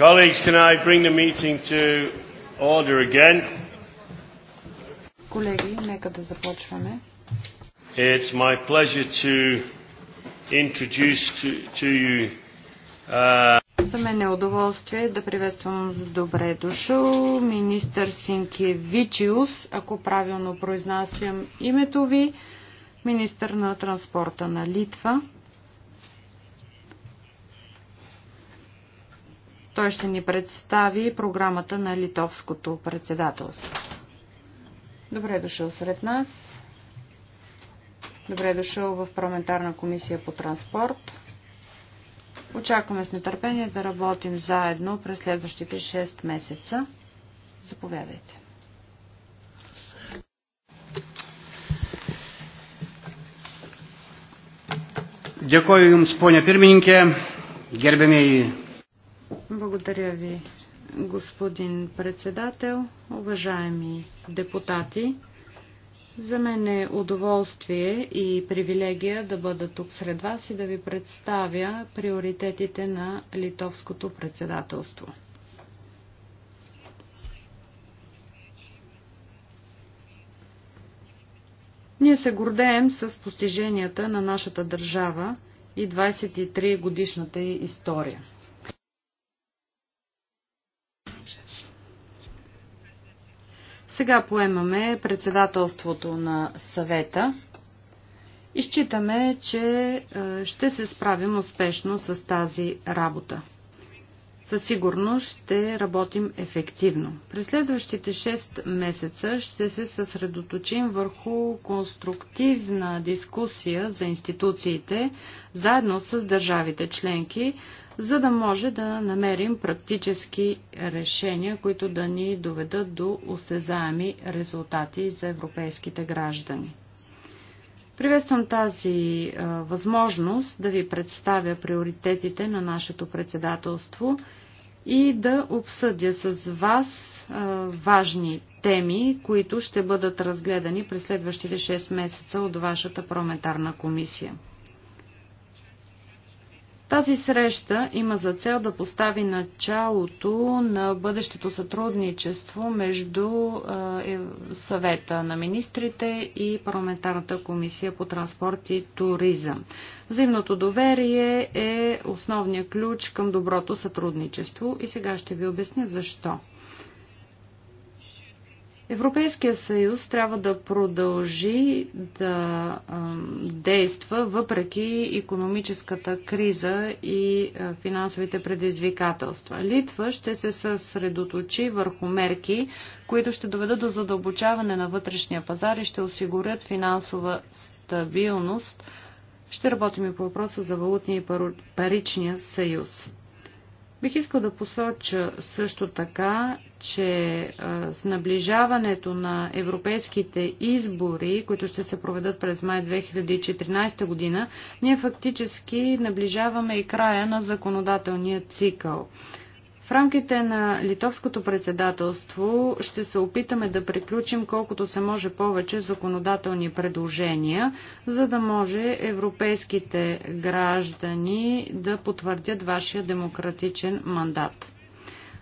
Colleagues, can I bring the meeting to order again? Колеги, нека да започваме. It's my pleasure to introduce to, to you uh... За мен е удоволствие да приветствам с добре дошъл министър Синкевичиус, ако правилно произнасям името ви, министър на транспорта на Литва. Той ще ни представи програмата на литовското председателство. Добре е дошъл сред нас. Добре е дошъл в парламентарна комисия по транспорт. Очакваме с нетърпение да работим заедно през следващите 6 месеца. Заповядайте. Дякую Jums, ponia pirmininkė, и. Благодаря ви, господин председател, уважаеми депутати. За мен е удоволствие и привилегия да бъда тук сред вас и да ви представя приоритетите на литовското председателство. Ние се гордеем с постиженията на нашата държава и 23 годишната й история. Сега поемаме председателството на съвета и считаме, че е, ще се справим успешно с тази работа със сигурност ще работим ефективно. През следващите 6 месеца ще се съсредоточим върху конструктивна дискусия за институциите, заедно с държавите членки, за да може да намерим практически решения, които да ни доведат до осезаеми резултати за европейските граждани. Приветствам тази а, възможност да ви представя приоритетите на нашето председателство и да обсъдя с вас а, важни теми, които ще бъдат разгледани през следващите 6 месеца от вашата парламентарна комисия. Тази среща има за цел да постави началото на бъдещето сътрудничество между е, съвета на министрите и парламентарната комисия по транспорт и туризъм. Взаимното доверие е основният ключ към доброто сътрудничество и сега ще ви обясня защо. Европейския съюз трябва да продължи да действа въпреки економическата криза и финансовите предизвикателства. Литва ще се съсредоточи върху мерки, които ще доведат до задълбочаване на вътрешния пазар и ще осигурят финансова стабилност. Ще работим и по въпроса за валутния и паричния съюз. Бих искал да посоча също така, че с наближаването на европейските избори, които ще се проведат през май 2014 година, ние фактически наближаваме и края на законодателния цикъл. В рамките на литовското председателство ще се опитаме да приключим колкото се може повече законодателни предложения, за да може европейските граждани да потвърдят вашия демократичен мандат.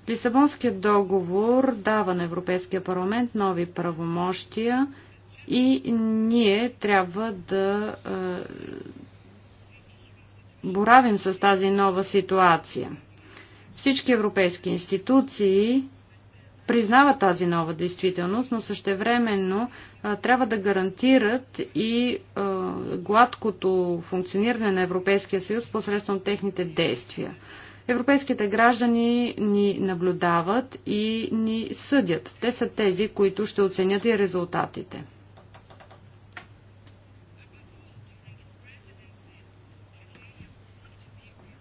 Лисабонският договор дава на Европейския парламент нови правомощия и ние трябва да е, боравим с тази нова ситуация. Всички европейски институции признават тази нова действителност, но същевременно а, трябва да гарантират и а, гладкото функциониране на Европейския съюз посредством техните действия. Европейските граждани ни наблюдават и ни съдят. Те са тези, които ще оценят и резултатите.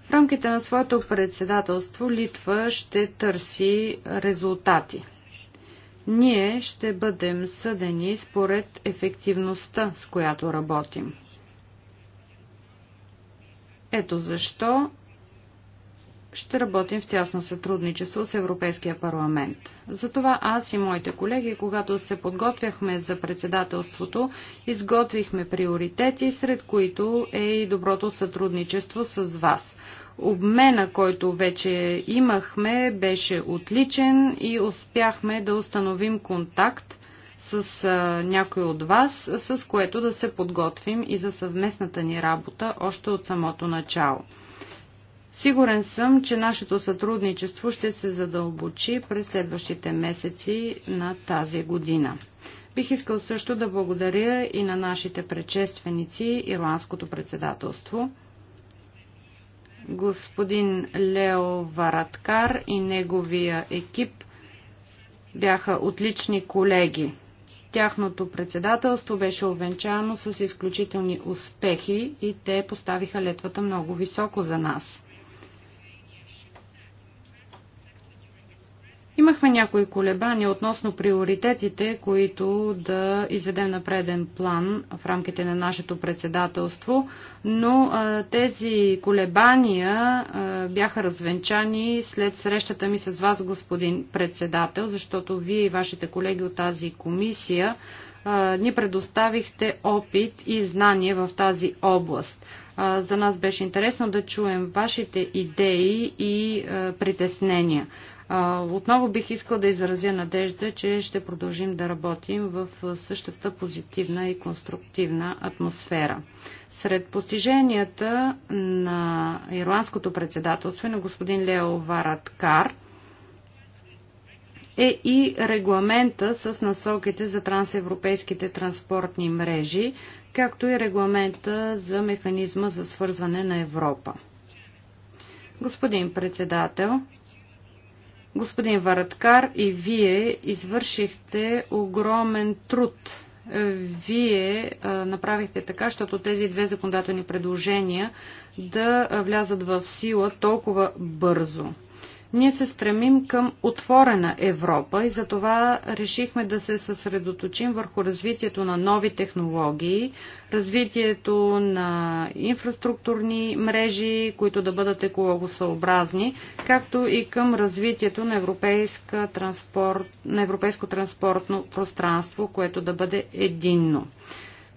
В рамките на своето председателство Литва ще търси резултати. Ние ще бъдем съдени според ефективността, с която работим. Ето защо ще работим в тясно сътрудничество с Европейския парламент. Затова аз и моите колеги, когато се подготвяхме за председателството, изготвихме приоритети, сред които е и доброто сътрудничество с вас. Обмена, който вече имахме, беше отличен и успяхме да установим контакт с а, някой от вас, с което да се подготвим и за съвместната ни работа още от самото начало. Сигурен съм, че нашето сътрудничество ще се задълбочи през следващите месеци на тази година. Бих искал също да благодаря и на нашите предшественици Ирландското председателство, господин Лео Вараткар и неговия екип бяха отлични колеги. Тяхното председателство беше овенчано с изключителни успехи и те поставиха летвата много високо за нас – Имахме някои колебания относно приоритетите, които да изведем на преден план в рамките на нашето председателство, но а, тези колебания а, бяха развенчани след срещата ми с вас, господин председател, защото вие и вашите колеги от тази комисия а, ни предоставихте опит и знание в тази област. За нас беше интересно да чуем вашите идеи и притеснения. Отново бих искал да изразя надежда, че ще продължим да работим в същата позитивна и конструктивна атмосфера. Сред постиженията на ирландското председателство на господин Лео Вараткар е и регламента с насоките за трансевропейските транспортни мрежи, както и регламента за механизма за свързване на Европа. Господин председател, Господин Вараткар, и вие извършихте огромен труд. Вие направихте така, защото тези две законодателни предложения да влязат в сила толкова бързо. Ние се стремим към отворена Европа и затова решихме да се съсредоточим върху развитието на нови технологии, развитието на инфраструктурни мрежи, които да бъдат екологосъобразни, както и към развитието на, европейска транспорт, на европейско транспортно пространство, което да бъде единно.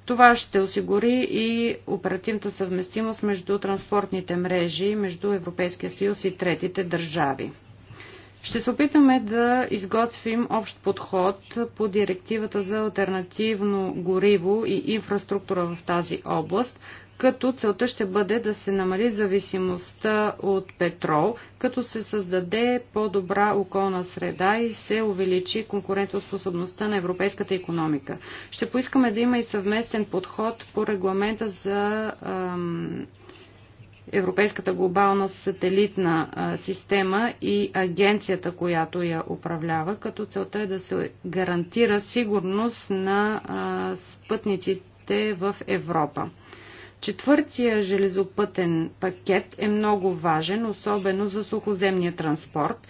Това ще осигури и оперативната съвместимост между транспортните мрежи, между Европейския съюз и третите държави. Ще се опитаме да изготвим общ подход по директивата за альтернативно гориво и инфраструктура в тази област, като целта ще бъде да се намали зависимостта от петрол, като се създаде по-добра околна среда и се увеличи конкурентоспособността на европейската економика. Ще поискаме да има и съвместен подход по регламента за ам, Европейската глобална сателитна а, система и агенцията, която я управлява, като целта е да се гарантира сигурност на а, спътниците в Европа. Четвъртия железопътен пакет е много важен, особено за сухоземния транспорт.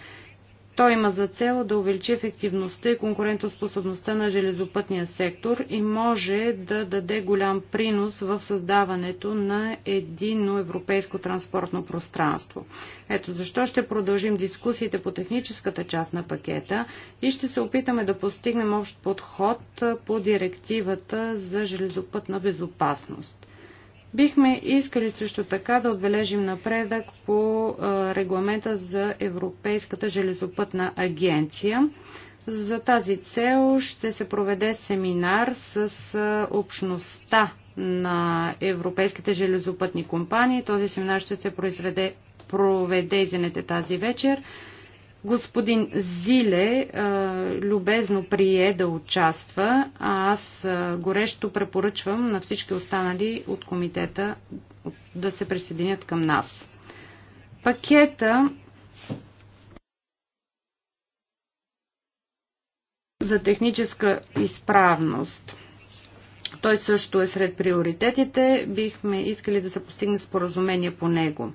Той има за цел да увеличи ефективността и конкурентоспособността на железопътния сектор и може да даде голям принос в създаването на едино европейско транспортно пространство. Ето защо ще продължим дискусиите по техническата част на пакета и ще се опитаме да постигнем общ подход по директивата за железопътна безопасност. Бихме искали също така да отбележим напредък по регламента за Европейската железопътна агенция. За тази цел ще се проведе семинар с общността на европейските железопътни компании. Този семинар ще се произведе, проведе извинете, тази вечер. Господин Зиле а, любезно прие да участва, а аз а, горещо препоръчвам на всички останали от комитета да се присъединят към нас. Пакета за техническа изправност. Той също е сред приоритетите. Бихме искали да се постигне споразумение по него.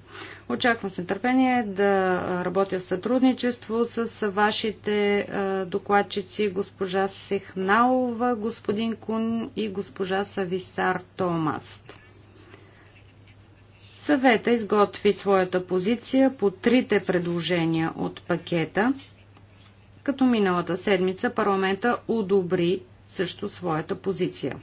Очаквам с нетърпение да работя в сътрудничество с вашите е, докладчици госпожа Сехналова, господин Кун и госпожа Сависар Томаст. Съвета изготви своята позиция по трите предложения от пакета, като миналата седмица парламента одобри също своята позиция.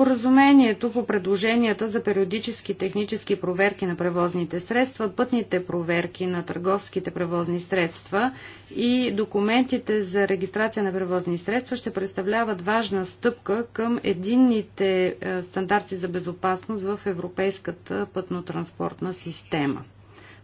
Споразумението по предложенията за периодически технически проверки на превозните средства, пътните проверки на търговските превозни средства и документите за регистрация на превозни средства ще представляват важна стъпка към единните е, стандарти за безопасност в европейската пътно-транспортна система.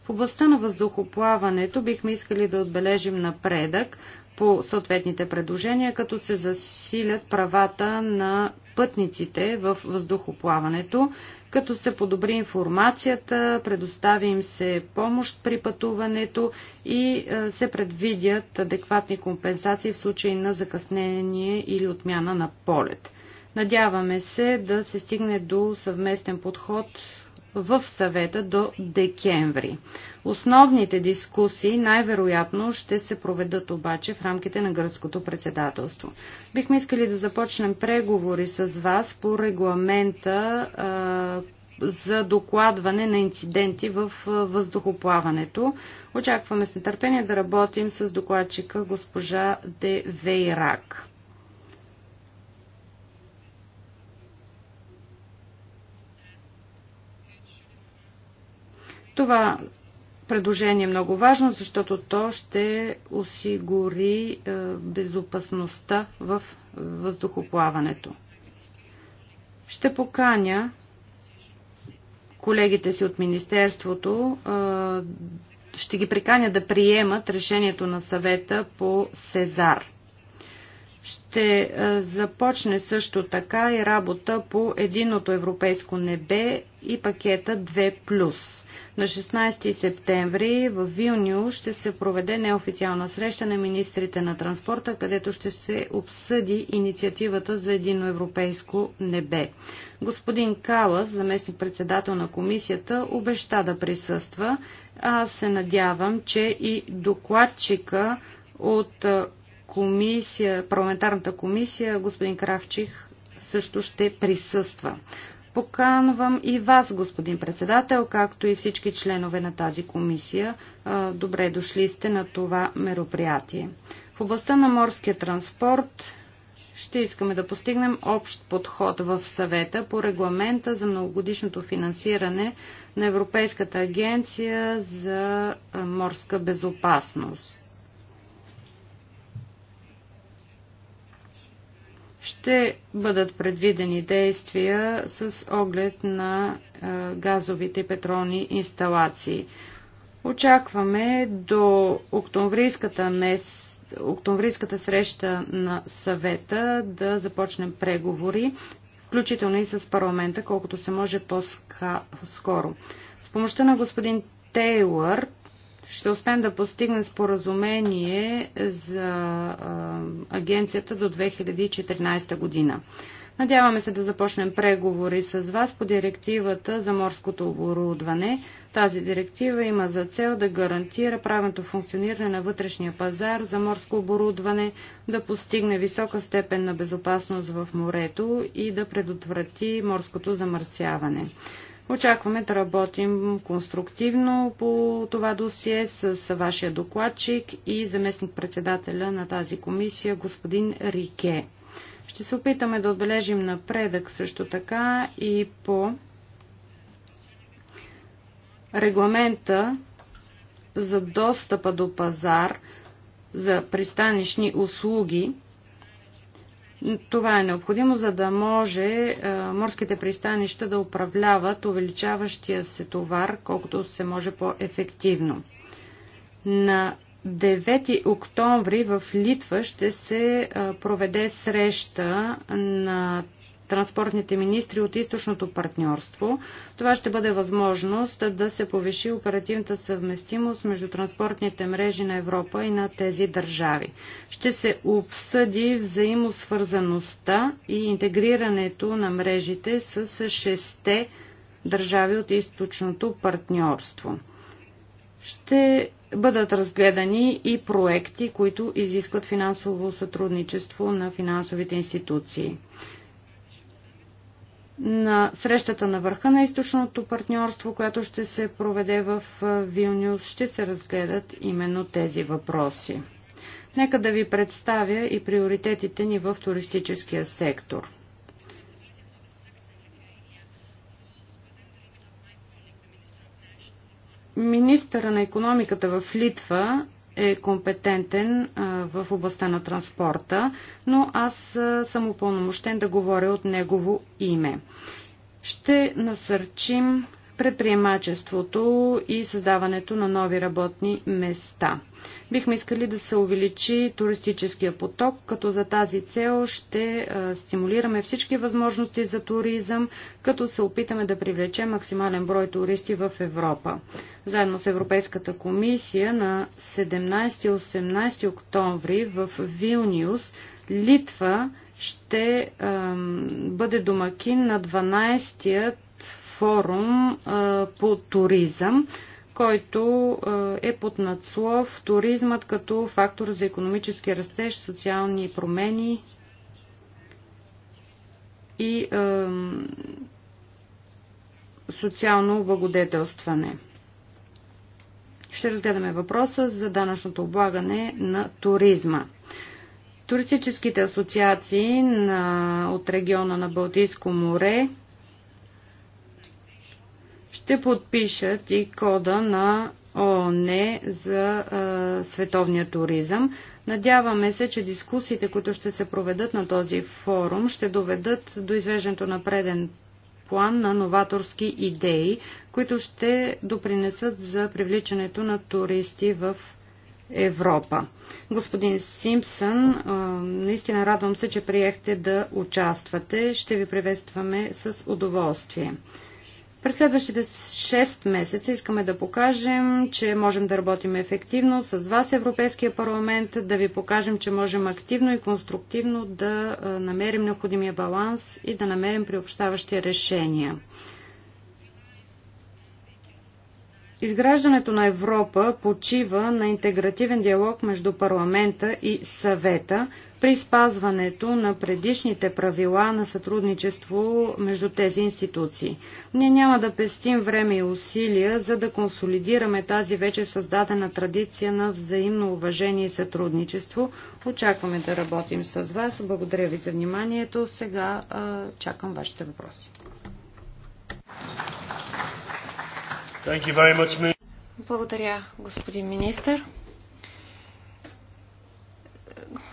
В областта на въздухоплаването бихме искали да отбележим напредък по съответните предложения, като се засилят правата на пътниците в въздухоплаването, като се подобри информацията, предостави им се помощ при пътуването и е, се предвидят адекватни компенсации в случай на закъснение или отмяна на полет. Надяваме се да се стигне до съвместен подход в съвета до декември. Основните дискусии най-вероятно ще се проведат обаче в рамките на гръцкото председателство. Бихме искали да започнем преговори с вас по регламента а, за докладване на инциденти в въздухоплаването. Очакваме с нетърпение да работим с докладчика госпожа Де Вейрак. Това предложение е много важно, защото то ще осигури е, безопасността в въздухоплаването. Ще поканя колегите си от Министерството, е, ще ги приканя да приемат решението на съвета по Сезар. Ще е, започне също така и работа по единото европейско небе и пакета 2+. На 16 септември в Вилнио ще се проведе неофициална среща на министрите на транспорта, където ще се обсъди инициативата за едино европейско небе. Господин Калас, заместник председател на комисията, обеща да присъства. Аз се надявам, че и докладчика от е, комисия, парламентарната комисия господин Кравчих също ще присъства. Поканвам и вас, господин председател, както и всички членове на тази комисия. Добре дошли сте на това мероприятие. В областта на морския транспорт ще искаме да постигнем общ подход в съвета по регламента за многогодишното финансиране на Европейската агенция за морска безопасност. ще бъдат предвидени действия с оглед на газовите петролни инсталации. Очакваме до октомврийската, мес... октомврийската среща на съвета да започнем преговори, включително и с парламента, колкото се може по-скоро. С помощта на господин Тейлър ще успеем да постигнем споразумение за агенцията до 2014 година. Надяваме се да започнем преговори с вас по директивата за морското оборудване. Тази директива има за цел да гарантира правилното функциониране на вътрешния пазар за морско оборудване, да постигне висока степен на безопасност в морето и да предотврати морското замърсяване. Очакваме да работим конструктивно по това досие с вашия докладчик и заместник-председателя на тази комисия, господин Рике. Ще се опитаме да отбележим напредък също така и по регламента за достъпа до пазар за пристанищни услуги това е необходимо, за да може е, морските пристанища да управляват увеличаващия се товар, колкото се може по-ефективно. На 9 октомври в Литва ще се е, проведе среща на транспортните министри от източното партньорство. Това ще бъде възможност да се повиши оперативната съвместимост между транспортните мрежи на Европа и на тези държави. Ще се обсъди взаимосвързаността и интегрирането на мрежите с шесте държави от източното партньорство. Ще бъдат разгледани и проекти, които изискват финансово сътрудничество на финансовите институции на срещата на върха на източното партньорство, която ще се проведе в Вилнюс, ще се разгледат именно тези въпроси. Нека да ви представя и приоритетите ни в туристическия сектор. Министъра на економиката в Литва е компетентен в областта на транспорта, но аз съм упълномощен да говоря от негово име. Ще насърчим предприемачеството и създаването на нови работни места. Бихме искали да се увеличи туристическия поток, като за тази цел ще е, стимулираме всички възможности за туризъм, като се опитаме да привлечем максимален брой туристи в Европа. Заедно с Европейската комисия на 17-18 октомври в Вилниус, Литва ще бъде домакин на 12-тият форум по туризъм, който е под надслов туризмът като фактор за економически растеж, социални промени и социално благодетелстване. Ще разгледаме въпроса за данъчното облагане на туризма. Туристическите асоциации на, от региона на Балтийско море ще подпишат и кода на ООН за а, световния туризъм. Надяваме се, че дискусиите, които ще се проведат на този форум, ще доведат до извеждането на преден план на новаторски идеи, които ще допринесат за привличането на туристи в Европа. Господин Симпсън, наистина радвам се, че приехте да участвате. Ще ви приветстваме с удоволствие. През следващите 6 месеца искаме да покажем, че можем да работим ефективно с вас, Европейския парламент, да ви покажем, че можем активно и конструктивно да намерим необходимия баланс и да намерим приобщаващи решения. Изграждането на Европа почива на интегративен диалог между парламента и съвета при спазването на предишните правила на сътрудничество между тези институции. Ние няма да пестим време и усилия, за да консолидираме тази вече създадена традиция на взаимно уважение и сътрудничество. Очакваме да работим с вас. Благодаря ви за вниманието. Сега а, чакам вашите въпроси. Much, Благодаря, господин министр.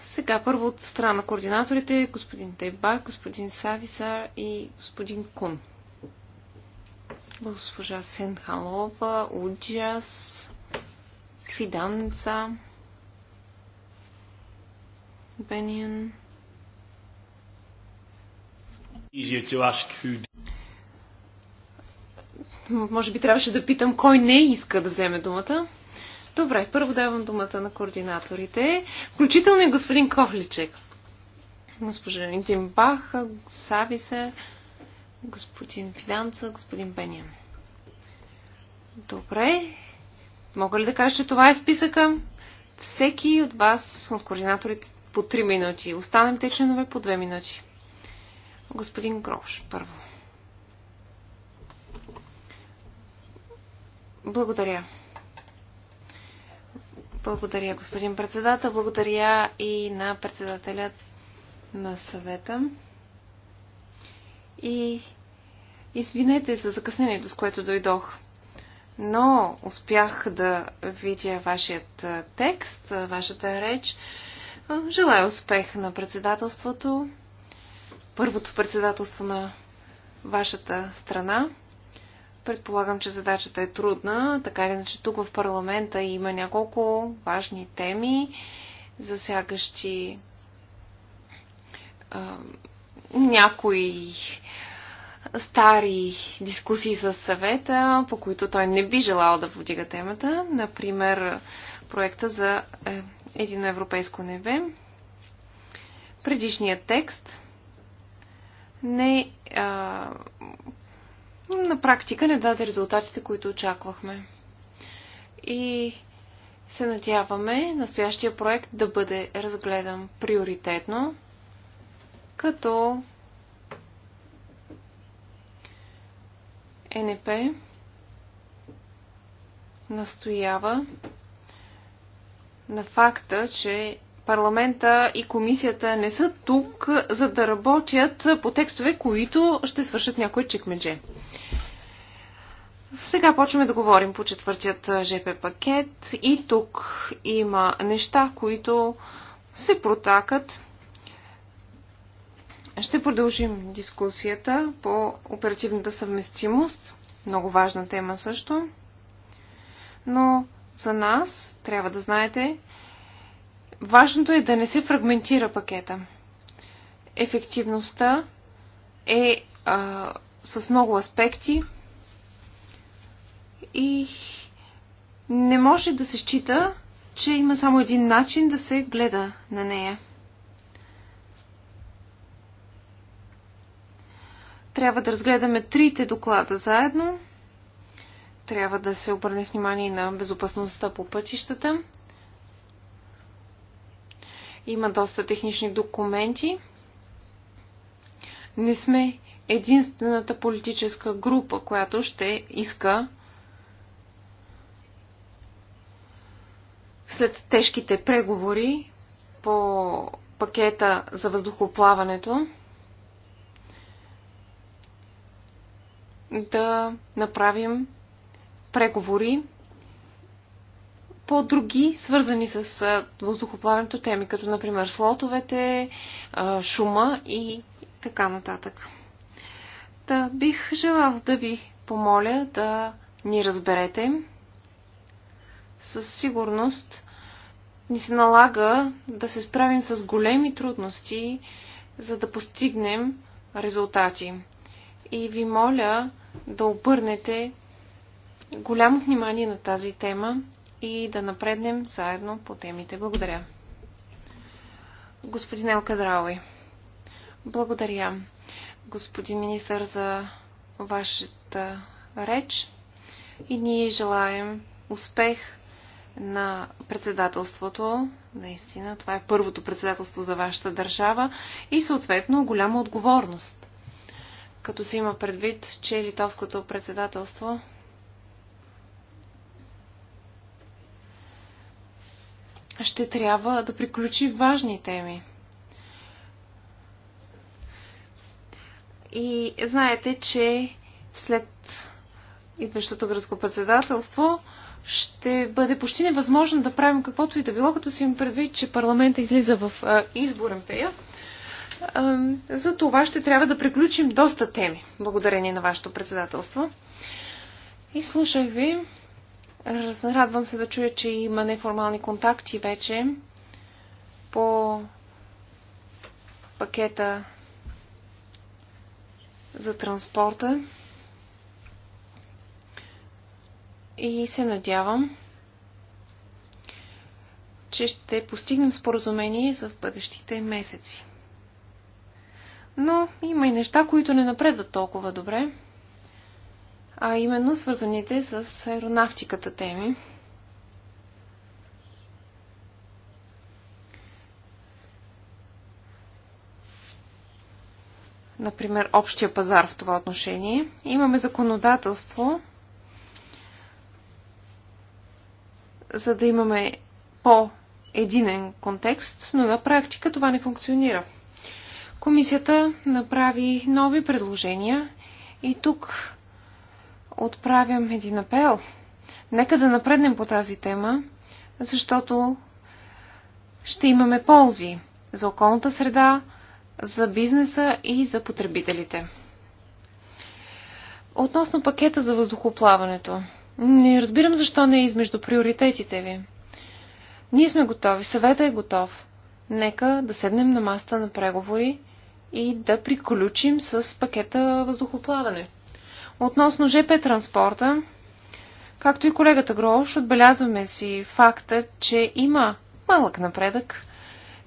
Сега първо от страна на координаторите господин Тейба, господин Сависар и господин Кун. Госпожа Сенхалова, Уджас, Фиданца, Бениан. Може би трябваше да питам кой не иска да вземе думата. Добре, първо давам думата на координаторите, включително и господин Ковличек. Госпожа Бах, Сависе, господин Фиданца, господин Бениан. Добре. Мога ли да кажа, че това е списъка? Всеки от вас, от координаторите, по 3 минути. Останем те членове по 2 минути. Господин Грош, първо. Благодаря. Благодаря, господин председател. Благодаря и на председателят на съвета. И извинете за закъснението, с което дойдох. Но успях да видя вашият текст, вашата реч. Желая успех на председателството. Първото председателство на вашата страна. Предполагам, че задачата е трудна, така или иначе тук в парламента има няколко важни теми, засягащи а, някои стари дискусии с съвета, по които той не би желал да повдига темата. Например, проекта за е, едино европейско небе. Предишният текст не а, на практика не даде резултатите, които очаквахме. И се надяваме настоящия проект да бъде разгледан приоритетно, като НП настоява на факта, че парламента и комисията не са тук, за да работят по текстове, които ще свършат някой чекмедже. Сега почваме да говорим по четвъртият ЖП пакет и тук има неща, които се протакат. Ще продължим дискусията по оперативната съвместимост. Много важна тема също. Но за нас, трябва да знаете, важното е да не се фрагментира пакета. Ефективността е а, с много аспекти, и не може да се счита, че има само един начин да се гледа на нея. Трябва да разгледаме трите доклада заедно. Трябва да се обърне внимание на безопасността по пътищата. Има доста технични документи. Не сме единствената политическа група, която ще иска след тежките преговори по пакета за въздухоплаването да направим преговори по други, свързани с въздухоплаването теми, като например слотовете, шума и така нататък. Да бих желал да ви помоля да ни разберете. Със сигурност ни се налага да се справим с големи трудности, за да постигнем резултати. И ви моля да обърнете голямо внимание на тази тема и да напреднем заедно по темите. Благодаря. Господин Елка Драуи, благодаря, господин министър, за вашата реч и ние желаем успех на председателството. Наистина, това е първото председателство за вашата държава и съответно голяма отговорност. Като се има предвид, че литовското председателство ще трябва да приключи важни теми. И знаете, че след идващото гръцко председателство ще бъде почти невъзможно да правим каквото и да било, като си им предвид, че парламента излиза в изборен период. За това ще трябва да приключим доста теми, благодарение на вашето председателство. И слушах ви. Радвам се да чуя, че има неформални контакти вече по пакета за транспорта. и се надявам, че ще постигнем споразумение за в бъдещите месеци. Но има и неща, които не напредват толкова добре, а именно свързаните с аеронавтиката теми. Например, общия пазар в това отношение. Имаме законодателство, за да имаме по-единен контекст, но на практика това не функционира. Комисията направи нови предложения и тук отправям един апел. Нека да напреднем по тази тема, защото ще имаме ползи за околната среда, за бизнеса и за потребителите. Относно пакета за въздухоплаването. Не разбирам защо не е измежду приоритетите ви. Ние сме готови, съветът е готов. Нека да седнем на маста на преговори и да приключим с пакета въздухоплаване. Относно ЖП транспорта, както и колегата Грош, отбелязваме си факта, че има малък напредък,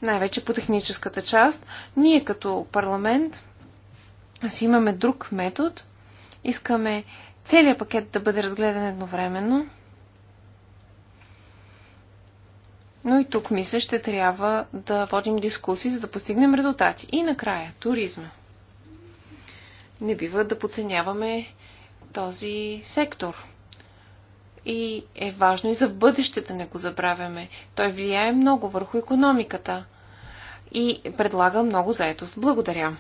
най-вече по техническата част. Ние като парламент си имаме друг метод. Искаме целият пакет да бъде разгледан едновременно. Но и тук, мисля, ще трябва да водим дискусии, за да постигнем резултати. И накрая, туризма. Не бива да подценяваме този сектор. И е важно и за бъдеще да не го забравяме. Той влияе много върху економиката и предлага много заетост. Благодаря.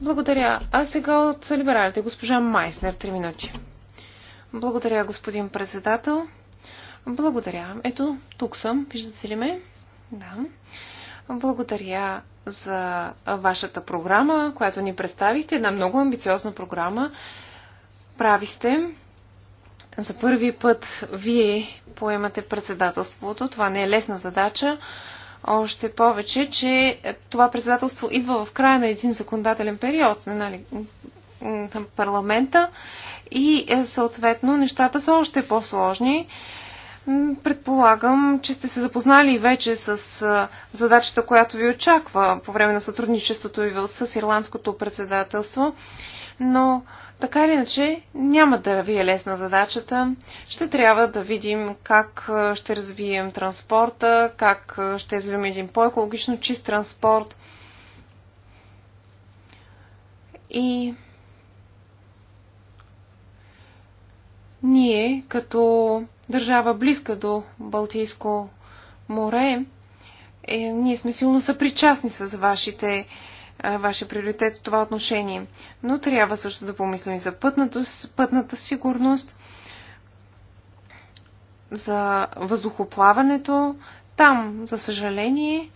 Благодаря. А сега от либералите, госпожа Майснер, 3 минути. Благодаря, господин председател. Благодаря. Ето, тук съм. Виждате ли ме? Да. Благодаря за вашата програма, която ни представихте. Една много амбициозна програма. Прави сте. За първи път вие поемате председателството. Това не е лесна задача. Още повече, че това председателство идва в края на един законодателен период нали, парламента и е, съответно нещата са още по-сложни. Предполагам, че сте се запознали вече с е, задачата, която ви очаква по време на сътрудничеството ви с Ирландското председателство, но така или иначе, няма да ви е лесна задачата. Ще трябва да видим как ще развием транспорта, как ще развием един по-екологично чист транспорт. И ние, като държава близка до Балтийско море, е, ние сме силно съпричастни с вашите Ваше приоритет в това отношение. Но трябва също да помислим и за пътната, пътната сигурност, за въздухоплаването. Там, за съжаление,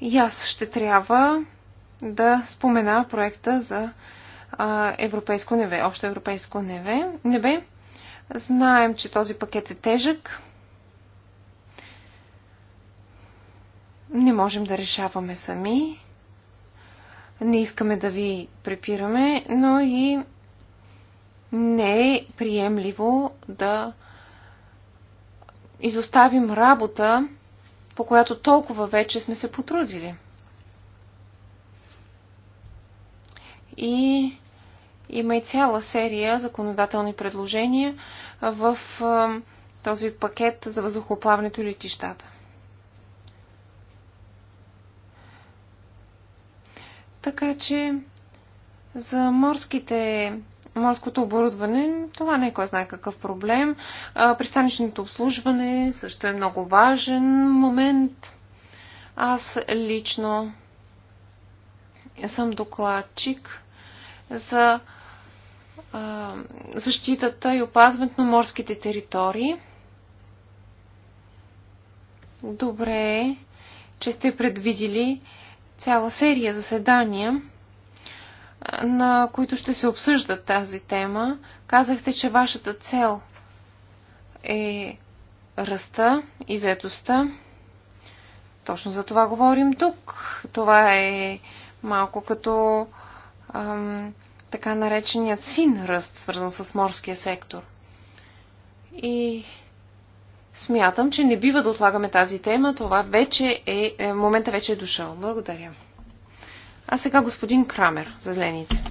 и аз ще трябва да спомена проекта за а, европейско небе, общо европейско небе, небе. Знаем, че този пакет е тежък. Не можем да решаваме сами. Не искаме да ви препираме, но и не е приемливо да изоставим работа, по която толкова вече сме се потрудили. И има и цяла серия законодателни предложения в този пакет за въздухоплаването и летищата. Така че за морските, морското оборудване това не е кой знае какъв проблем. Пристанищното обслужване също е много важен момент. Аз лично съм докладчик за защитата и опазването на морските територии. Добре, е, че сте предвидили цяла серия заседания, на които ще се обсъждат тази тема. Казахте, че вашата цел е ръста и заедостта. Точно за това говорим тук. Това е малко като ам, така нареченият син ръст, свързан с морския сектор. И смятам, че не бива да отлагаме тази тема. Това вече е, е, момента вече е дошъл. Благодаря. А сега господин Крамер за зелените.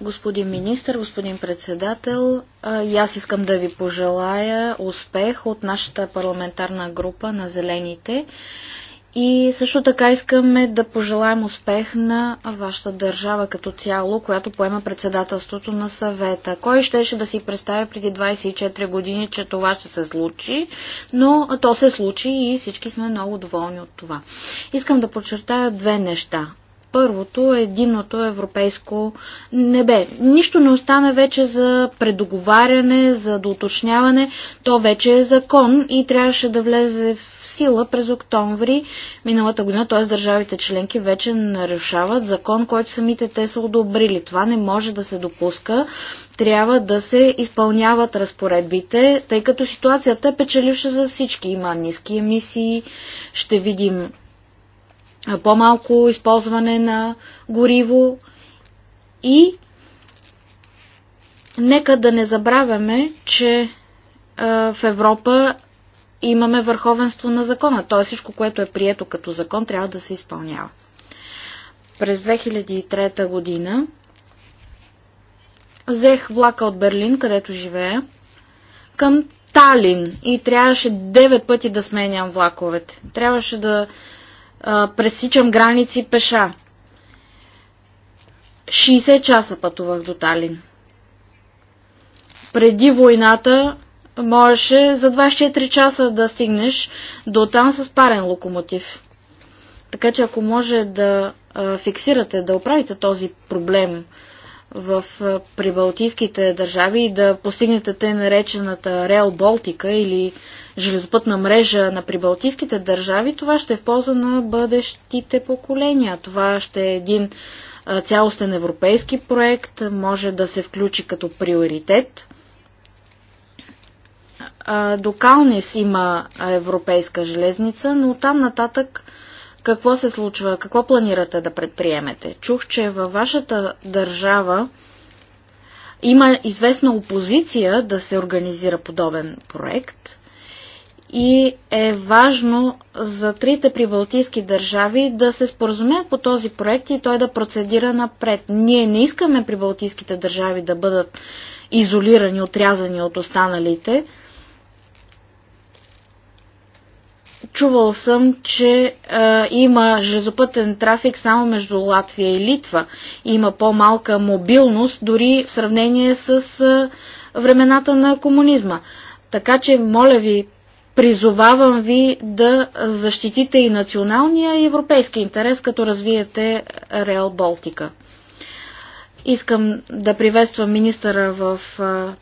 Господин министр, господин председател, и аз искам да ви пожелая успех от нашата парламентарна група на зелените и също така искаме да пожелаем успех на вашата държава като цяло, която поема председателството на съвета. Кой щеше да си представя преди 24 години, че това ще се случи, но то се случи и всички сме много доволни от това. Искам да подчертая две неща първото единното европейско небе. Нищо не остана вече за предоговаряне, за доуточняване. То вече е закон и трябваше да влезе в сила през октомври миналата година, т.е. държавите членки вече нарушават закон, който самите те са одобрили. Това не може да се допуска. Трябва да се изпълняват разпоредбите, тъй като ситуацията е печеливша за всички. Има ниски емисии, ще видим по-малко използване на гориво и нека да не забравяме, че в Европа имаме върховенство на закона, Тоест всичко, което е прието като закон, трябва да се изпълнява. През 2003 година взех влака от Берлин, където живея, към Талин и трябваше 9 пъти да сменям влаковете. Трябваше да пресичам граници пеша. 60 часа пътувах до Талин. Преди войната можеше за 24 часа да стигнеш до там с парен локомотив. Така че ако може да а, фиксирате, да оправите този проблем в прибалтийските държави и да постигнете те наречената Рел Болтика или железопътна мрежа на прибалтийските държави, това ще е в полза на бъдещите поколения. Това ще е един цялостен европейски проект, може да се включи като приоритет. До Калнис има европейска железница, но там нататък какво се случва? Какво планирате да предприемете? Чух, че във вашата държава има известна опозиция да се организира подобен проект и е важно за трите прибалтийски държави да се споразумеят по този проект и той да процедира напред. Ние не искаме прибалтийските държави да бъдат изолирани, отрязани от останалите, Чувал съм, че а, има железопътен трафик само между Латвия и Литва. Има по-малка мобилност, дори в сравнение с а, времената на комунизма. Така че, моля ви, призовавам ви да защитите и националния и европейски интерес, като развиете Реал Болтика. Искам да приветствам министъра в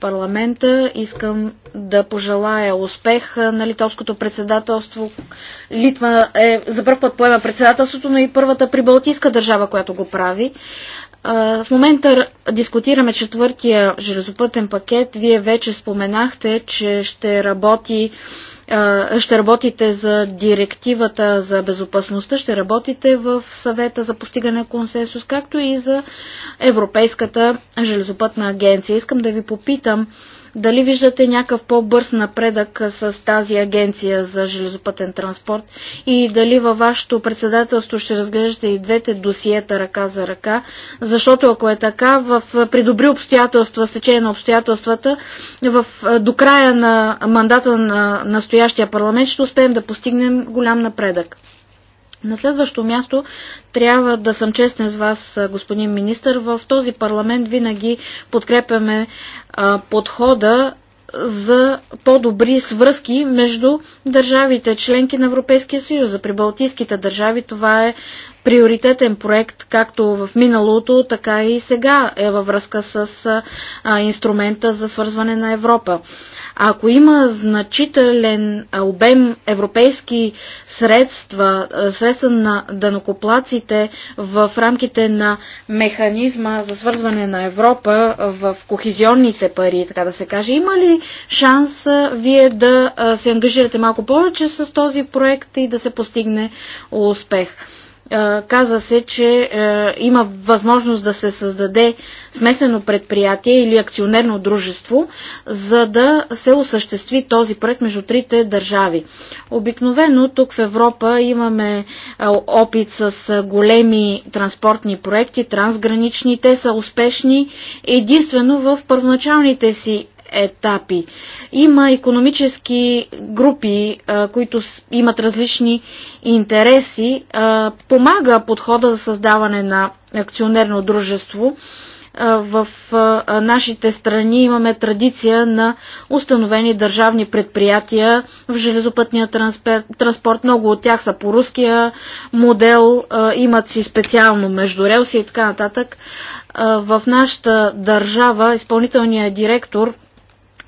парламента, искам да пожелая успех на литовското председателство. Литва е, за първ път поема председателството, но и първата прибалтийска държава, която го прави. В момента дискутираме четвъртия железопътен пакет. Вие вече споменахте, че ще работи ще работите за директивата за безопасността, ще работите в съвета за постигане на консенсус, както и за Европейската железопътна агенция. Искам да ви попитам дали виждате някакъв по-бърз напредък с тази агенция за железопътен транспорт и дали във вашето председателство ще разглеждате и двете досиета ръка за ръка, защото ако е така, в, при добри обстоятелства, с течение на обстоятелствата, в, до края на мандата на настоящия парламент ще успеем да постигнем голям напредък. На следващо място трябва да съм честен с вас, господин министр. В този парламент винаги подкрепяме а, подхода за по-добри свръзки между държавите, членки на Европейския съюз. За прибалтийските държави това е приоритетен проект, както в миналото, така и сега е във връзка с а, инструмента за свързване на Европа ако има значителен обем европейски средства, средства на данокоплаците в рамките на механизма за свързване на Европа в кохизионните пари, така да се каже, има ли шанс вие да се ангажирате малко повече с този проект и да се постигне успех? каза се, че е, има възможност да се създаде смесено предприятие или акционерно дружество, за да се осъществи този проект между трите държави. Обикновено тук в Европа имаме е, опит с е, големи транспортни проекти, трансгранични, те са успешни единствено в първоначалните си етапи. Има економически групи, които имат различни интереси. Помага подхода за създаване на акционерно дружество в нашите страни имаме традиция на установени държавни предприятия в железопътния транспорт. Много от тях са по руския модел, имат си специално между релси и така нататък. В нашата държава изпълнителният директор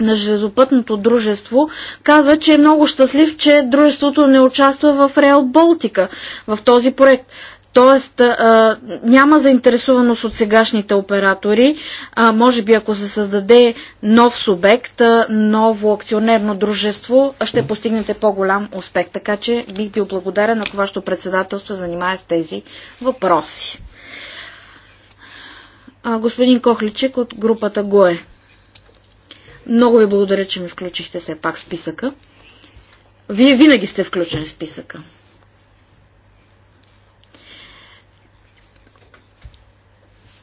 на железопътното дружество, каза, че е много щастлив, че дружеството не участва в Реал Болтика в този проект. Тоест, а, няма заинтересуваност от сегашните оператори. А, може би, ако се създаде нов субект, а, ново акционерно дружество, ще постигнете по-голям успех. Така че бих бил благодарен, ако вашето председателство занимае с тези въпроси. А, господин Кохличек от групата ГОЕ. Много ви благодаря, че ми включихте все пак списъка. Вие винаги сте включен в списъка.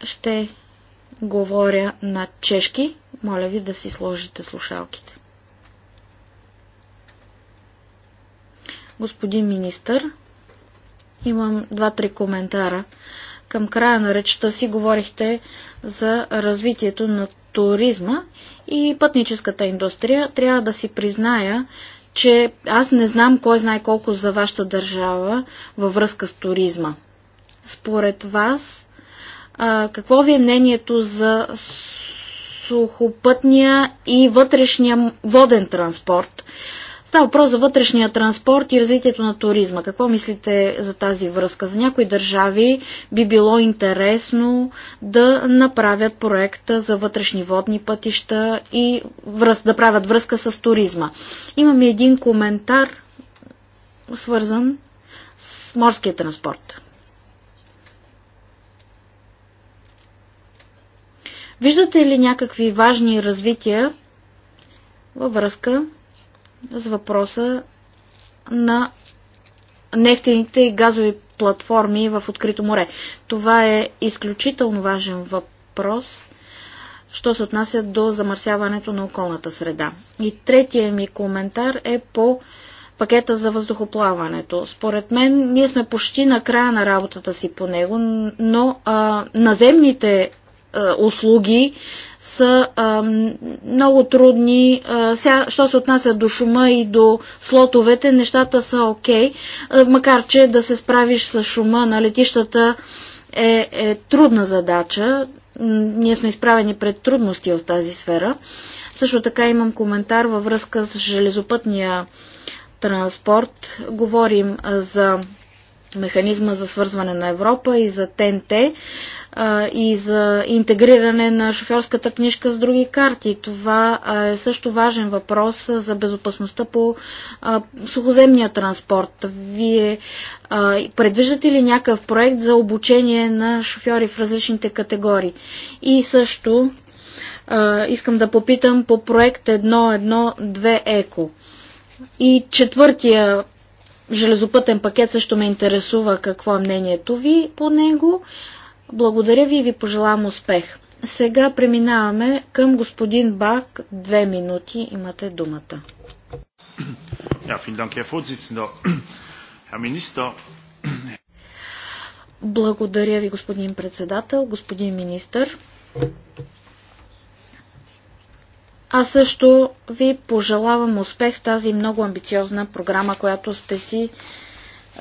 Ще говоря на чешки. Моля ви да си сложите слушалките. Господин министър, имам два-три коментара към края на речта си говорихте за развитието на туризма и пътническата индустрия. Трябва да си призная, че аз не знам кой знае колко за вашата държава във връзка с туризма. Според вас, какво ви е мнението за сухопътния и вътрешния воден транспорт? Става въпрос за вътрешния транспорт и развитието на туризма. Какво мислите за тази връзка? За някои държави би било интересно да направят проекта за вътрешни водни пътища и връз, да правят връзка с туризма. Имаме един коментар, свързан с морския транспорт. Виждате ли някакви важни развития във връзка с въпроса на нефтените и газови платформи в открито море. Това е изключително важен въпрос, що се отнася до замърсяването на околната среда. И третия ми коментар е по пакета за въздухоплаването. Според мен, ние сме почти на края на работата си по него, но а, наземните е, услуги са а, е, много трудни. А, е, сега, що се отнася до шума и до слотовете, нещата са окей, okay, макар че да се справиш с шума на летищата е, е трудна задача. Ние сме изправени пред трудности в тази сфера. Също така имам коментар във връзка с железопътния транспорт. Говорим за механизма за свързване на Европа и за ТНТ и за интегриране на шофьорската книжка с други карти. Това е също важен въпрос за безопасността по сухоземния транспорт. Вие предвиждате ли някакъв проект за обучение на шофьори в различните категории? И също искам да попитам по проект 1.1.2 ЕКО. И четвъртия железопътен пакет също ме интересува какво е мнението ви по него. Благодаря ви и ви пожелавам успех. Сега преминаваме към господин Бак. Две минути имате думата. Благодаря ви, господин председател, господин министър. А също ви пожелавам успех с тази много амбициозна програма, която сте си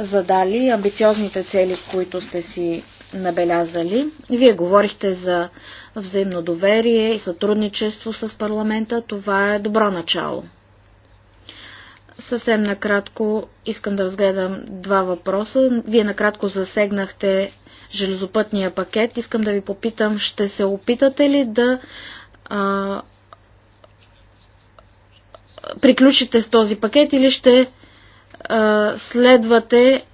задали, амбициозните цели, които сте си набелязали. Вие говорихте за взаимно доверие и сътрудничество с парламента. Това е добро начало. Съвсем накратко искам да разгледам два въпроса. Вие накратко засегнахте железопътния пакет. Искам да ви попитам, ще се опитате ли да приключите с този пакет или ще следвате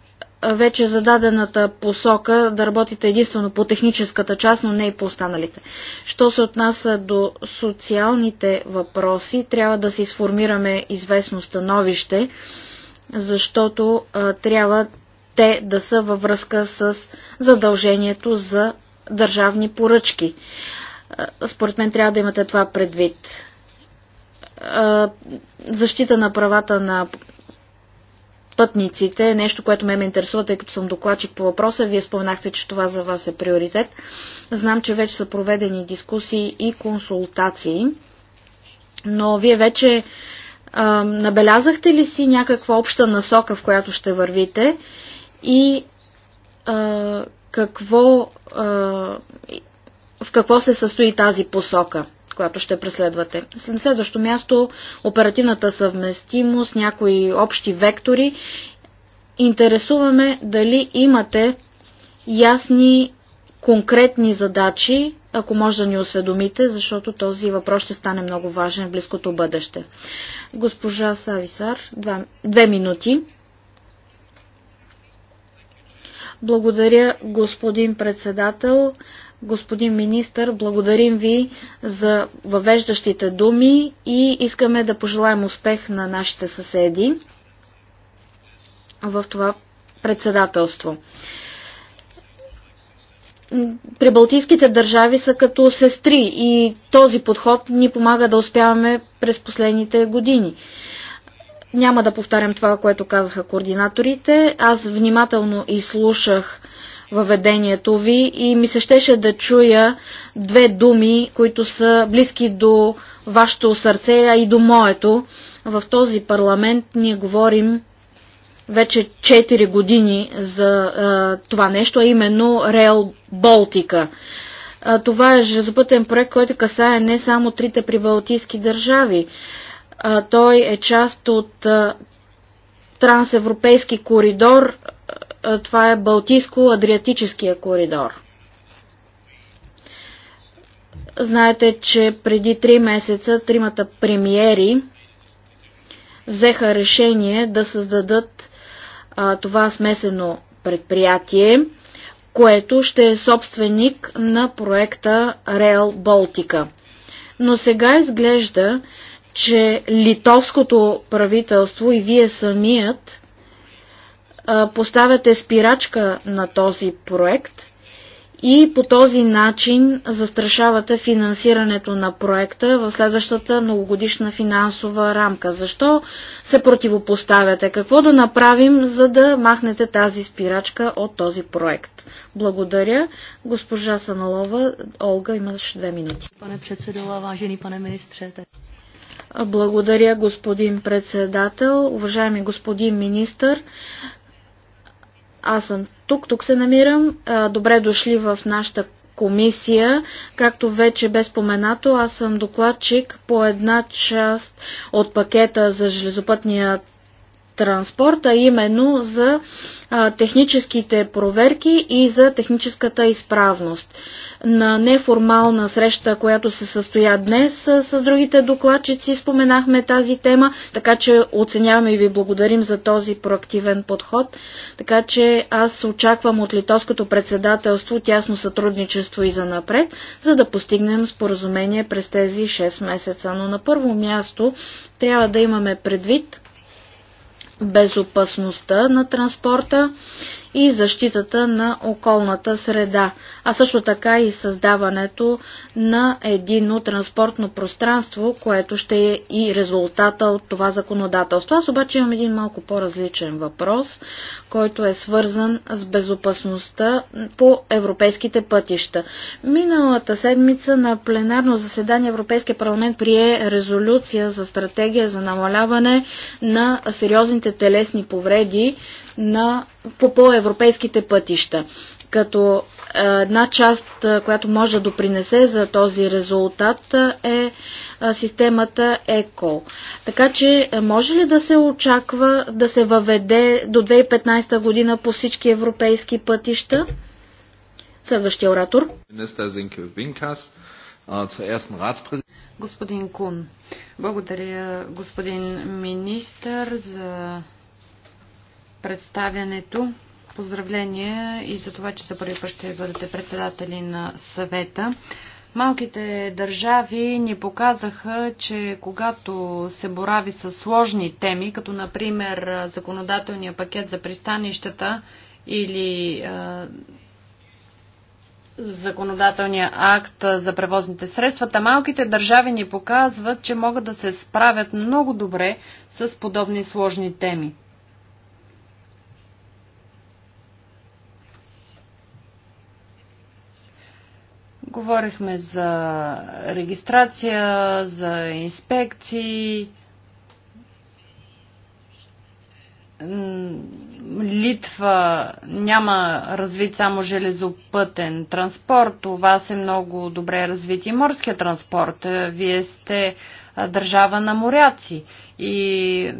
вече зададената посока да работите единствено по техническата част, но не и по останалите. Що се отнася до социалните въпроси, трябва да си сформираме известно становище, защото а, трябва те да са във връзка с задължението за държавни поръчки. А, според мен трябва да имате това предвид защита на правата на пътниците е нещо, което ме ме интересува, тъй като съм докладчик по въпроса. Вие споменахте, че това за вас е приоритет. Знам, че вече са проведени дискусии и консултации, но вие вече а, набелязахте ли си някаква обща насока, в която ще вървите и а, какво, а, в какво се състои тази посока? която ще преследвате. На следващо място оперативната съвместимост, някои общи вектори. Интересуваме дали имате ясни конкретни задачи, ако може да ни осведомите, защото този въпрос ще стане много важен в близкото бъдеще. Госпожа Сависар, два, две минути. Благодаря, господин председател. Господин министър, благодарим ви за въвеждащите думи и искаме да пожелаем успех на нашите съседи в това председателство. Прибалтийските държави са като сестри и този подход ни помага да успяваме през последните години. Няма да повтарям това, което казаха координаторите. Аз внимателно изслушах въведението ви и ми се щеше да чуя две думи, които са близки до вашето сърце, а и до моето. В този парламент ние говорим вече 4 години за а, това нещо, а именно Рейл Болтика. А, това е железопътен проект, който касае не само трите прибалтийски държави. А, той е част от а, трансевропейски коридор, е, това е Балтийско-Адриатическия коридор. Знаете, че преди три месеца тримата премиери взеха решение да създадат а, това смесено предприятие, което ще е собственик на проекта Реал Болтика. Но сега изглежда, че литовското правителство и вие самият поставяте спирачка на този проект и по този начин застрашавате финансирането на проекта в следващата многогодишна финансова рамка. Защо се противопоставяте? Какво да направим, за да махнете тази спирачка от този проект? Благодаря. Госпожа Саналова, Олга, имаш две минути. Пане председател, важени пане министре. Благодаря, господин председател. Уважаеми господин министър, аз съм тук, тук се намирам. Добре дошли в нашата комисия. Както вече бе споменато, аз съм докладчик по една част от пакета за железопътния транспорта, именно за а, техническите проверки и за техническата изправност. На неформална среща, която се състоя днес а, с другите докладчици, споменахме тази тема, така че оценяваме и ви благодарим за този проактивен подход. Така че аз очаквам от литовското председателство тясно сътрудничество и за напред, за да постигнем споразумение през тези 6 месеца. Но на първо място трябва да имаме предвид, безопасността на транспорта и защитата на околната среда, а също така и създаването на едино транспортно пространство, което ще е и резултата от това законодателство. Аз обаче имам един малко по-различен въпрос, който е свързан с безопасността по европейските пътища. Миналата седмица на пленарно заседание Европейския парламент прие резолюция за стратегия за намаляване на сериозните телесни повреди на, по по-европейските пътища. Като е, една част, е, която може да допринесе за този резултат е, е системата ЕКО. Така че може ли да се очаква да се въведе до 2015 година по всички европейски пътища? Следващия оратор. Господин Кун, благодаря господин министър за представянето. Поздравления и за това, че за първи път ще бъдете председатели на съвета. Малките държави ни показаха, че когато се борави с сложни теми, като например законодателния пакет за пристанищата или законодателния акт за превозните средства, та малките държави ни показват, че могат да се справят много добре с подобни сложни теми. Говорихме за регистрация, за инспекции. Литва няма развит само железопътен транспорт, това е много добре развит и морския транспорт. Вие сте държава на моряци и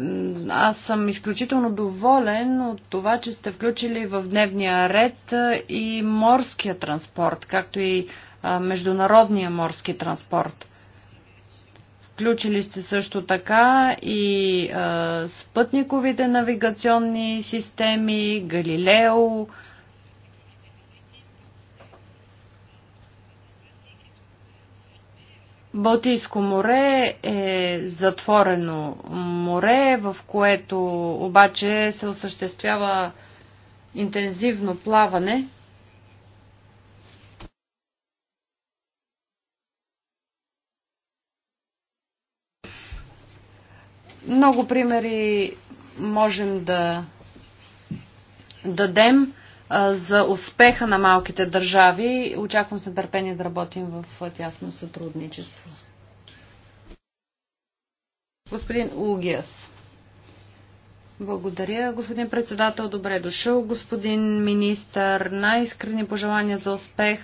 аз съм изключително доволен от това, че сте включили в дневния ред и морския транспорт, както и международния морски транспорт. Включили сте също така и а, спътниковите навигационни системи, Галилео. Балтийско море е затворено море, в което обаче се осъществява интензивно плаване – Много примери можем да дадем за успеха на малките държави. Очаквам се търпение да работим в тясно сътрудничество. Господин Улгиас. Благодаря, господин председател. Добре дошъл, господин министър. Най-искрени пожелания за успех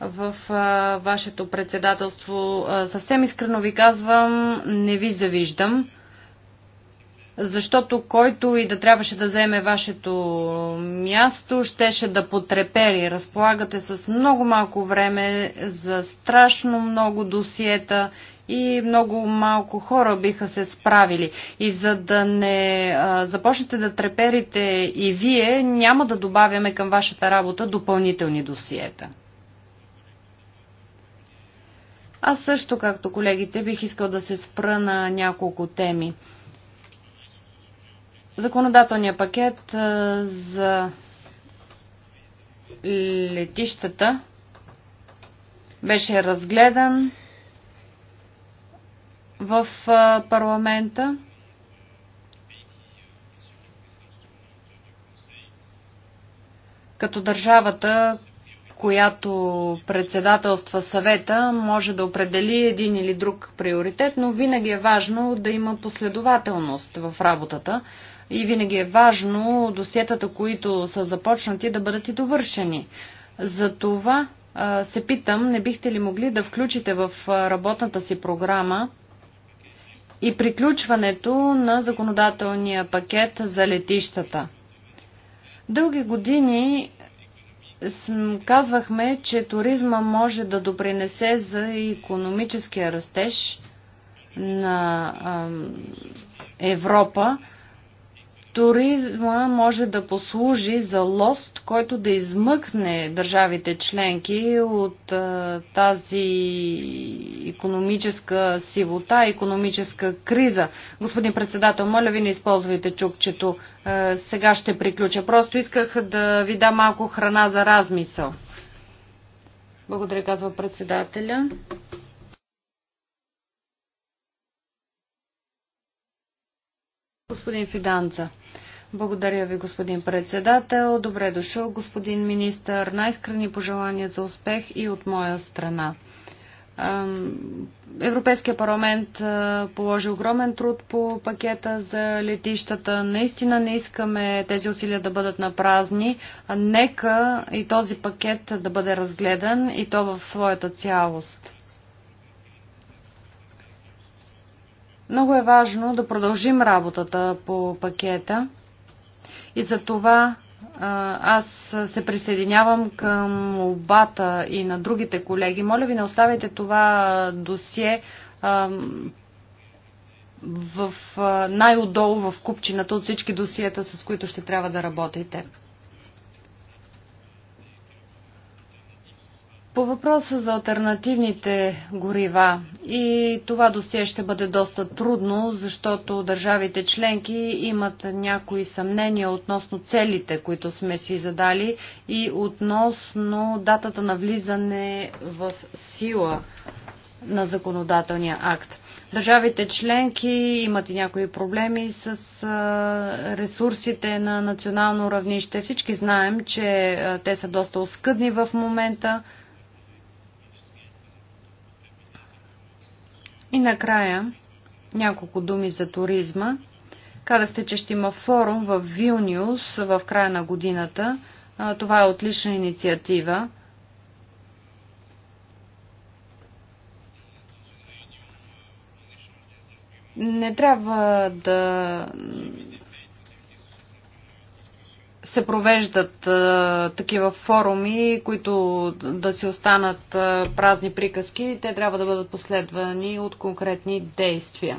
в а, вашето председателство. А, съвсем искрено ви казвам, не ви завиждам защото който и да трябваше да вземе вашето място, щеше да потрепери. Разполагате с много малко време за страшно много досиета и много малко хора биха се справили. И за да не а, започнете да треперите и вие, няма да добавяме към вашата работа допълнителни досиета. Аз също, както колегите, бих искал да се спра на няколко теми. Законодателния пакет за летищата беше разгледан в парламента. Като държавата, която председателства съвета, може да определи един или друг приоритет, но винаги е важно да има последователност в работата, и винаги е важно досетата, които са започнати, да бъдат и довършени. Затова се питам, не бихте ли могли да включите в работната си програма и приключването на законодателния пакет за летищата? Дълги години казвахме, че туризма може да допринесе за економическия растеж на Европа, туризма може да послужи за лост, който да измъкне държавите членки от а, тази економическа сивота, економическа криза. Господин председател, моля ви не използвайте чукчето. А, е, сега ще приключа. Просто исках да ви дам малко храна за размисъл. Благодаря, казва председателя. Господин Фиданца. Благодаря ви, господин председател. Добре дошъл, господин министър. Най-скрани пожелания за успех и от моя страна. Европейския парламент положи огромен труд по пакета за летищата. Наистина не искаме тези усилия да бъдат на празни. Нека и този пакет да бъде разгледан и то в своята цялост. Много е важно да продължим работата по пакета и за това аз се присъединявам към обата и на другите колеги. Моля ви, не оставяйте това досие в най-отдолу в купчината от всички досиета, с които ще трябва да работите. По въпроса за альтернативните горива и това досие ще бъде доста трудно, защото държавите членки имат някои съмнения относно целите, които сме си задали и относно датата на влизане в сила на законодателния акт. Държавите членки имат и някои проблеми с ресурсите на национално равнище. Всички знаем, че те са доста оскъдни в момента. И накрая няколко думи за туризма. Казахте, че ще има форум в Вилниус в края на годината. Това е отлична инициатива. Не трябва да се провеждат а, такива форуми, които да си останат а, празни приказки, те трябва да бъдат последвани от конкретни действия.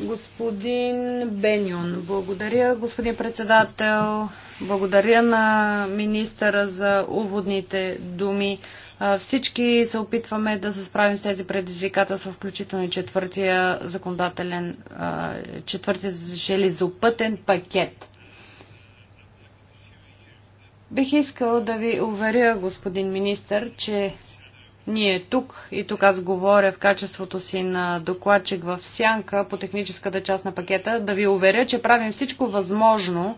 Господин Бенюн, благодаря, господин председател, благодаря на министъра за уводните думи. Всички се опитваме да се справим с тези предизвикателства, включително и четвъртия законодателен, четвъртия железопътен пакет – Бих искал да ви уверя, господин министър, че ние тук, и тук аз говоря в качеството си на докладчик в сянка по техническата част на пакета, да ви уверя, че правим всичко възможно,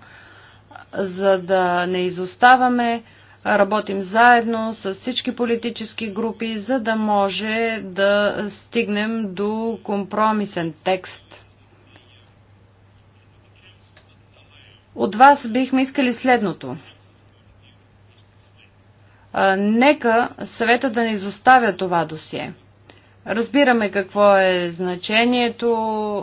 за да не изоставаме, работим заедно с всички политически групи, за да може да стигнем до компромисен текст. От вас бихме искали следното – Нека съвета да не изоставя това досие. Разбираме какво е значението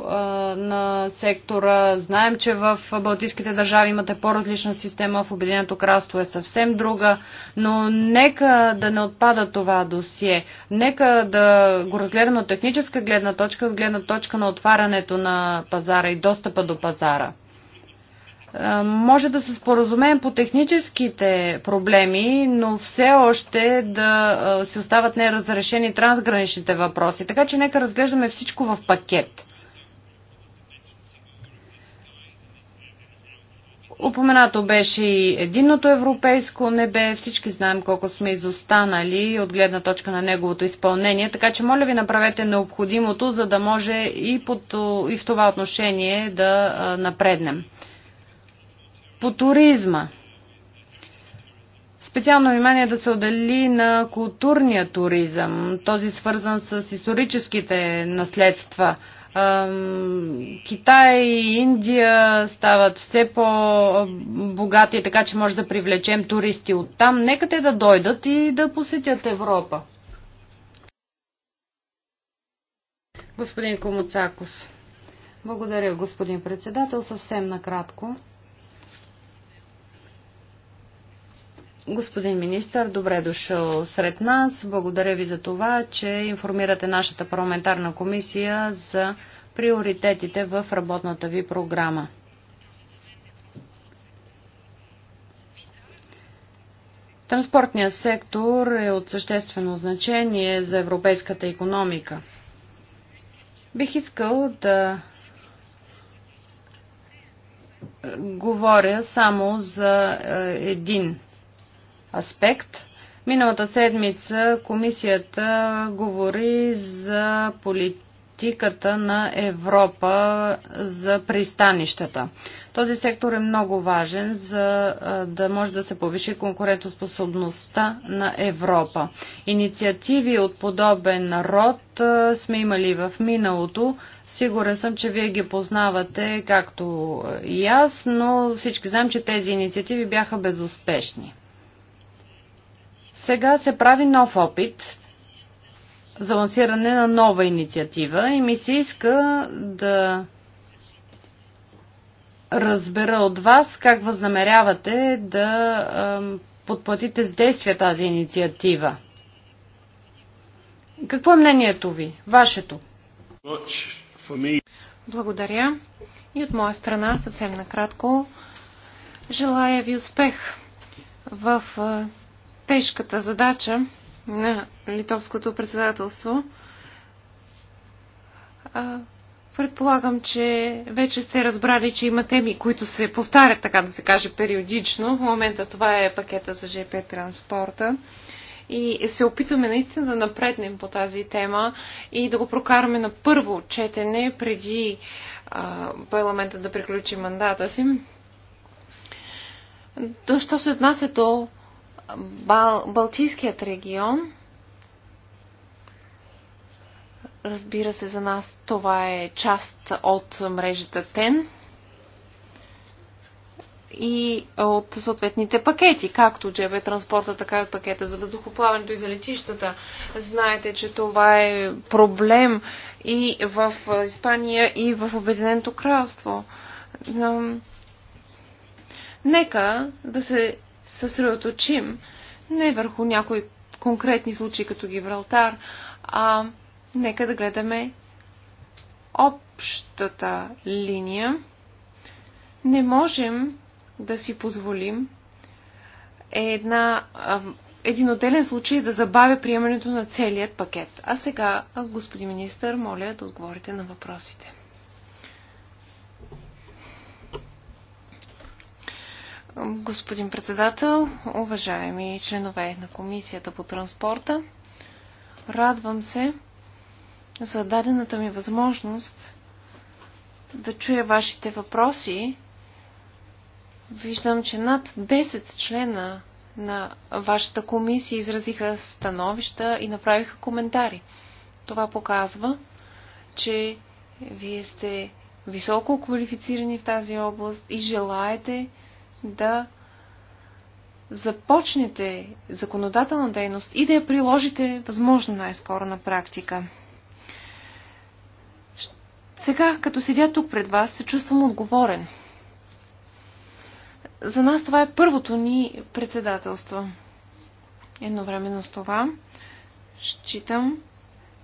а, на сектора. Знаем, че в Балтийските държави имате по-различна система, в Обединеното кралство е съвсем друга, но нека да не отпада това досие. Нека да го разгледаме от техническа гледна точка, от гледна точка на отварянето на пазара и достъпа до пазара може да се споразумеем по техническите проблеми, но все още да се остават неразрешени трансграничните въпроси. Така че нека разглеждаме всичко в пакет. Упоменато беше и единното европейско небе. Всички знаем колко сме изостанали от гледна точка на неговото изпълнение, така че моля ви направете необходимото, за да може и, под, и в това отношение да напреднем. По туризма. Специално внимание да се отдели на културния туризъм, този свързан с историческите наследства. Китай и Индия стават все по-богати, така че може да привлечем туристи от там. Нека те да дойдат и да посетят Европа. Господин Комуцакос. Благодаря, господин председател. Съвсем накратко. Господин министър, добре дошъл сред нас. Благодаря ви за това, че информирате нашата парламентарна комисия за приоритетите в работната ви програма. Транспортният сектор е от съществено значение за европейската економика. Бих искал да говоря само за е, един аспект. Миналата седмица комисията говори за политиката на Европа за пристанищата. Този сектор е много важен, за да може да се повиши конкурентоспособността на Европа. Инициативи от подобен род сме имали в миналото. Сигурен съм, че вие ги познавате както и аз, но всички знаем, че тези инициативи бяха безуспешни. Сега се прави нов опит за лансиране на нова инициатива и ми се иска да разбера от вас как възнамерявате да подплатите с действия тази инициатива. Какво е мнението ви? Вашето? Благодаря. И от моя страна, съвсем накратко, желая ви успех в тежката задача на литовското председателство. Предполагам, че вече сте разбрали, че има теми, които се повтарят, така да се каже, периодично. В момента това е пакета за ЖП транспорта. И се опитваме наистина да напреднем по тази тема и да го прокараме на първо четене, преди а, парламента да приключи мандата си. Що се отнася до Бал, Балтийският регион. Разбира се, за нас това е част от мрежата ТЕН и от съответните пакети, както джебе транспорта, така и от пакета за въздухоплаването и за летищата. Знаете, че това е проблем и в Испания, и в Обединеното кралство. Нека да се съсредоточим не върху някои конкретни случаи като Гибралтар, а нека да гледаме общата линия. Не можем да си позволим една, един отделен случай да забавя приемането на целият пакет. А сега, господин министър, моля да отговорите на въпросите. господин председател, уважаеми членове на Комисията по транспорта. Радвам се за дадената ми възможност да чуя вашите въпроси. Виждам, че над 10 члена на вашата комисия изразиха становища и направиха коментари. Това показва, че вие сте високо квалифицирани в тази област и желаете да започнете законодателна дейност и да я приложите възможно най-скоро на практика. Сега, като седя тук пред вас, се чувствам отговорен. За нас това е първото ни председателство. Едновременно с това, считам,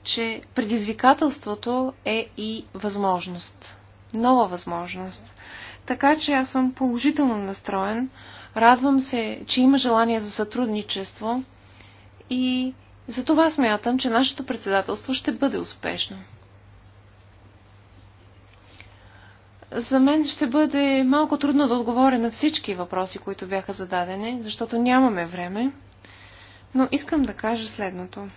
че предизвикателството е и възможност. Нова възможност. Така че аз съм положително настроен. Радвам се, че има желание за сътрудничество и за това смятам, че нашето председателство ще бъде успешно. За мен ще бъде малко трудно да отговоря на всички въпроси, които бяха зададени, защото нямаме време, но искам да кажа следното.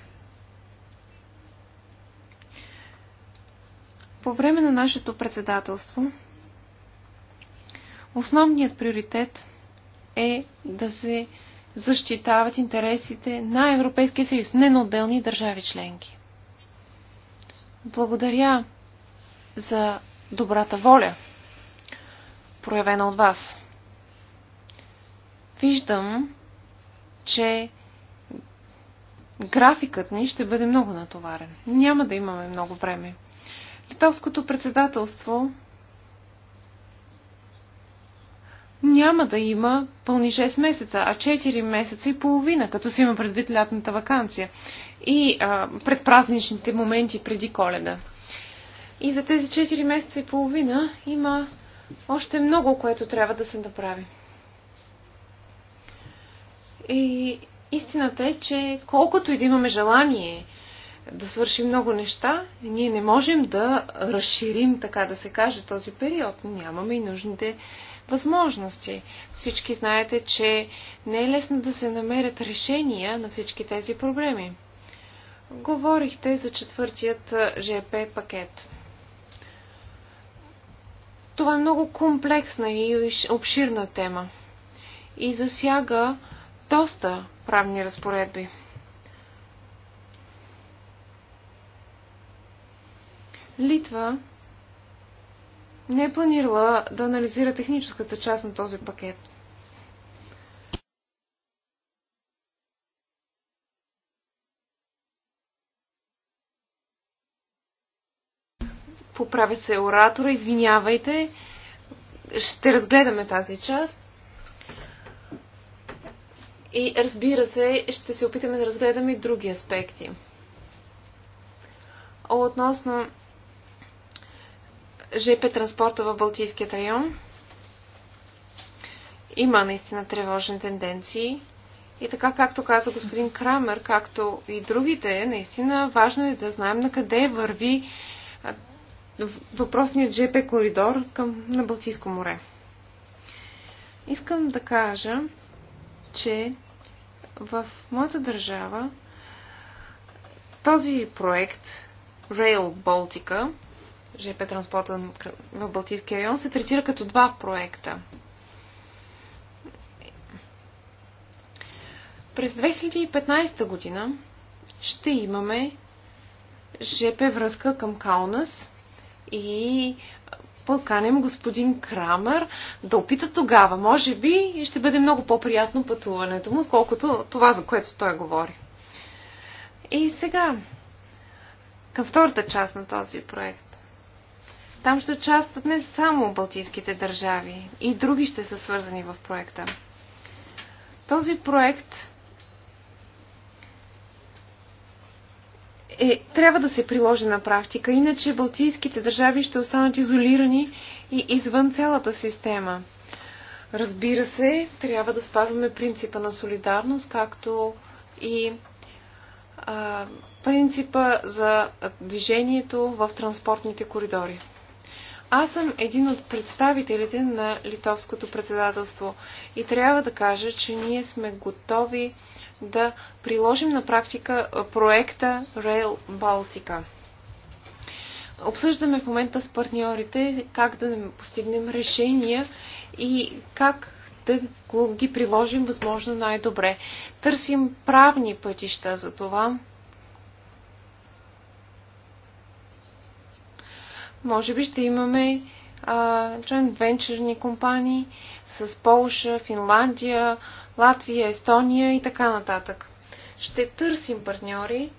По време на нашето председателство Основният приоритет е да се защитават интересите на Европейския съюз, не на отделни държави членки. Благодаря за добрата воля, проявена от вас. Виждам, че графикът ни ще бъде много натоварен. Няма да имаме много време. Литовското председателство няма да има пълни 6 месеца, а 4 месеца и половина, като си има предвид лятната вакансия и а, предпразничните моменти преди коледа. И за тези 4 месеца и половина има още много, което трябва да се направи. И истината е, че колкото и да имаме желание да свършим много неща, ние не можем да разширим, така да се каже, този период. Нямаме и нужните възможности. Всички знаете, че не е лесно да се намерят решения на всички тези проблеми. Говорихте за четвъртият ЖП пакет. Това е много комплексна и обширна тема и засяга доста правни разпоредби. Литва не е планирала да анализира техническата част на този пакет. Поправя се оратора, извинявайте. Ще разгледаме тази част. И разбира се, ще се опитаме да разгледаме и други аспекти. Относно ЖП транспорта в Балтийският район. Има наистина тревожни тенденции. И така, както каза господин Крамер, както и другите, наистина важно е да знаем на къде върви въпросният ЖП коридор към, на Балтийско море. Искам да кажа, че в моята държава този проект Rail Baltica ЖП транспорта в Балтийския район се третира като два проекта. През 2015 година ще имаме ЖП връзка към Каунас и поканем господин Крамер да опита тогава. Може би ще бъде много по-приятно пътуването му, отколкото това, за което той говори. И сега, към втората част на този проект. Там ще участват не само балтийските държави, и други ще са свързани в проекта. Този проект е, трябва да се приложи на практика, иначе балтийските държави ще останат изолирани и извън цялата система. Разбира се, трябва да спазваме принципа на солидарност, както и а, принципа за движението в транспортните коридори. Аз съм един от представителите на литовското председателство и трябва да кажа, че ние сме готови да приложим на практика проекта Rail Baltica. Обсъждаме в момента с партньорите как да постигнем решения и как да ги приложим възможно най-добре. Търсим правни пътища за това може би ще имаме joint венчерни компании с Полша, Финландия, Латвия, Естония и така нататък. Ще търсим партньори,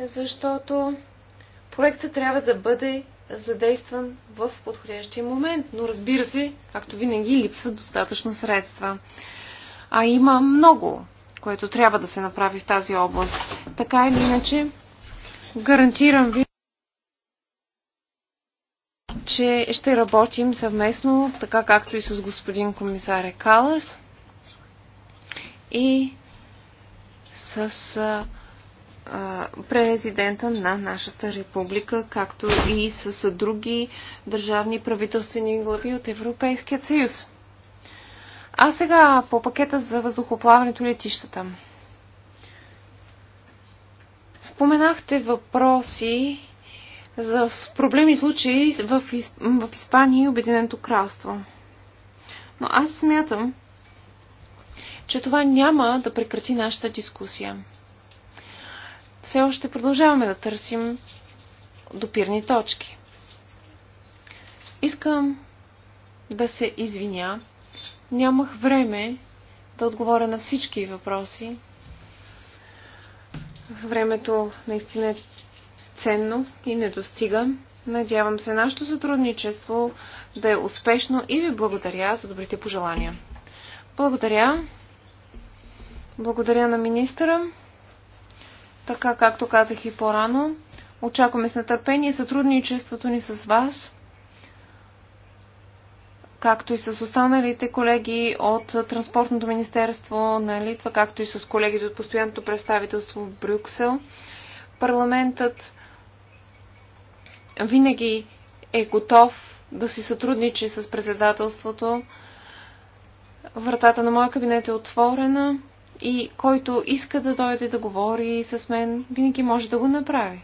защото проектът трябва да бъде задействан в подходящия момент, но разбира се, както винаги, липсват достатъчно средства. А има много, което трябва да се направи в тази област. Така или иначе, гарантирам ви, че ще работим съвместно, така както и с господин комисаря Калърс и с президента на нашата република, както и с други държавни правителствени глави от Европейския съюз. А сега по пакета за въздухоплаването летищата. Споменахте въпроси, за проблеми случаи в, в Испания и Обединеното кралство. Но аз смятам, че това няма да прекрати нашата дискусия. Все още продължаваме да търсим допирни точки. Искам да се извиня. Нямах време да отговоря на всички въпроси. Времето наистина е ценно и не достига. Надявам се нашето сътрудничество да е успешно и ви благодаря за добрите пожелания. Благодаря. Благодаря на министъра. Така, както казах и по-рано, очакваме с нетърпение сътрудничеството ни с вас, както и с останалите колеги от Транспортното министерство на Литва, както и с колегите от Постоянното представителство в Брюксел. Парламентът винаги е готов да си сътрудничи с председателството. Вратата на моя кабинет е отворена и който иска да дойде да говори с мен, винаги може да го направи.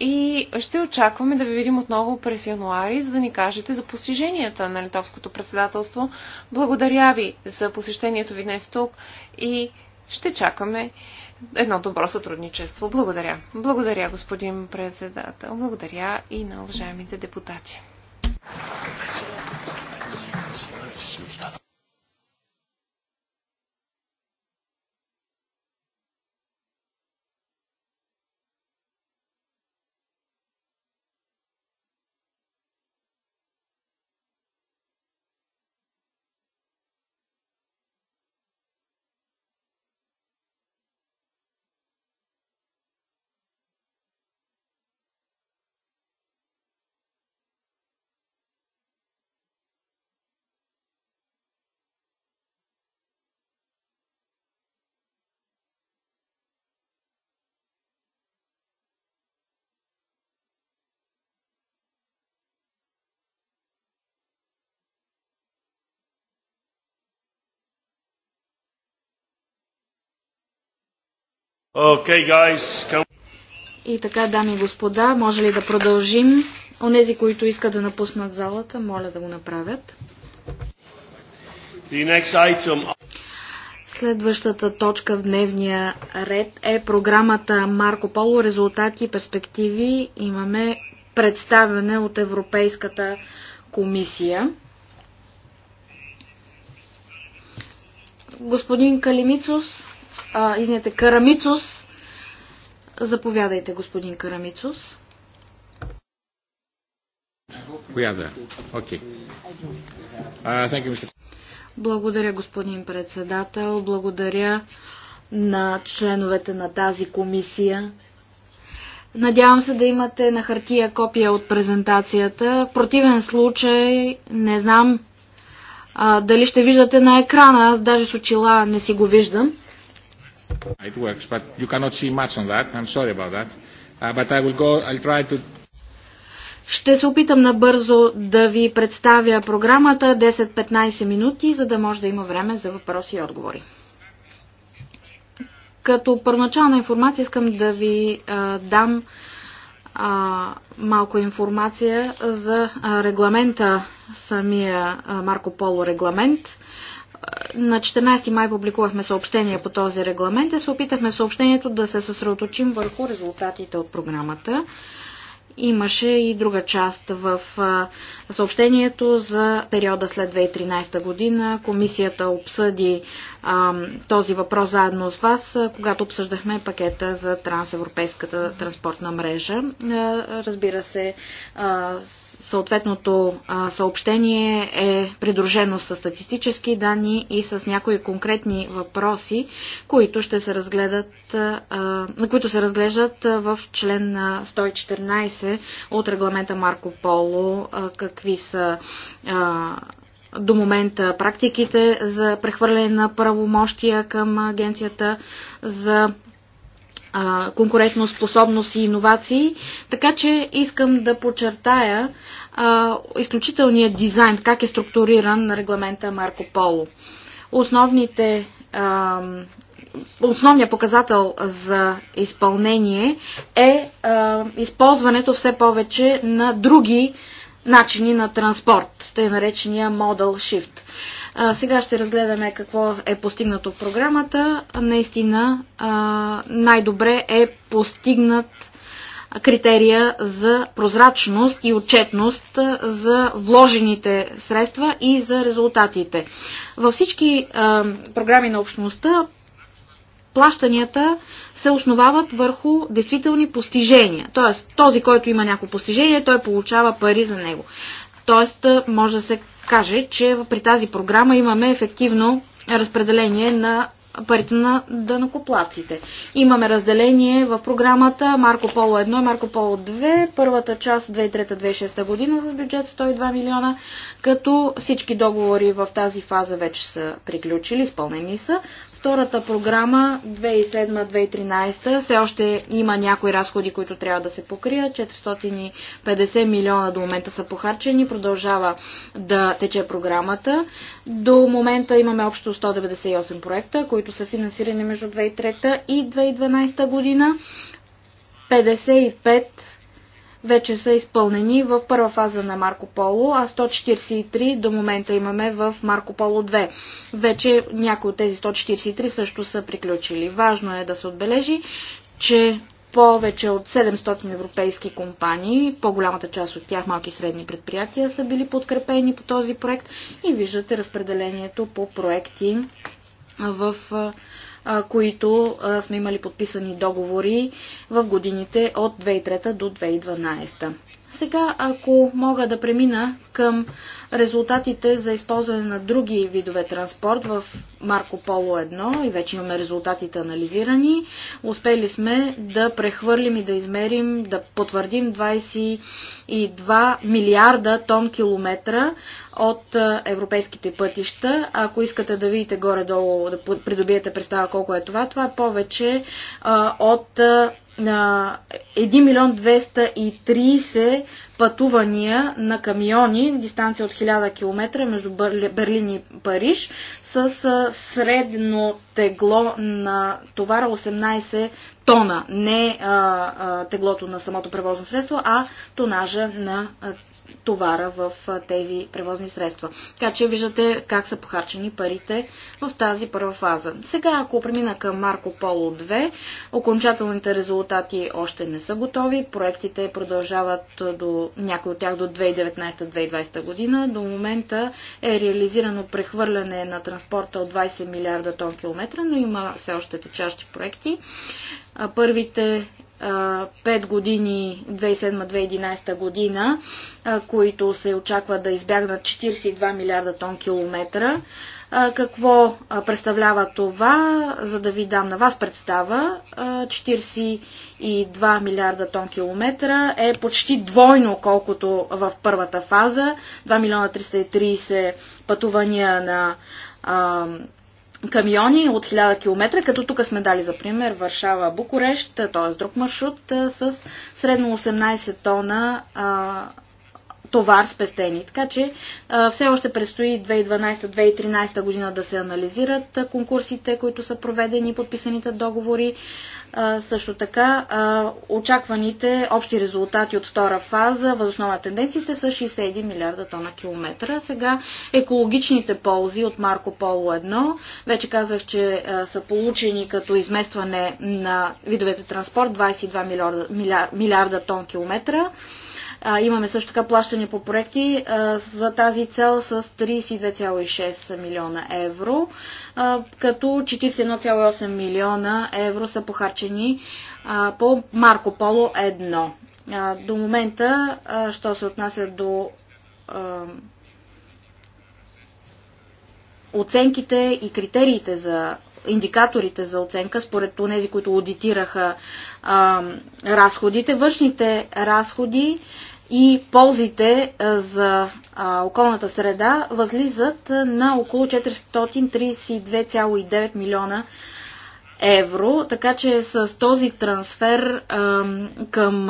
И ще очакваме да ви видим отново през януари, за да ни кажете за постиженията на литовското председателство. Благодаря ви за посещението ви днес тук и ще чакаме едно добро сътрудничество. Благодаря. Благодаря, господин председател. Благодаря и на уважаемите депутати. Okay, guys, can... И така, дами и господа, може ли да продължим? Онези, които искат да напуснат залата, моля да го направят. Item... Следващата точка в дневния ред е програмата Марко Поло резултати и перспективи. Имаме представяне от Европейската комисия. Господин Калимицус, а, извинете, Карамицус. Заповядайте, господин Карамицус. Uh, Благодаря, господин председател. Благодаря на членовете на тази комисия. Надявам се да имате на хартия копия от презентацията. В противен случай не знам а, дали ще виждате на екрана. Аз даже с очила не си го виждам. It works, but you cannot see much on that. I'm sorry about that. Uh, but I will go, I'll try to ще се опитам набързо да ви представя програмата 10-15 минути, за да може да има време за въпроси и отговори. Като първоначална информация искам да ви а, дам а, малко информация за а, регламента, самия а, Марко Поло регламент на 14 май публикувахме съобщение по този регламент и се опитахме съобщението да се съсредоточим върху резултатите от програмата. Имаше и друга част в съобщението за периода след 2013 година. Комисията обсъди а, този въпрос заедно с вас, когато обсъждахме пакета за трансевропейската транспортна мрежа. Разбира се, съответното съобщение е придружено с статистически данни и с някои конкретни въпроси, които ще се разгледат, на които се разглеждат в член 114 от регламента Марко Поло, какви са до момента практиките за прехвърляне на правомощия към агенцията за конкурентно способност и иновации. Така че искам да подчертая изключителния дизайн, как е структуриран на регламента Марко Поло. Основните Основният показател за изпълнение е а, използването все повече на други а, начини на транспорт, тъй наречения Model Shift. А, сега ще разгледаме какво е постигнато в програмата. Наистина най-добре е постигнат критерия за прозрачност и отчетност за вложените средства и за резултатите. Във всички а, програми на общността плащанията се основават върху действителни постижения. Тоест, този, който има някакво постижение, той получава пари за него. Тоест, може да се каже, че при тази програма имаме ефективно разпределение на парите на дънакоплаците. Имаме разделение в програмата Марко Поло 1 и Марко Поло 2, първата част 2003-2006 година с бюджет 102 милиона, като всички договори в тази фаза вече са приключили, изпълнени са. Втората програма 2007-2013 все още има някои разходи, които трябва да се покрият. 450 милиона до момента са похарчени, продължава да тече програмата. До момента имаме общо 198 проекта, които са финансирани между 2003 и 2012 година. 55 вече са изпълнени в първа фаза на Марко Поло, а 143 до момента имаме в Марко Поло 2. Вече някои от тези 143 също са приключили. Важно е да се отбележи, че повече от 700 европейски компании, по-голямата част от тях малки и средни предприятия, са били подкрепени по този проект и виждате разпределението по проекти в които сме имали подписани договори в годините от 2003 до 2012. Сега, ако мога да премина към резултатите за използване на други видове транспорт в Марко Поло 1 и вече имаме резултатите анализирани, успели сме да прехвърлим и да измерим, да потвърдим 22 милиарда тон километра от европейските пътища. Ако искате да видите горе-долу, да придобиете представа колко е това, това е повече а, от 1 милион 230 пътувания на камиони, дистанция от 1000 км между Берлин и Париж, с средно тегло на товара 18 тона. Не а, а, теглото на самото превозно средство, а тонажа на а, товара в тези превозни средства. Така че виждате как са похарчени парите в тази първа фаза. Сега, ако премина към Марко Поло 2, окончателните резултати още не са готови. Проектите продължават до някои от тях до 2019-2020 година. До момента е реализирано прехвърляне на транспорта от 20 милиарда тон километра, но има все още течащи проекти. Първите 5 години 2007-2011 година, които се очаква да избягнат 42 милиарда тон километра. Какво представлява това, за да ви дам на вас представа? 42 милиарда тон километра е почти двойно колкото в първата фаза. 2 милиона 330 пътувания на камиони от 1000 км, като тук сме дали за пример Варшава-Букурещ, т.е. друг маршрут с средно 18 тона товар спестени. Така че все още предстои 2012-2013 година да се анализират конкурсите, които са проведени, подписаните договори. също така очакваните общи резултати от втора фаза, възоснова тенденциите са 61 милиарда тона километра. Сега екологичните ползи от Марко Поло 1. Вече казах, че са получени като изместване на видовете транспорт 22 милиарда, милиарда тон километра. А, имаме също така плащане по проекти а, за тази цел с 32,6 милиона евро, а, като 41,8 милиона евро са похарчени а, по Марко Поло 1. А, до момента, а, що се отнася до а, оценките и критериите за индикаторите за оценка, според тези, които аудитираха а, разходите. Външните разходи и ползите е, за околната среда възлизат е, на около 432,9 милиона евро, така че с този трансфер е, към,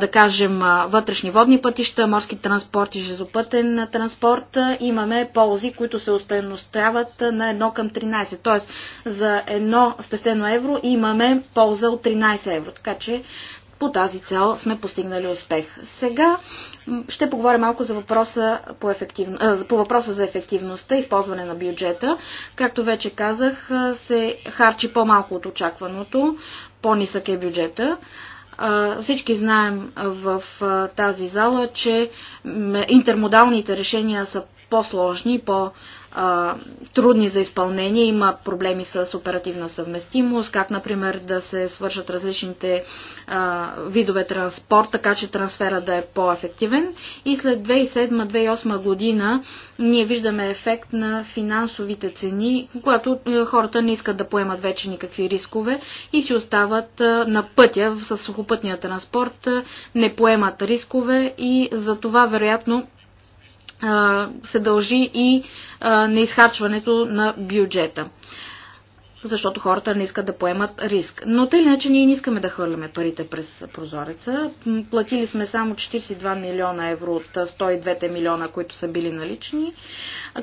да кажем, вътрешни водни пътища, морски транспорт и железопътен транспорт имаме ползи, които се установяват на 1 към 13. Тоест за едно спестено евро имаме полза от 13 евро. Така че по тази цел сме постигнали успех. Сега ще поговоря малко за въпроса, по, ефективно, по въпроса за ефективността, използване на бюджета. Както вече казах, се харчи по-малко от очакваното, по-нисък е бюджета. Всички знаем в тази зала, че интермодалните решения са по-сложни, по-сложни а, трудни за изпълнение, има проблеми с оперативна съвместимост, как например да се свършат различните а, видове транспорт, така че трансфера да е по-ефективен. И след 2007-2008 година ние виждаме ефект на финансовите цени, когато е, хората не искат да поемат вече никакви рискове и си остават а, е, на пътя с сухопътния транспорт, е, не поемат рискове и за това вероятно се дължи и на изхарчването на бюджета. Защото хората не искат да поемат риск. Но тъй иначе ние не искаме да хвърляме парите през прозореца. Платили сме само 42 милиона евро от 102 милиона, които са били налични,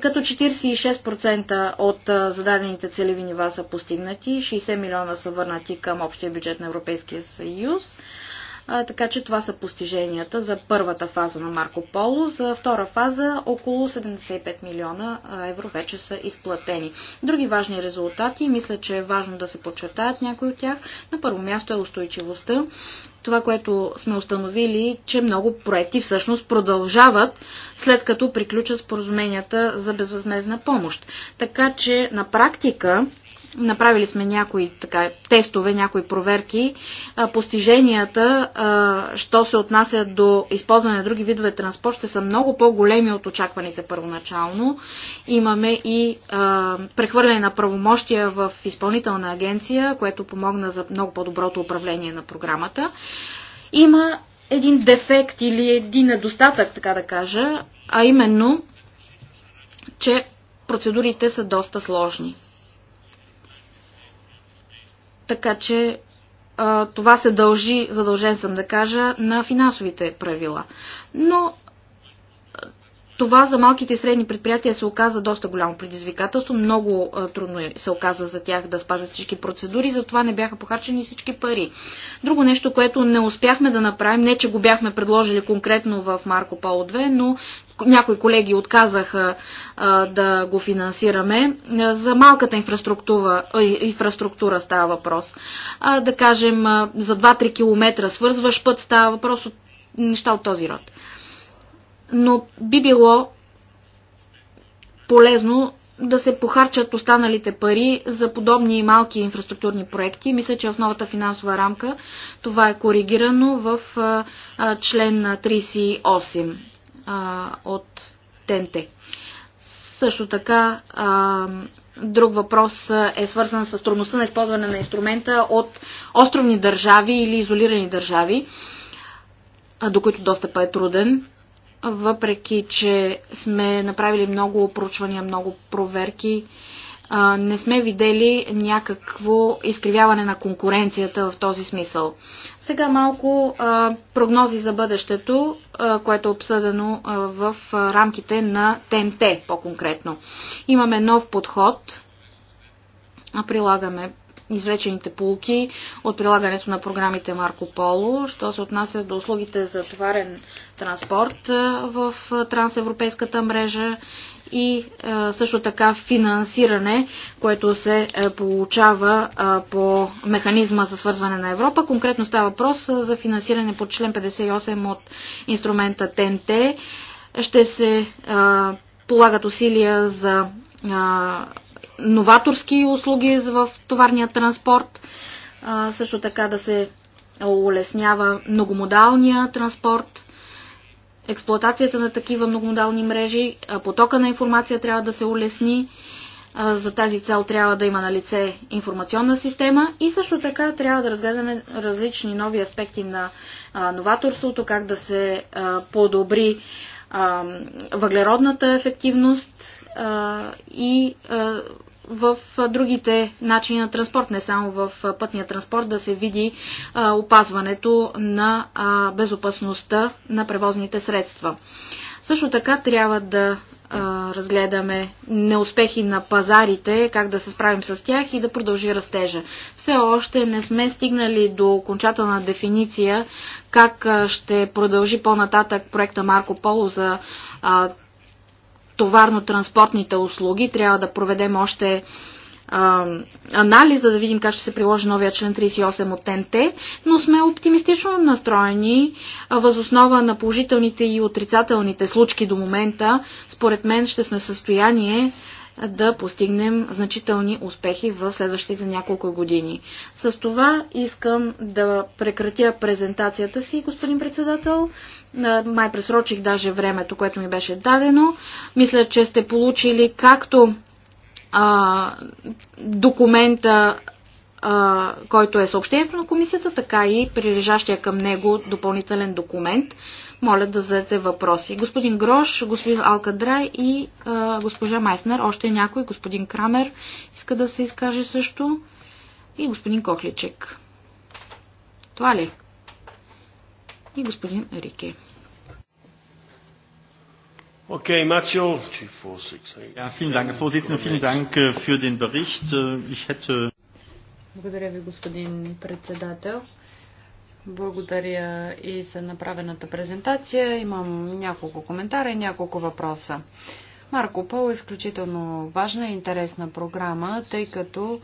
като 46% от зададените целеви нива са постигнати, 60 милиона са върнати към общия бюджет на Европейския съюз. А, така че това са постиженията за първата фаза на Марко Поло. За втора фаза около 75 милиона евро вече са изплатени. Други важни резултати, мисля, че е важно да се подчертаят някои от тях. На първо място е устойчивостта. Това, което сме установили, че много проекти всъщност продължават след като приключат споразуменията за безвъзмезна помощ. Така че на практика Направили сме някои така, тестове, някои проверки. Постиженията, що се отнася до използване на други видове транспорт, ще са много по-големи от очакваните първоначално. Имаме и прехвърляне на правомощия в изпълнителна агенция, което помогна за много по-доброто управление на програмата. Има един дефект или един недостатък, така да кажа, а именно, че процедурите са доста сложни. Така че това се дължи, задължен съм да кажа, на финансовите правила. Но това за малките и средни предприятия се оказа доста голямо предизвикателство. Много трудно е, се оказа за тях да спазят всички процедури, затова не бяха похарчени всички пари. Друго нещо, което не успяхме да направим, не че го бяхме предложили конкретно в Марко Поло 2, но някои колеги отказаха да го финансираме. За малката инфраструктура, инфраструктура става въпрос. да кажем, за 2-3 км свързваш път става въпрос от неща от този род. Но би било полезно да се похарчат останалите пари за подобни малки инфраструктурни проекти. Мисля, че в новата финансова рамка това е коригирано в член 38 а, от ТНТ. Също така, а, друг въпрос е свързан с трудността на използване на инструмента от островни държави или изолирани държави, до които достъпа е труден. Въпреки, че сме направили много опоручвания, много проверки, а, не сме видели някакво изкривяване на конкуренцията в този смисъл. Сега малко а, прогнози за бъдещето, а, което е обсъдено а, в а, рамките на ТНТ по-конкретно. Имаме нов подход, а прилагаме извлечените полуки от прилагането на програмите Марко Поло, що се отнася до услугите за товарен транспорт в трансевропейската мрежа и също така финансиране, което се получава по механизма за свързване на Европа. Конкретно става въпрос за финансиране по член 58 от инструмента ТНТ. Ще се полагат усилия за новаторски услуги в товарния транспорт, а, също така да се улеснява многомодалния транспорт, експлоатацията на такива многомодални мрежи, потока на информация трябва да се улесни. За тази цел трябва да има на лице информационна система и също така трябва да разгледаме различни нови аспекти на новаторството, как да се подобри въглеродната ефективност и в другите начини на транспорт, не само в пътния транспорт, да се види опазването на безопасността на превозните средства. Също така трябва да разгледаме неуспехи на пазарите, как да се справим с тях и да продължи растежа. Все още не сме стигнали до окончателна дефиниция как ще продължи по-нататък проекта Марко Поло за товарно-транспортните услуги. Трябва да проведем още анализ, за да видим как ще се приложи новия член 38 от НТ, но сме оптимистично настроени възоснова на положителните и отрицателните случки до момента. Според мен ще сме в състояние да постигнем значителни успехи в следващите няколко години. С това искам да прекратя презентацията си, господин председател. Май пресрочих даже времето, което ми беше дадено. Мисля, че сте получили както а, документа, а, който е съобщението на комисията, така и прилежащия към него допълнителен документ. Моля да зададете въпроси. Господин Грош, господин Алкадрай и а, госпожа Майснер, още някой, господин Крамер иска да се изкаже също и господин Кохличек. Това ли? и господин Рике. Okay, Macho. Ja, vielen Dank, Herr Vorsitzender. Vielen Dank äh, für den Bericht. Äh, ich hätte... Благодаря ви, господин председател. Благодаря и за направената презентация. Имам няколко коментара и няколко въпроса. Марко Пол е изключително важна и интересна програма, тъй като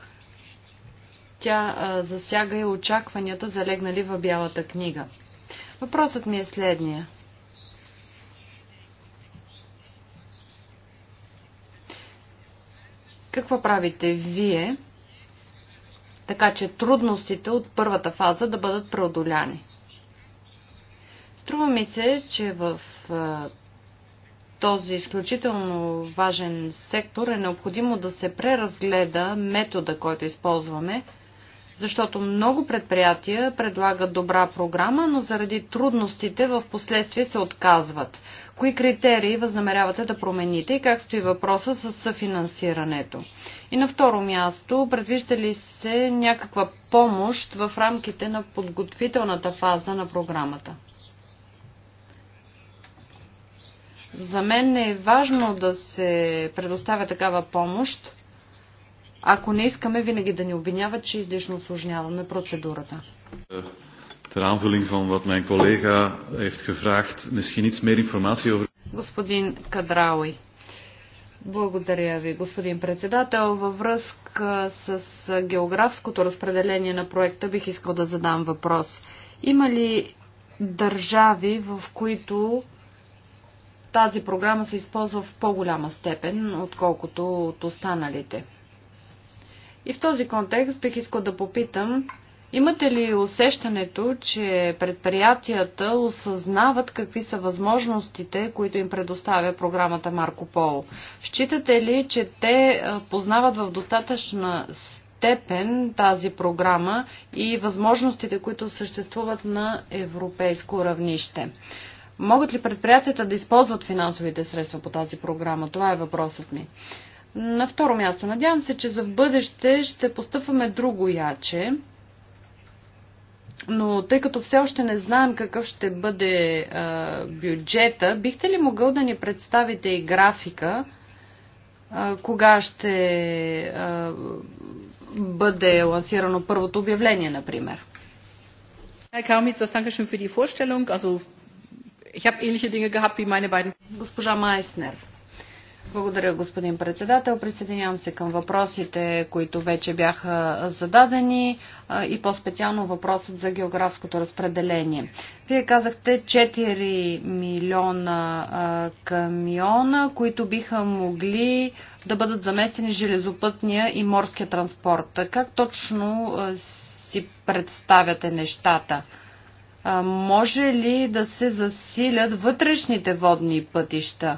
тя засяга и очакванията, залегнали в Бялата книга. Въпросът ми е следния. Какво правите вие, така че трудностите от първата фаза да бъдат преодоляни? Струва ми се, че в този изключително важен сектор е необходимо да се преразгледа метода, който използваме – защото много предприятия предлагат добра програма, но заради трудностите в последствие се отказват. Кои критерии възнамерявате да промените и как стои въпроса с съфинансирането? И на второ място, предвижда ли се някаква помощ в рамките на подготвителната фаза на програмата? За мен е важно да се предоставя такава помощ, ако не искаме винаги да ни обвиняват, че излишно осложняваме процедурата. Ter aanvulling van wat mijn collega heeft gevraagd, misschien iets meer informatie over. Господин Кадрауи. Благодаря ви, господин председател. Във връзка с географското разпределение на проекта бих искал да задам въпрос. Има ли държави, в които тази програма се използва в по-голяма степен, отколкото от останалите? И в този контекст бих искал да попитам, имате ли усещането, че предприятията осъзнават какви са възможностите, които им предоставя програмата Марко Поло? Считате ли, че те познават в достатъчна степен тази програма и възможностите, които съществуват на европейско равнище? Могат ли предприятията да използват финансовите средства по тази програма? Това е въпросът ми. На второ място, надявам се, че за в бъдеще ще постъпваме друго яче, но тъй като все още не знаем какъв ще бъде а, бюджета, бихте ли могъл да ни представите и графика, а, кога ще а, бъде лансирано първото обявление, например? Госпожа Майснер. Благодаря, господин председател. Присъединявам се към въпросите, които вече бяха зададени и по-специално въпросът за географското разпределение. Вие казахте 4 милиона камиона, които биха могли да бъдат заместени железопътния и морския транспорт. Как точно си представяте нещата? Може ли да се засилят вътрешните водни пътища?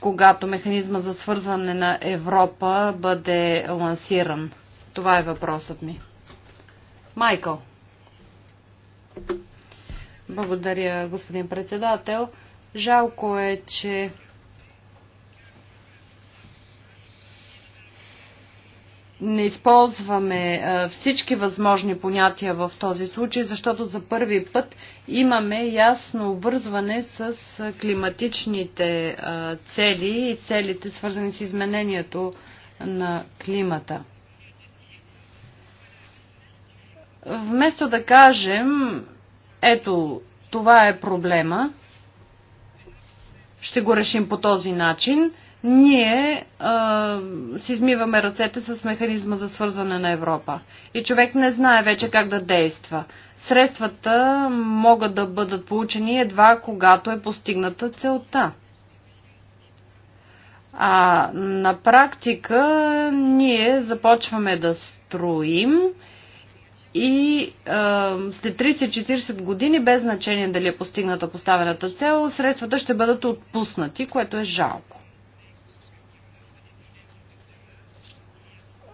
когато механизма за свързване на Европа бъде лансиран? Това е въпросът ми. Майкъл. Благодаря, господин председател. Жалко е, че не използваме е, всички възможни понятия в този случай, защото за първи път имаме ясно обвързване с е, климатичните е, цели и целите, свързани с изменението на климата. Вместо да кажем, ето, това е проблема, ще го решим по този начин – ние а, си измиваме ръцете с механизма за свързване на Европа. И човек не знае вече как да действа. Средствата могат да бъдат получени едва когато е постигната целта. А на практика ние започваме да строим и а, след 30-40 години, без значение дали е постигната поставената цел, средствата ще бъдат отпуснати, което е жалко.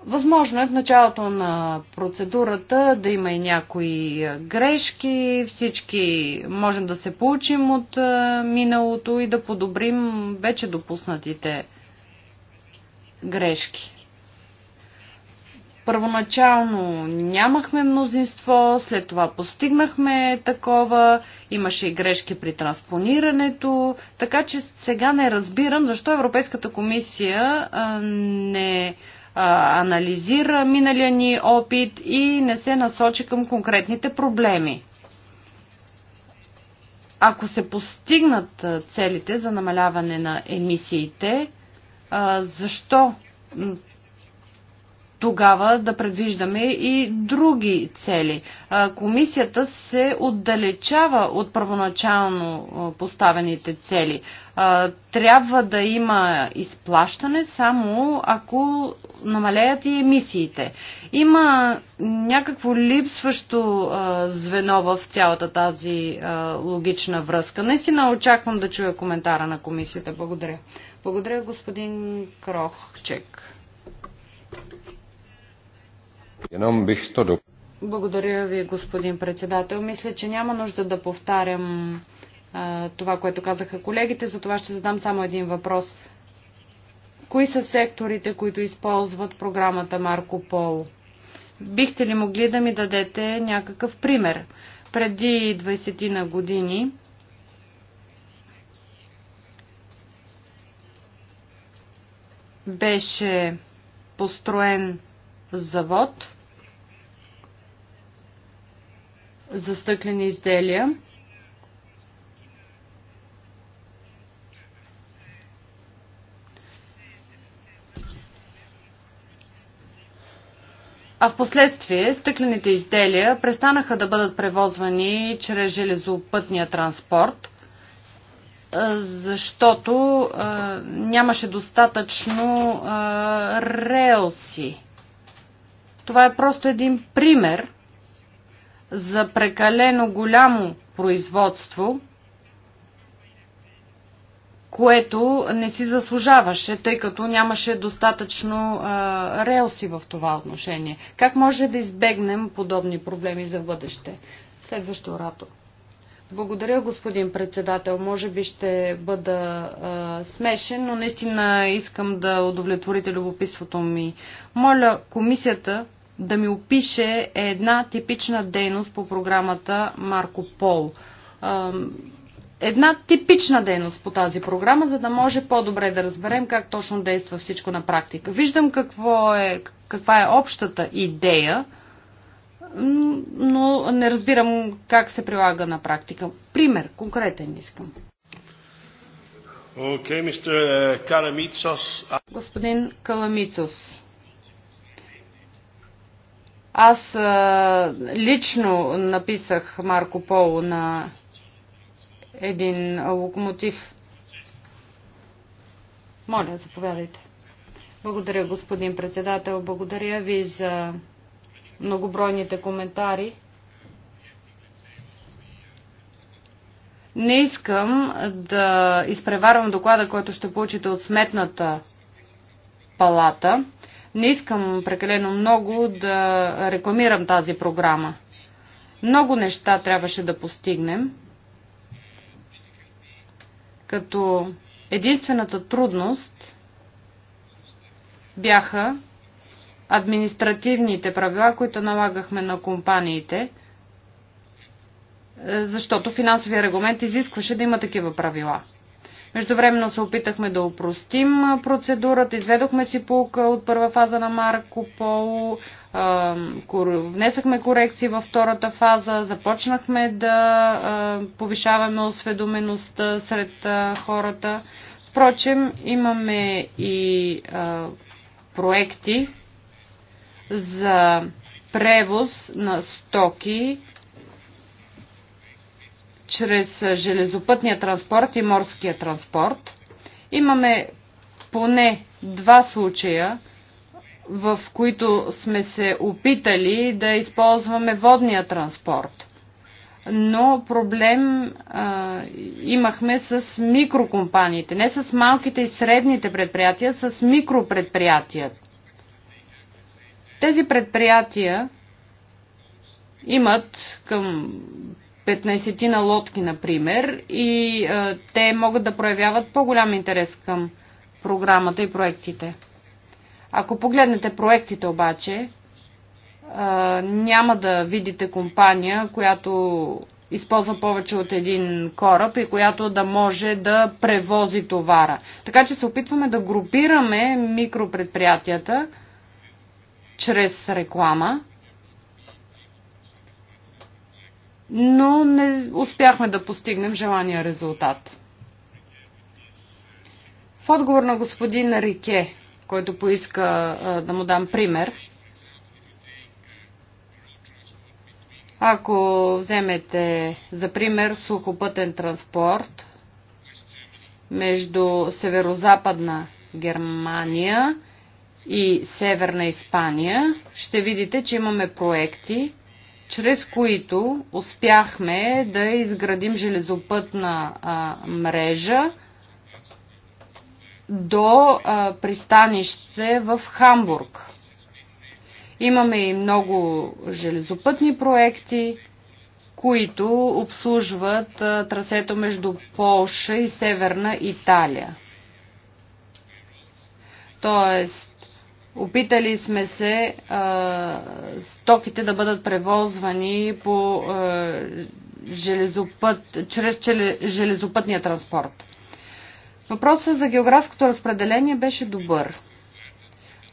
Възможно е в началото на процедурата да има и някои е, грешки, всички можем да се получим от е, миналото и да подобрим вече допуснатите грешки. Първоначално нямахме мнозинство, след това постигнахме такова, имаше и грешки при транспонирането, така че сега не разбирам защо Европейската комисия е, не анализира миналия ни опит и не се насочи към конкретните проблеми. Ако се постигнат целите за намаляване на емисиите, защо тогава да предвиждаме и други цели. Комисията се отдалечава от първоначално поставените цели. Трябва да има изплащане само ако намалеят и емисиите. Има някакво липсващо звено в цялата тази логична връзка. Наистина очаквам да чуя коментара на комисията. Благодаря. Благодаря, господин Крохчек. Jenom to do... Благодаря ви, господин председател. Мисля, че няма нужда да повтарям а, това, което казаха колегите, за това ще задам само един въпрос. Кои са секторите, които използват програмата Марко Пол? Бихте ли могли да ми дадете някакъв пример? Преди 20 на години беше построен завод, за стъклени изделия. А в последствие стъклените изделия престанаха да бъдат превозвани чрез железопътния транспорт, защото нямаше достатъчно релси. Това е просто един пример за прекалено голямо производство, което не си заслужаваше, тъй като нямаше достатъчно а, релси в това отношение. Как може да избегнем подобни проблеми за бъдеще? Следващо рато. Благодаря, господин председател. Може би ще бъда а, смешен, но наистина искам да удовлетворите любопитството ми. Моля комисията да ми опише една типична дейност по програмата Марко Пол. Една типична дейност по тази програма, за да може по-добре да разберем как точно действа всичко на практика. Виждам какво е, каква е общата идея, но не разбирам как се прилага на практика. Пример, конкретен искам. Okay, Mr. Uh, Господин Каламицос, аз а, лично написах Марко Поло на един локомотив. Моля, заповядайте. Благодаря, господин председател. Благодаря ви за многобройните коментари. Не искам да изпреварвам доклада, който ще получите от сметната палата. Не искам прекалено много да рекламирам тази програма. Много неща трябваше да постигнем, като единствената трудност бяха административните правила, които налагахме на компаниите, е, защото финансовия регламент изискваше да има такива правила – Междувременно се опитахме да упростим процедурата, изведохме си полка от първа фаза на Марко Поло, внесахме корекции във втората фаза, започнахме да повишаваме осведомеността сред хората. Впрочем, имаме и проекти за превоз на стоки, чрез железопътния транспорт и морския транспорт. Имаме поне два случая, в които сме се опитали да използваме водния транспорт. Но проблем а, имахме с микрокомпаниите, не с малките и средните предприятия, с микропредприятия. Тези предприятия имат към 15 на лодки, например, и а, е, те могат да проявяват по-голям интерес към програмата и проектите. Ако погледнете проектите обаче, а, е, няма да видите компания, която използва повече от един кораб и която да може да превози товара. Така че се опитваме да групираме микропредприятията чрез реклама но не успяхме да постигнем желания резултат. В отговор на господин Рике, който поиска да му дам пример, ако вземете за пример сухопътен транспорт между северо-западна Германия и северна Испания, ще видите, че имаме проекти, чрез които успяхме да изградим железопътна а, мрежа до а, пристанище в Хамбург. Имаме и много железопътни проекти, които обслужват а, трасето между Полша и Северна Италия. Тоест, Опитали сме се а, стоките да бъдат превозвани по а, железопът, чрез железопътния транспорт. Въпросът за географското разпределение беше добър.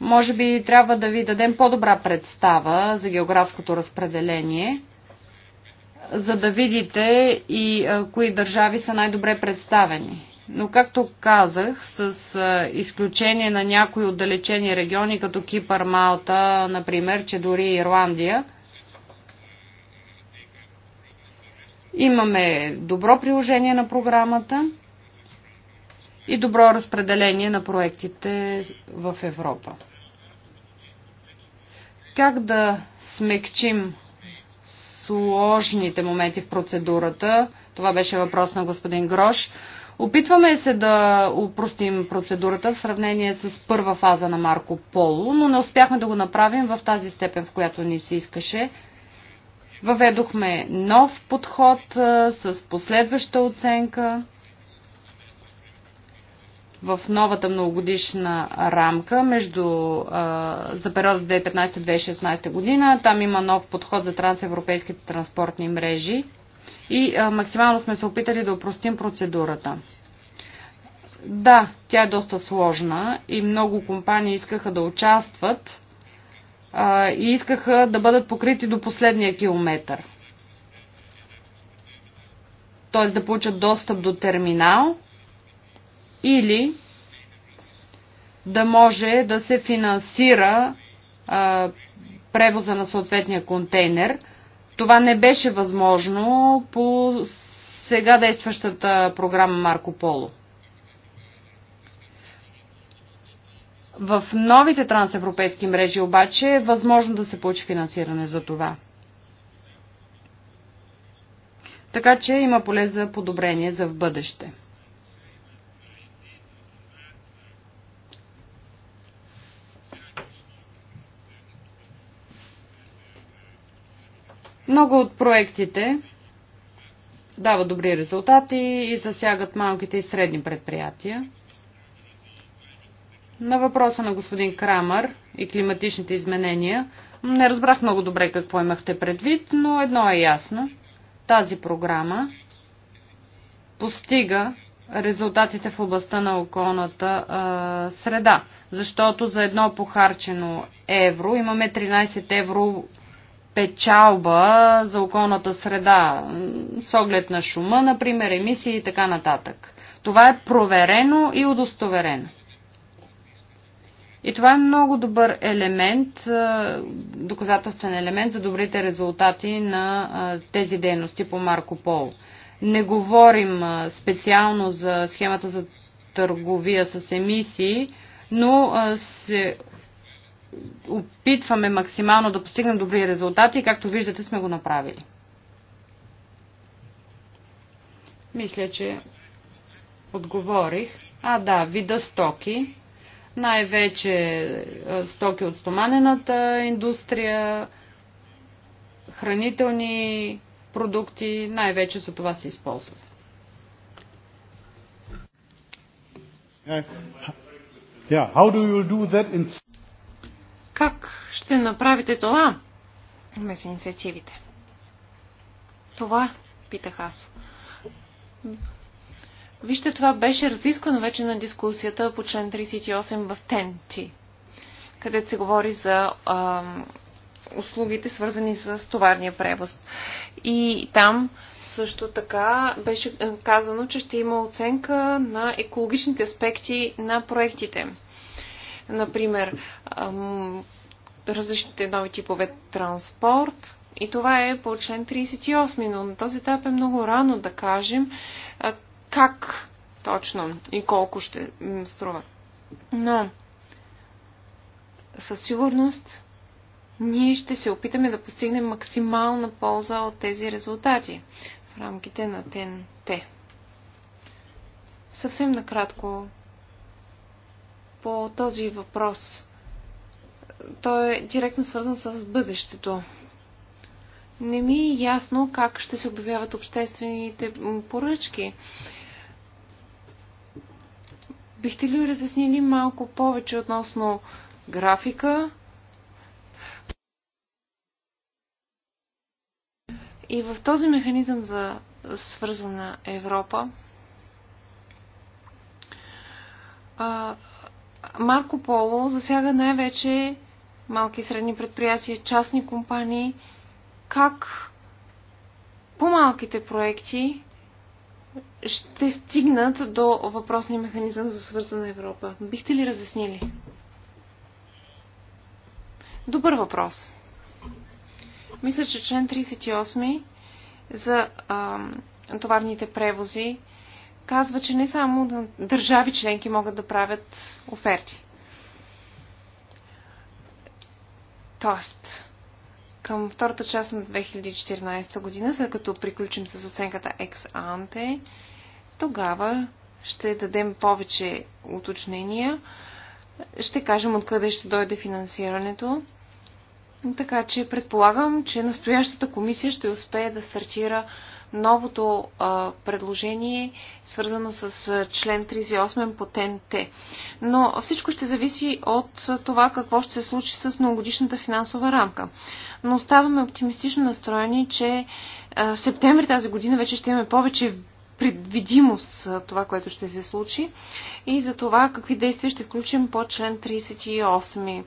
Може би трябва да ви дадем по-добра представа за географското разпределение, за да видите и а, кои държави са най-добре представени. Но както казах, с изключение на някои отдалечени региони, като Кипър, Малта, например, че дори Ирландия, имаме добро приложение на програмата и добро разпределение на проектите в Европа. Как да смекчим сложните моменти в процедурата? Това беше въпрос на господин Грош. Опитваме се да упростим процедурата в сравнение с първа фаза на Марко Поло, но не успяхме да го направим в тази степен, в която ни се искаше. Въведохме нов подход с последваща оценка в новата многогодишна рамка между, за периода 2015-2016 година. Там има нов подход за трансевропейските транспортни мрежи и а, максимално сме се опитали да упростим процедурата. Да, тя е доста сложна и много компании искаха да участват а, и искаха да бъдат покрити до последния километър. Тоест да получат достъп до терминал или да може да се финансира а, превоза на съответния контейнер – това не беше възможно по сега действащата програма Марко Поло. В новите трансевропейски мрежи обаче е възможно да се получи финансиране за това. Така че има поле за подобрение за в бъдеще. Много от проектите дават добри резултати и засягат малките и средни предприятия. На въпроса на господин Крамър и климатичните изменения не разбрах много добре какво имахте предвид, но едно е ясно. Тази програма постига резултатите в областта на околната а, среда, защото за едно похарчено евро имаме 13 евро печалба за околната среда, с оглед на шума, например, емисии и така нататък. Това е проверено и удостоверено. И това е много добър елемент, е, доказателствен елемент за добрите резултати на е, тези дейности по Марко пол. Не говорим е, специално за схемата за търговия с емисии, но се опитваме максимално да постигнем добри резултати и както виждате сме го направили. Мисля, че отговорих. А, да, вида стоки. Най-вече стоки от стоманената индустрия, хранителни продукти, най-вече за това се използват. Yeah, how do you do that in как ще направите това без инициативите? Това питах аз. Вижте, това беше разисквано вече на дискусията по член 38 в ТЕНТИ, където се говори за а, услугите, свързани с товарния превоз. И там също така беше е, казано, че ще има оценка на екологичните аспекти на проектите. Например, различните нови типове транспорт. И това е по член 38, но на този етап е много рано да кажем как точно и колко ще струва. Но със сигурност ние ще се опитаме да постигнем максимална полза от тези резултати в рамките на ТНТ. Съвсем накратко по този въпрос. Той е директно свързан с бъдещето. Не ми е ясно как ще се обявяват обществените поръчки. Бихте ли разяснили малко повече относно графика и в този механизъм за свързана Европа? Марко Поло засяга най-вече малки и средни предприятия, частни компании, как по-малките проекти ще стигнат до въпросния механизъм за свързана Европа. Бихте ли разяснили? Добър въпрос. Мисля, че член 38 за а, товарните превози казва, че не само държави членки могат да правят оферти. Тоест, към втората част на 2014 година, след като приключим с оценката ex-ante, тогава ще дадем повече уточнения, ще кажем откъде ще дойде финансирането. Така че предполагам, че настоящата комисия ще успее да стартира новото а, предложение, свързано с а, член 38 по ТНТ. Но всичко ще зависи от а, това какво ще се случи с многогодишната финансова рамка. Но оставаме оптимистично настроени, че а, септември тази година вече ще имаме повече предвидимост за това, което ще се случи и за това какви действия ще включим по член 38.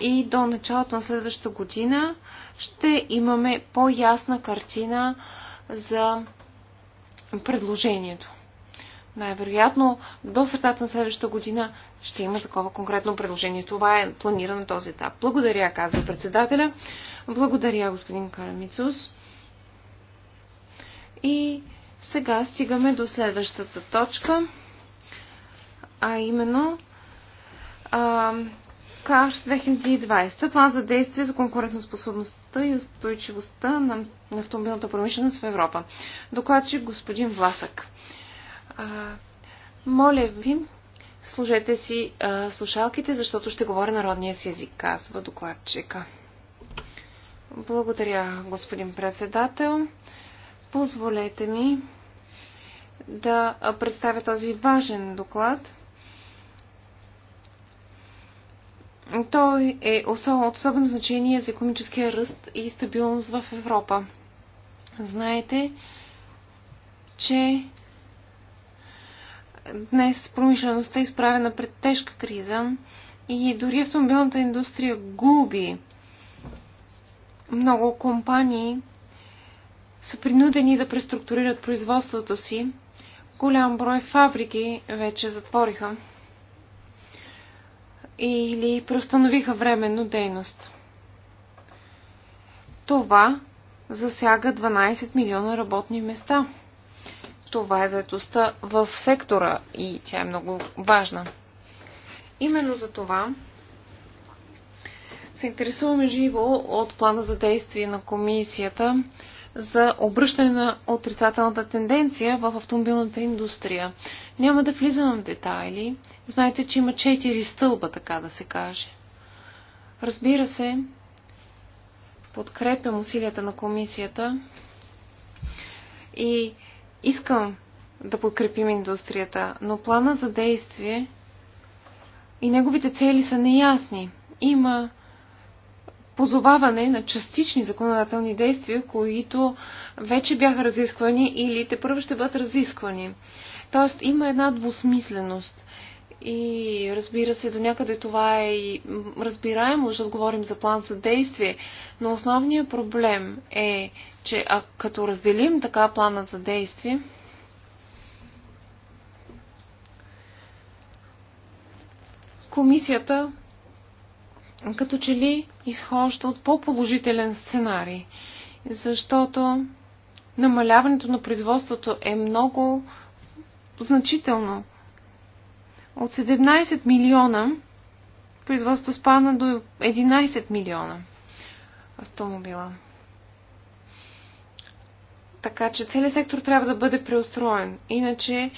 И до началото на следващата година ще имаме по-ясна картина за предложението. Най-вероятно до средата на следващата година ще има такова конкретно предложение. Това е планирано този етап. Благодаря, казва председателя. Благодаря, господин Карамицус. И сега стигаме до следващата точка, а именно а, Карс 2020. План за действие за конкурентоспособността и устойчивостта на автомобилната промишленост в Европа. Докладчик господин Власък. А, моля ви, служете си а, слушалките, защото ще говоря народния си език, казва докладчика. Благодаря, господин председател. Позволете ми да представя този важен доклад – той е от особено значение за економическия ръст и стабилност в Европа. Знаете, че днес промишлеността е изправена пред тежка криза и дори автомобилната индустрия губи. Много компании са принудени да преструктурират производството си. Голям брой фабрики вече затвориха или преустановиха временно дейност. Това засяга 12 милиона работни места. Това е заедостта в сектора и тя е много важна. Именно за това се интересуваме живо от плана за действие на комисията за обръщане на отрицателната тенденция в автомобилната индустрия. Няма да влизам в детайли. Знаете, че има четири стълба, така да се каже. Разбира се, подкрепям усилията на комисията и искам да подкрепим индустрията, но плана за действие и неговите цели са неясни. Има позоваване на частични законодателни действия, които вече бяха разисквани или те първо ще бъдат разисквани. Тоест има една двусмисленост. И разбира се, до някъде това е и разбираемо, защото говорим за план за действие, но основният проблем е, че а, като разделим така плана за действие, комисията като че ли изхожда от по-положителен сценарий, защото намаляването на производството е много значително. От 17 милиона производство спадна до 11 милиона автомобила. Така че целият сектор трябва да бъде преустроен, иначе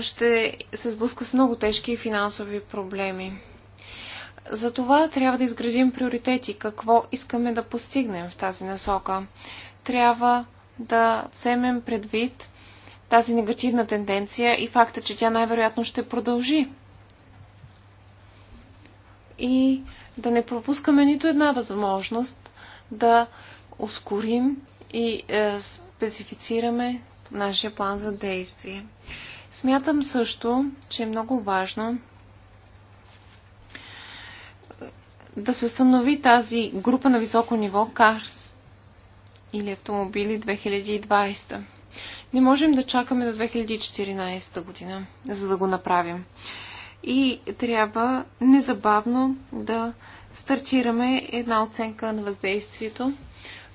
ще се сблъска с много тежки финансови проблеми. За това трябва да изградим приоритети, какво искаме да постигнем в тази насока. Трябва да вземем предвид тази негативна тенденция и факта, че тя най-вероятно ще продължи. И да не пропускаме нито една възможност да ускорим и е, специфицираме нашия план за действие. Смятам също, че е много важно да се установи тази група на високо ниво CARS или автомобили 2020. Не можем да чакаме до 2014 година, за да го направим. И трябва незабавно да стартираме една оценка на въздействието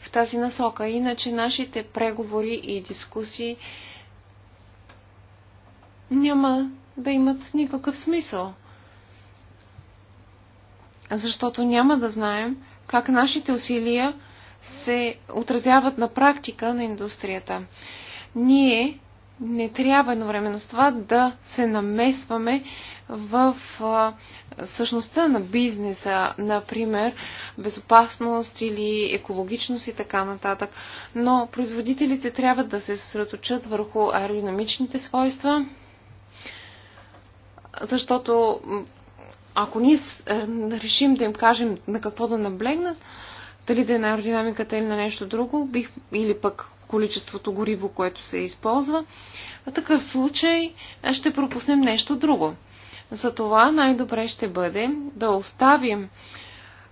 в тази насока. Иначе нашите преговори и дискусии няма да имат никакъв смисъл защото няма да знаем как нашите усилия се отразяват на практика на индустрията. Ние не трябва едновременно с това да се намесваме в а, същността на бизнеса, например, безопасност или екологичност и така нататък. Но производителите трябва да се съсредоточат върху аеродинамичните свойства, защото ако ние е, решим да им кажем на какво да наблегнат, дали да е на аеродинамиката или на нещо друго, бих, или пък количеството гориво, което се използва, в такъв случай е, ще пропуснем нещо друго. Затова най-добре ще бъде да оставим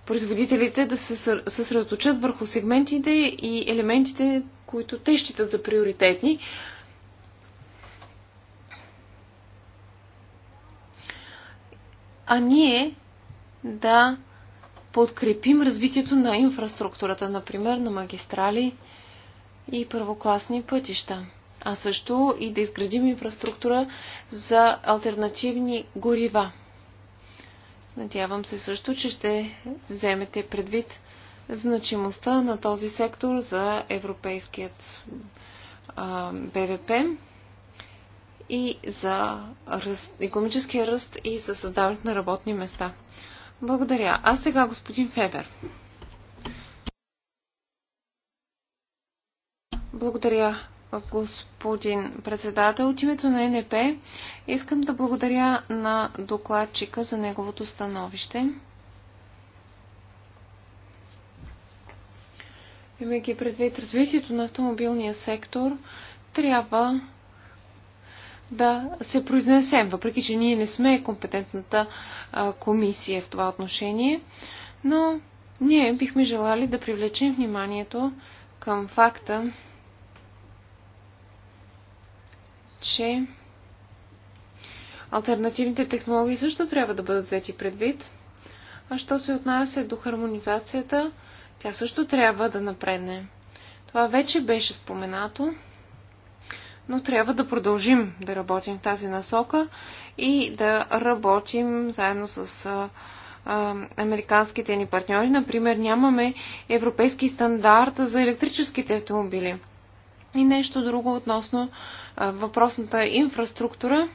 производителите да се съсредоточат върху сегментите и елементите, които те считат за приоритетни, а ние да подкрепим развитието на инфраструктурата, например на магистрали и първокласни пътища, а също и да изградим инфраструктура за альтернативни горива. Надявам се също, че ще вземете предвид значимостта на този сектор за европейският БВП и за ръст, економическия ръст и за създаването на работни места. Благодаря. А сега господин Фебер. Благодаря, господин председател. От името на НП искам да благодаря на докладчика за неговото становище. Имайки предвид развитието на автомобилния сектор, трябва да се произнесем, въпреки че ние не сме компетентната комисия в това отношение, но ние бихме желали да привлечем вниманието към факта, че альтернативните технологии също трябва да бъдат взети предвид. А що се отнася до хармонизацията, тя също трябва да напредне. Това вече беше споменато но трябва да продължим да работим в тази насока и да работим заедно с а, а, американските ни партньори. Например, нямаме европейски стандарт за електрическите автомобили. И нещо друго относно а, въпросната инфраструктура.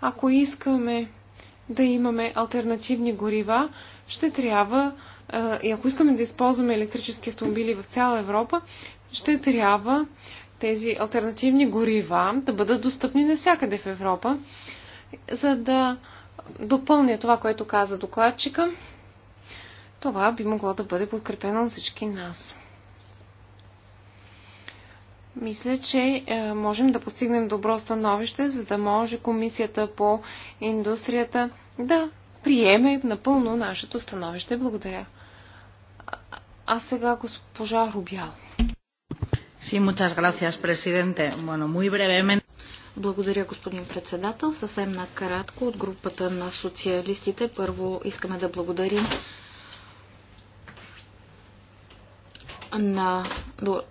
Ако искаме да имаме альтернативни горива, ще трябва, и ако искаме да използваме електрически автомобили в цяла Европа, ще трябва тези альтернативни горива да бъдат достъпни навсякъде в Европа, за да допълня това, което каза докладчика. Това би могло да бъде подкрепено от всички нас. Мисля, че е, можем да постигнем добро становище, за да може комисията по индустрията да приеме напълно нашето становище. Благодаря. А сега госпожа Рубял. Благодаря, господин председател. Съвсем накратко от групата на социалистите. Първо искаме да благодарим на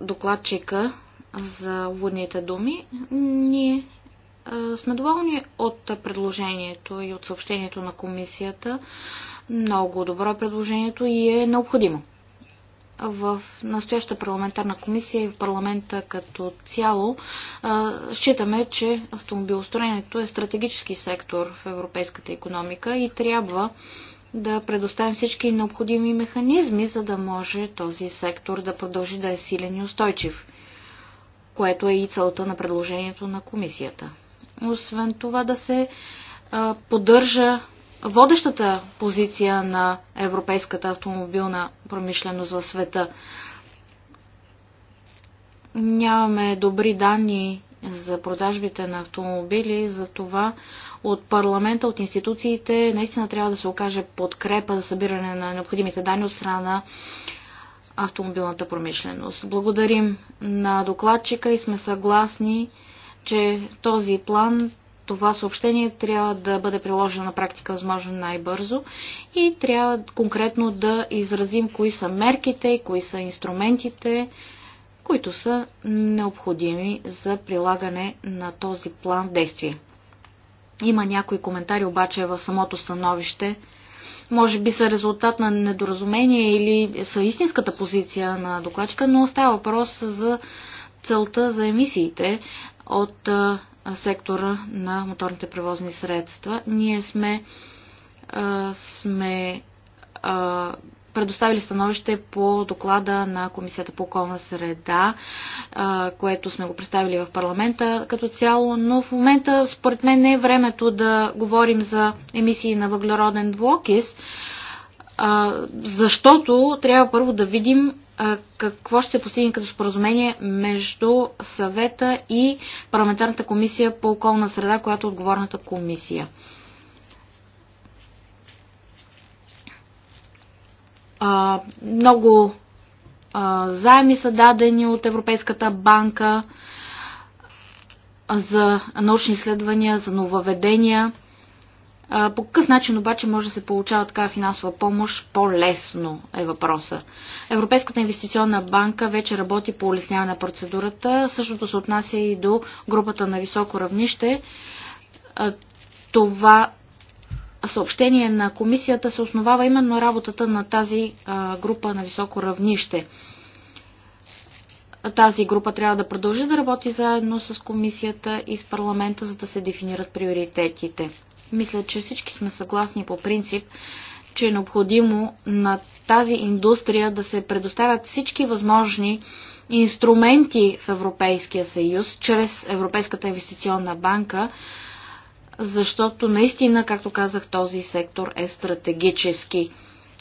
докладчика за водните думи. Ние сме доволни от предложението и от съобщението на комисията. Много добро е предложението и е необходимо в настоящата парламентарна комисия и в парламента като цяло считаме, че автомобилостроенето е стратегически сектор в европейската економика и трябва да предоставим всички необходими механизми, за да може този сектор да продължи да е силен и устойчив, което е и целта на предложението на комисията. Освен това да се поддържа водещата позиция на европейската автомобилна промишленост в света. Нямаме добри данни за продажбите на автомобили, за това от парламента, от институциите наистина трябва да се окаже подкрепа за събиране на необходимите данни от страна на автомобилната промишленост. Благодарим на докладчика и сме съгласни, че този план това съобщение трябва да бъде приложено на практика възможно най-бързо и трябва конкретно да изразим кои са мерките и кои са инструментите, които са необходими за прилагане на този план в действие. Има някои коментари обаче в самото становище, може би са резултат на недоразумение или са истинската позиция на докладчика, но става въпрос за целта за емисиите от сектора на моторните превозни средства. Ние сме, а, сме а, предоставили становище по доклада на Комисията по околна среда, а, което сме го представили в парламента като цяло, но в момента според мен не е времето да говорим за емисии на въглероден двуокис, защото трябва първо да видим какво ще се постигне като споразумение между съвета и парламентарната комисия по околна среда, която е отговорната комисия. А, много а, заеми са дадени от Европейската банка за научни изследвания, за нововведения. По какъв начин обаче може да се получава такава финансова помощ по-лесно е въпроса. Европейската инвестиционна банка вече работи по улесняване на процедурата. Същото се отнася и до групата на високо равнище. Това съобщение на комисията се основава именно работата на тази група на високо равнище. Тази група трябва да продължи да работи заедно с комисията и с парламента, за да се дефинират приоритетите. Мисля, че всички сме съгласни по принцип, че е необходимо на тази индустрия да се предоставят всички възможни инструменти в Европейския съюз, чрез Европейската инвестиционна банка, защото наистина, както казах, този сектор е стратегически.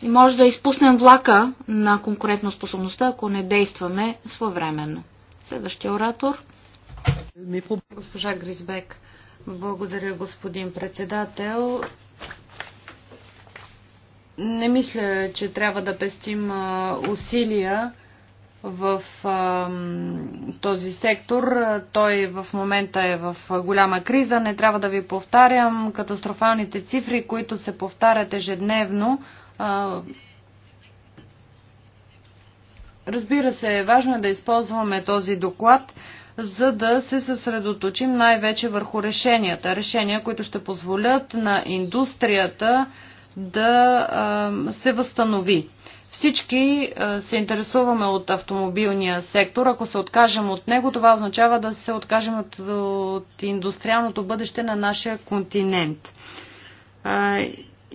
И може да изпуснем влака на конкурентоспособността, ако не действаме своевременно. Следващия оратор. Госпожа Гризбек, благодаря, господин председател. Не мисля, че трябва да пестим усилия в този сектор. Той в момента е в голяма криза. Не трябва да ви повтарям катастрофалните цифри, които се повтарят ежедневно. разбира се, важно е да използваме този доклад за да се съсредоточим най-вече върху решенията. Решения, които ще позволят на индустрията да се възстанови. Всички се интересуваме от автомобилния сектор. Ако се откажем от него, това означава да се откажем от, от индустриалното бъдеще на нашия континент.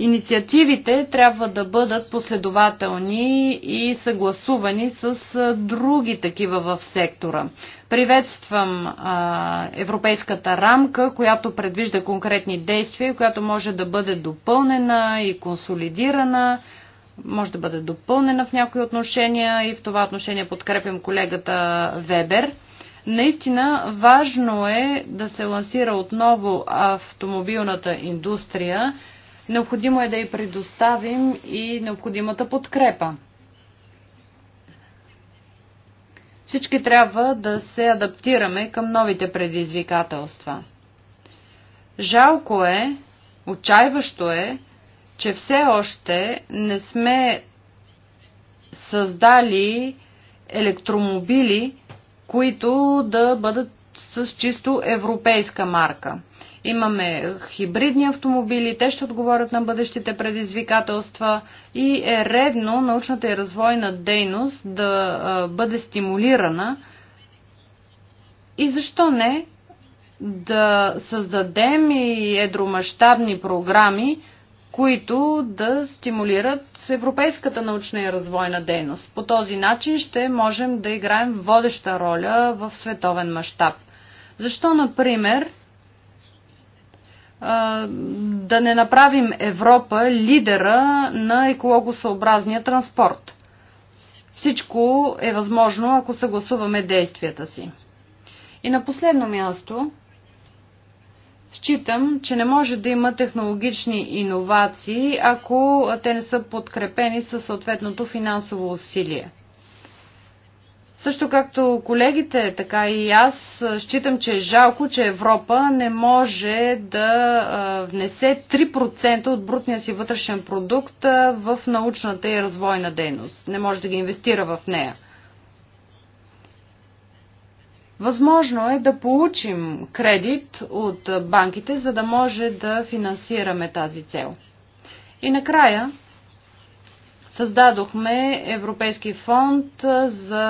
Инициативите трябва да бъдат последователни и съгласувани с други такива в сектора. Приветствам а, европейската рамка, която предвижда конкретни действия, която може да бъде допълнена и консолидирана, може да бъде допълнена в някои отношения и в това отношение подкрепям колегата Вебер. Наистина важно е да се лансира отново автомобилната индустрия, Необходимо е да й предоставим и необходимата подкрепа. Всички трябва да се адаптираме към новите предизвикателства. Жалко е, отчаиващо е, че все още не сме създали електромобили, които да бъдат с чисто европейска марка. Имаме хибридни автомобили, те ще отговорят на бъдещите предизвикателства и е редно научната и развойна дейност да бъде стимулирана и защо не да създадем и едромащабни програми, които да стимулират европейската научна и развойна дейност. По този начин ще можем да играем водеща роля в световен мащаб. Защо, например, да не направим Европа лидера на екологосъобразния транспорт. Всичко е възможно, ако съгласуваме действията си. И на последно място, считам, че не може да има технологични иновации, ако те не са подкрепени със съответното финансово усилие. Също както колегите, така и аз считам, че е жалко, че Европа не може да внесе 3% от брутния си вътрешен продукт в научната и развойна дейност. Не може да ги инвестира в нея. Възможно е да получим кредит от банките, за да може да финансираме тази цел. И накрая, Създадохме Европейски фонд за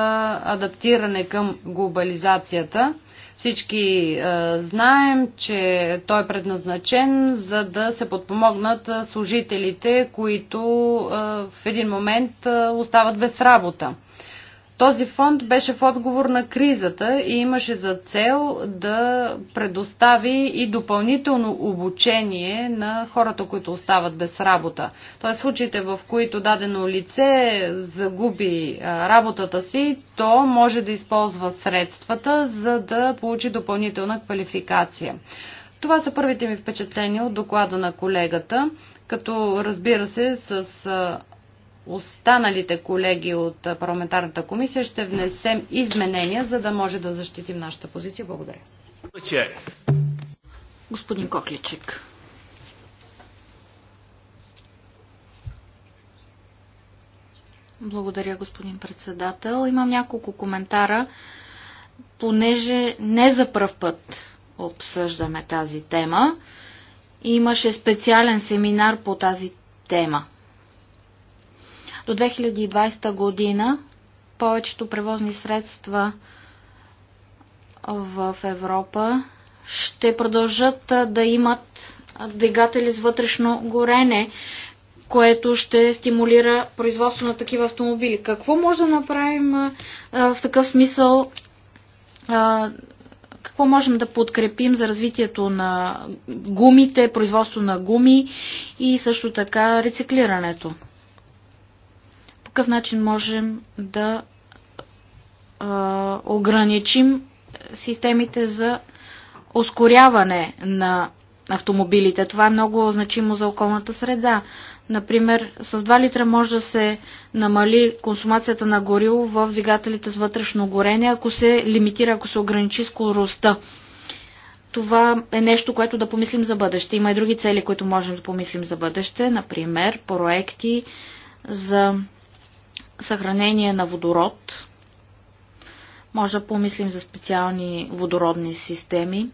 адаптиране към глобализацията. Всички знаем, че той е предназначен за да се подпомогнат служителите, които в един момент остават без работа. Този фонд беше в отговор на кризата и имаше за цел да предостави и допълнително обучение на хората, които остават без работа. Тоест случаите, в които дадено лице загуби работата си, то може да използва средствата, за да получи допълнителна квалификация. Това са първите ми впечатления от доклада на колегата, като разбира се с останалите колеги от парламентарната комисия ще внесем изменения, за да може да защитим нашата позиция. Благодаря. Господин Кокличек. Благодаря, господин председател. Имам няколко коментара, понеже не за пръв път обсъждаме тази тема. Имаше специален семинар по тази тема до 2020 година повечето превозни средства в Европа ще продължат да имат двигатели с вътрешно горене, което ще стимулира производство на такива автомобили. Какво може да направим в такъв смисъл? Какво можем да подкрепим за развитието на гумите, производство на гуми и също така рециклирането? какъв начин можем да а, ограничим системите за ускоряване на автомобилите. Това е много значимо за околната среда. Например, с 2 литра може да се намали консумацията на горило в двигателите с вътрешно горение, ако се лимитира, ако се ограничи скоростта. Това е нещо, което да помислим за бъдеще. Има и други цели, които можем да помислим за бъдеще, например, проекти за съхранение на водород. Може да помислим за специални водородни системи.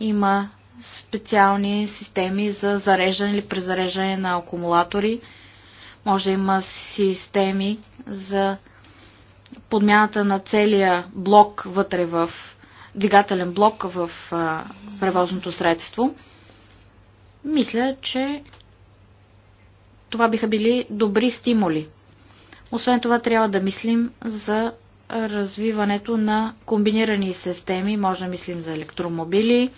Има специални системи за зареждане или презареждане на акумулатори. Може да има системи за подмяната на целия блок вътре в двигателен блок в а, превозното средство. Мисля, че това биха били добри стимули. Освен това трябва да мислим за развиването на комбинирани системи. Може да мислим за електромобили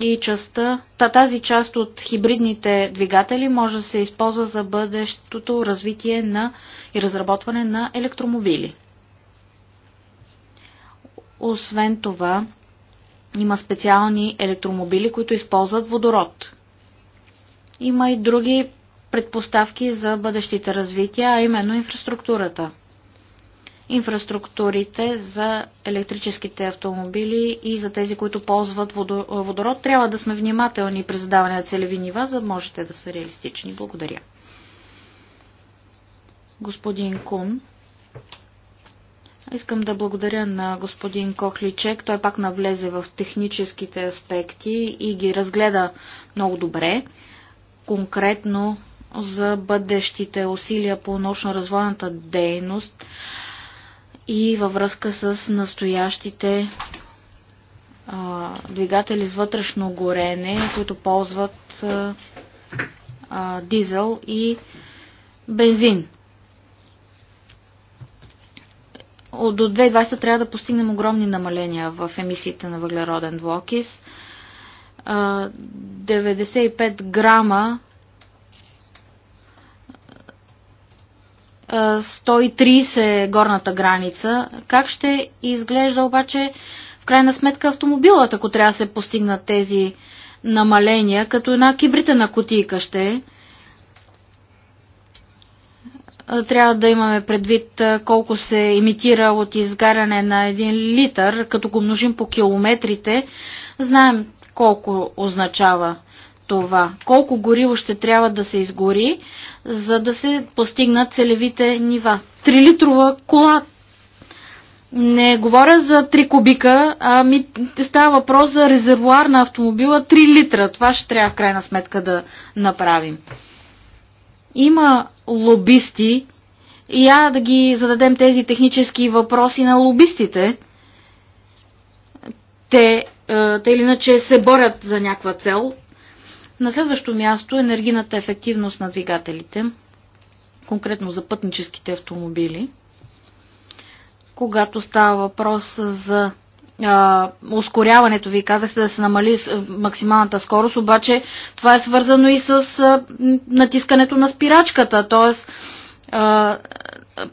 и частта, тази част от хибридните двигатели може да се използва за бъдещото развитие на и разработване на електромобили. Освен това, има специални електромобили, които използват водород. Има и други предпоставки за бъдещите развития, а именно инфраструктурата. Инфраструктурите за електрическите автомобили и за тези, които ползват водород, трябва да сме внимателни при задаване на целеви нива, за да можете да са реалистични. Благодаря. Господин Кун. Искам да благодаря на господин Кохличек. Той пак навлезе в техническите аспекти и ги разгледа много добре. Конкретно за бъдещите усилия по научно-развойната дейност и във връзка с настоящите а, двигатели с вътрешно горене, които ползват а, а, дизел и бензин. до 2020 трябва да постигнем огромни намаления в емисиите на въглероден двуокис. 95 грама 130 горната граница. Как ще изглежда обаче в крайна сметка автомобилът, ако трябва да се постигнат тези намаления, като една кибритена кутийка ще трябва да имаме предвид колко се имитира от изгаряне на един литър, като го множим по километрите, знаем колко означава това? Колко гориво ще трябва да се изгори, за да се постигнат целевите нива? Три литрова кола. Не говоря за 3 кубика, а ми става въпрос за резервуар на автомобила 3 литра. Това ще трябва в крайна сметка да направим. Има лобисти, я да ги зададем тези технически въпроси на лобистите. Те, е, те или иначе се борят за някаква цел, на следващо място енергийната ефективност на двигателите, конкретно за пътническите автомобили. Когато става въпрос за а, ускоряването, ви казахте да се намали максималната скорост, обаче това е свързано и с а, натискането на спирачката, т.е.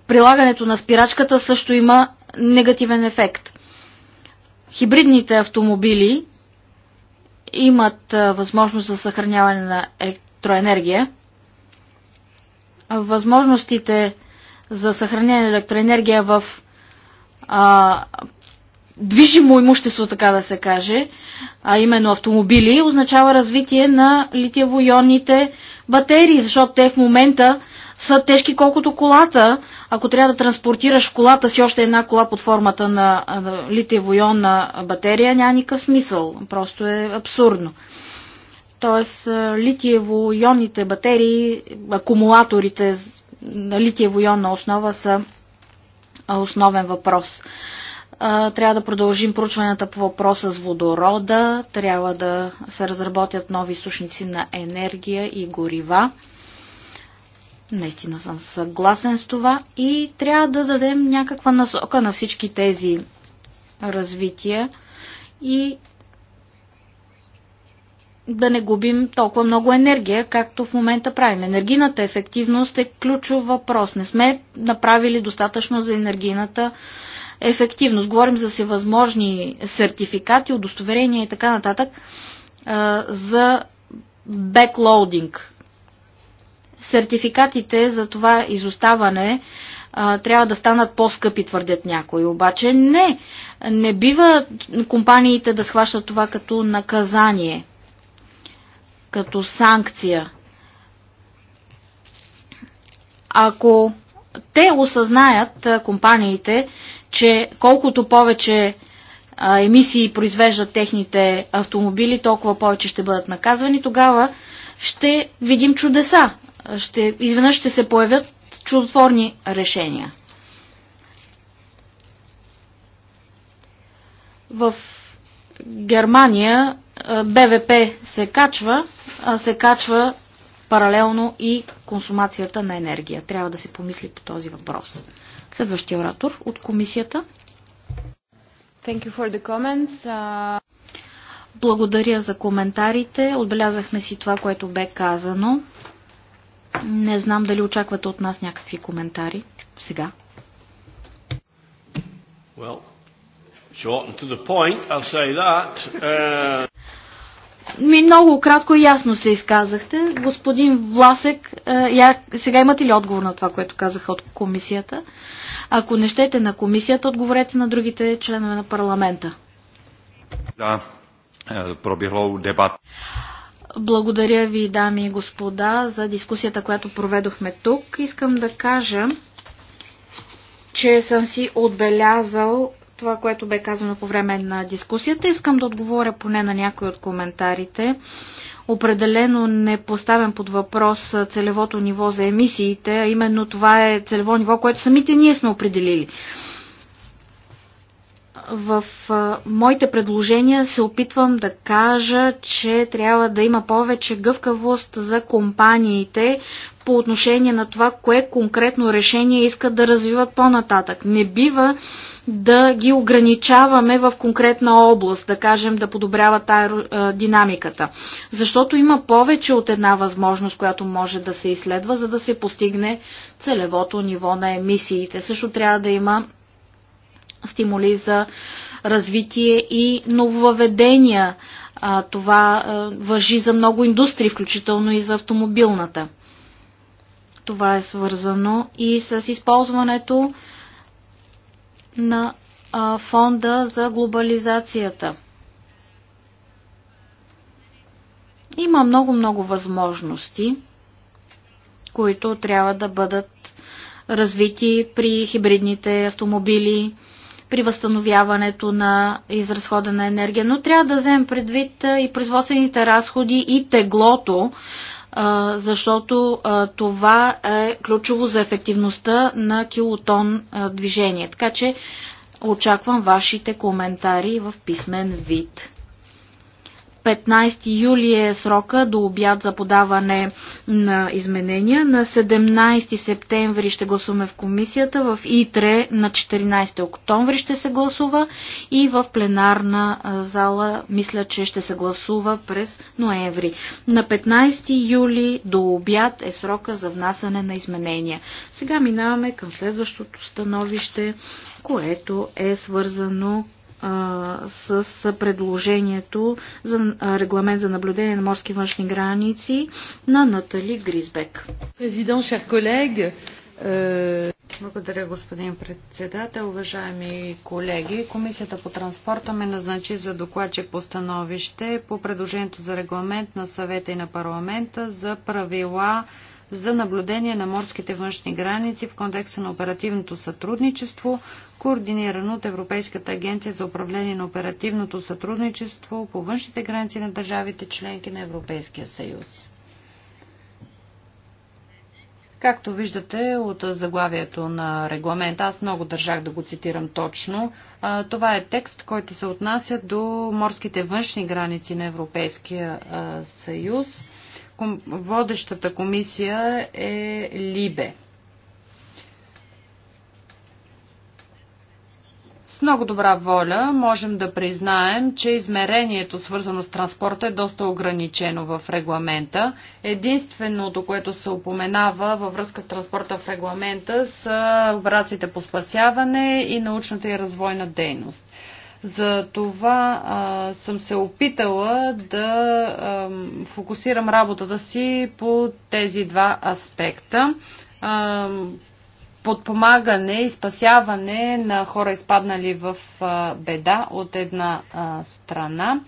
прилагането на спирачката също има негативен ефект. Хибридните автомобили имат възможност за съхраняване на електроенергия. Възможностите за съхранение на електроенергия в а, движимо имущество, така да се каже, а именно автомобили, означава развитие на литиево-ионните батерии, защото те в момента са тежки колкото колата. Ако трябва да транспортираш в колата си още една кола под формата на литиево-ионна батерия, няма никакъв смисъл. Просто е абсурдно. Тоест, литиево-ионните батерии, акумулаторите на литиево-ионна основа са основен въпрос. Трябва да продължим проучванията по въпроса с водорода, трябва да се разработят нови източници на енергия и горива. Наистина съм съгласен с това и трябва да дадем някаква насока на всички тези развития и да не губим толкова много енергия, както в момента правим. Енергийната ефективност е ключов въпрос. Не сме направили достатъчно за енергийната ефективност. Говорим за всевъзможни сертификати, удостоверения и така нататък за беклоудинг сертификатите за това изоставане а, трябва да станат по-скъпи, твърдят някои. Обаче не, не бива компаниите да схващат това като наказание, като санкция. Ако те осъзнаят компаниите, че колкото повече емисии произвеждат техните автомобили, толкова повече ще бъдат наказвани, тогава ще видим чудеса ще, изведнъж ще се появят чудотворни решения. В Германия БВП се качва, а се качва паралелно и консумацията на енергия. Трябва да се помисли по този въпрос. Следващия оратор от комисията. Thank you for the comments. Uh... Благодаря за коментарите. Отбелязахме си това, което бе казано. Не знам дали очаквате от нас някакви коментари сега. Well, to the point, I'll say that. Uh... Ми много кратко и ясно се изказахте. Господин Власек, е, я, сега имате ли отговор на това, което казаха от комисията? Ако не щете на комисията, отговорете на другите членове на парламента. Да, е, пробило дебат. Благодаря ви, дами и господа, за дискусията, която проведохме тук. Искам да кажа, че съм си отбелязал това, което бе казано по време на дискусията. Искам да отговоря поне на някои от коментарите. Определено не поставям под въпрос целевото ниво за емисиите, а именно това е целево ниво, което самите ние сме определили в моите предложения се опитвам да кажа, че трябва да има повече гъвкавост за компаниите по отношение на това, кое конкретно решение искат да развиват по-нататък. Не бива да ги ограничаваме в конкретна област, да кажем да подобряват динамиката. Защото има повече от една възможност, която може да се изследва, за да се постигне целевото ниво на емисиите. Също трябва да има стимули за развитие и нововъведения. Това въжи за много индустрии, включително и за автомобилната. Това е свързано и с използването на фонда за глобализацията. Има много-много възможности, които трябва да бъдат развити при хибридните автомобили, при възстановяването на изразхода на енергия. Но трябва да вземем предвид и производствените разходи и теглото, защото това е ключово за ефективността на килотон движение. Така че очаквам вашите коментари в писмен вид. 15 юли е срока до обяд за подаване на изменения. На 17 септември ще гласуваме в комисията, в ИТРЕ на 14 октомври ще се гласува и в пленарна зала мисля, че ще се гласува през ноември. На 15 юли до обяд е срока за внасане на изменения. Сега минаваме към следващото становище, което е свързано с предложението за регламент за наблюдение на морски външни граници на Натали Гризбек. Президент, шер колег, е, благодаря, господин председател. Уважаеми колеги, Комисията по транспорта ме назначи за докладчик по становище по предложението за регламент на съвета и на парламента за правила за наблюдение на морските външни граници в контекста на оперативното сътрудничество, координирано от Европейската агенция за управление на оперативното сътрудничество по външните граници на държавите членки на Европейския съюз. Както виждате от заглавието на регламент, аз много държах да го цитирам точно, това е текст, който се отнася до морските външни граници на Европейския съюз водещата комисия е Либе. С много добра воля можем да признаем, че измерението свързано с транспорта е доста ограничено в регламента. Единственото, което се упоменава във връзка с транспорта в регламента са операциите по спасяване и научната и развойна дейност. За това а, съм се опитала да а, фокусирам работата си по тези два аспекта. А, подпомагане и спасяване на хора, изпаднали в а, беда от една а, страна.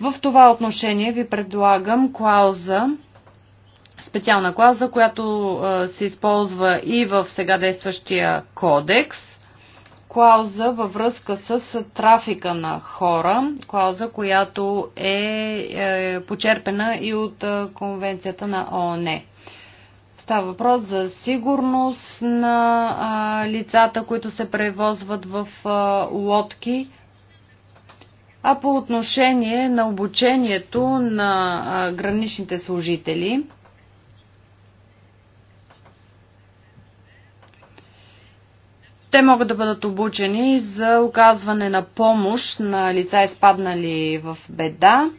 В това отношение ви предлагам клауза специална клауза, която се използва и в сега действащия кодекс клауза във връзка с трафика на хора, клауза, която е, е почерпена и от е, Конвенцията на ООН. Става въпрос за сигурност на а, лицата, които се превозват в а, лодки. А по отношение на обучението на а, граничните служители – Те могат да бъдат обучени за оказване на помощ на лица изпаднали в беда,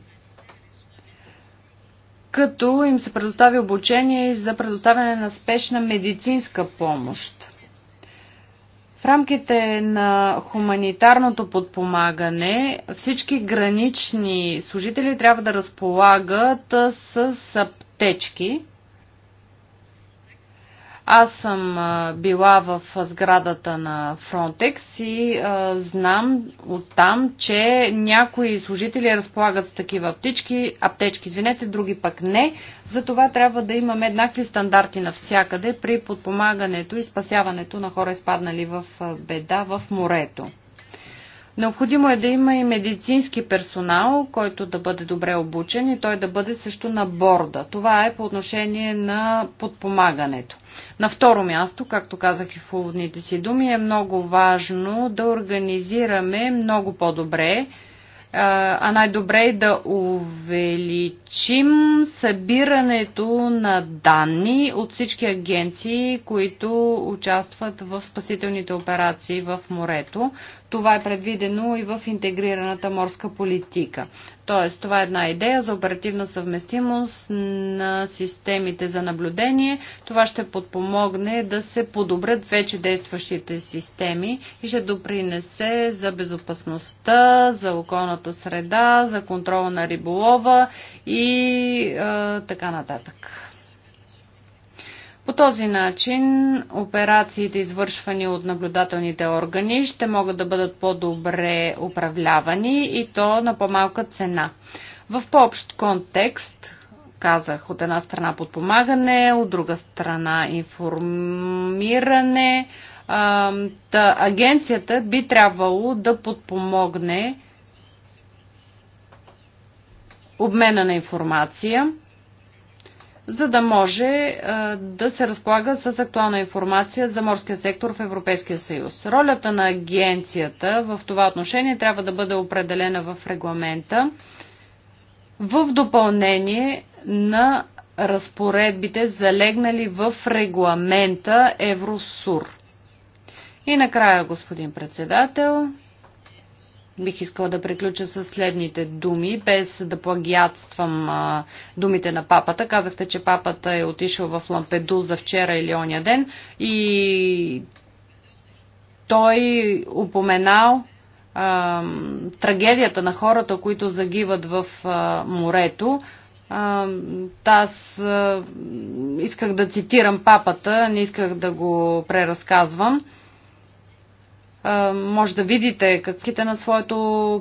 като им се предостави обучение за предоставяне на спешна медицинска помощ. В рамките на хуманитарното подпомагане всички гранични служители трябва да разполагат с аптечки, аз съм била в сградата на Frontex и а, знам оттам, че някои служители разполагат с такива аптечки, аптечки, извинете, други пък не. Затова трябва да имаме еднакви стандарти навсякъде при подпомагането и спасяването на хора, изпаднали в беда в морето. Необходимо е да има и медицински персонал, който да бъде добре обучен и той да бъде също на борда. Това е по отношение на подпомагането. На второ място, както казах и в уводните си думи, е много важно да организираме много по-добре, а най-добре е да увеличим събирането на данни от всички агенции, които участват в спасителните операции в морето. Това е предвидено и в интегрираната морска политика. Тоест, това е една идея за оперативна съвместимост на системите за наблюдение. Това ще подпомогне да се подобрят вече действащите системи и ще допринесе за безопасността, за околната среда, за контрола на риболова и е, така нататък. По този начин операциите, извършвани от наблюдателните органи, ще могат да бъдат по-добре управлявани и то на по-малка цена. В по-общ контекст, казах, от една страна подпомагане, от друга страна информиране, Та, агенцията би трябвало да подпомогне обмена на информация за да може да се разполага с актуална информация за морския сектор в Европейския съюз. Ролята на агенцията в това отношение трябва да бъде определена в регламента в допълнение на разпоредбите, залегнали в регламента Евросур. И накрая, господин председател, бих искала да приключа с следните думи, без да плагиатствам а, думите на папата. Казахте, че папата е отишъл в Лампедуза вчера или оня ден и той упоменал а, трагедията на хората, които загиват в а, морето. А, аз а, исках да цитирам папата, не исках да го преразказвам може да видите каките на своето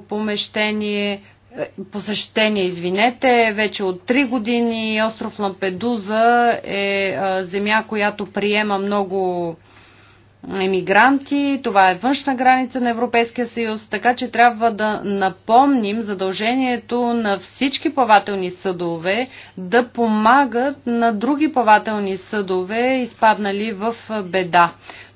помещение, е, посещение, извинете, вече от 3 години остров Лампедуза е земя, която приема много емигранти, това е външна граница на Европейския съюз, така че трябва да напомним задължението на всички плавателни съдове да помагат на други плавателни съдове, изпаднали в беда.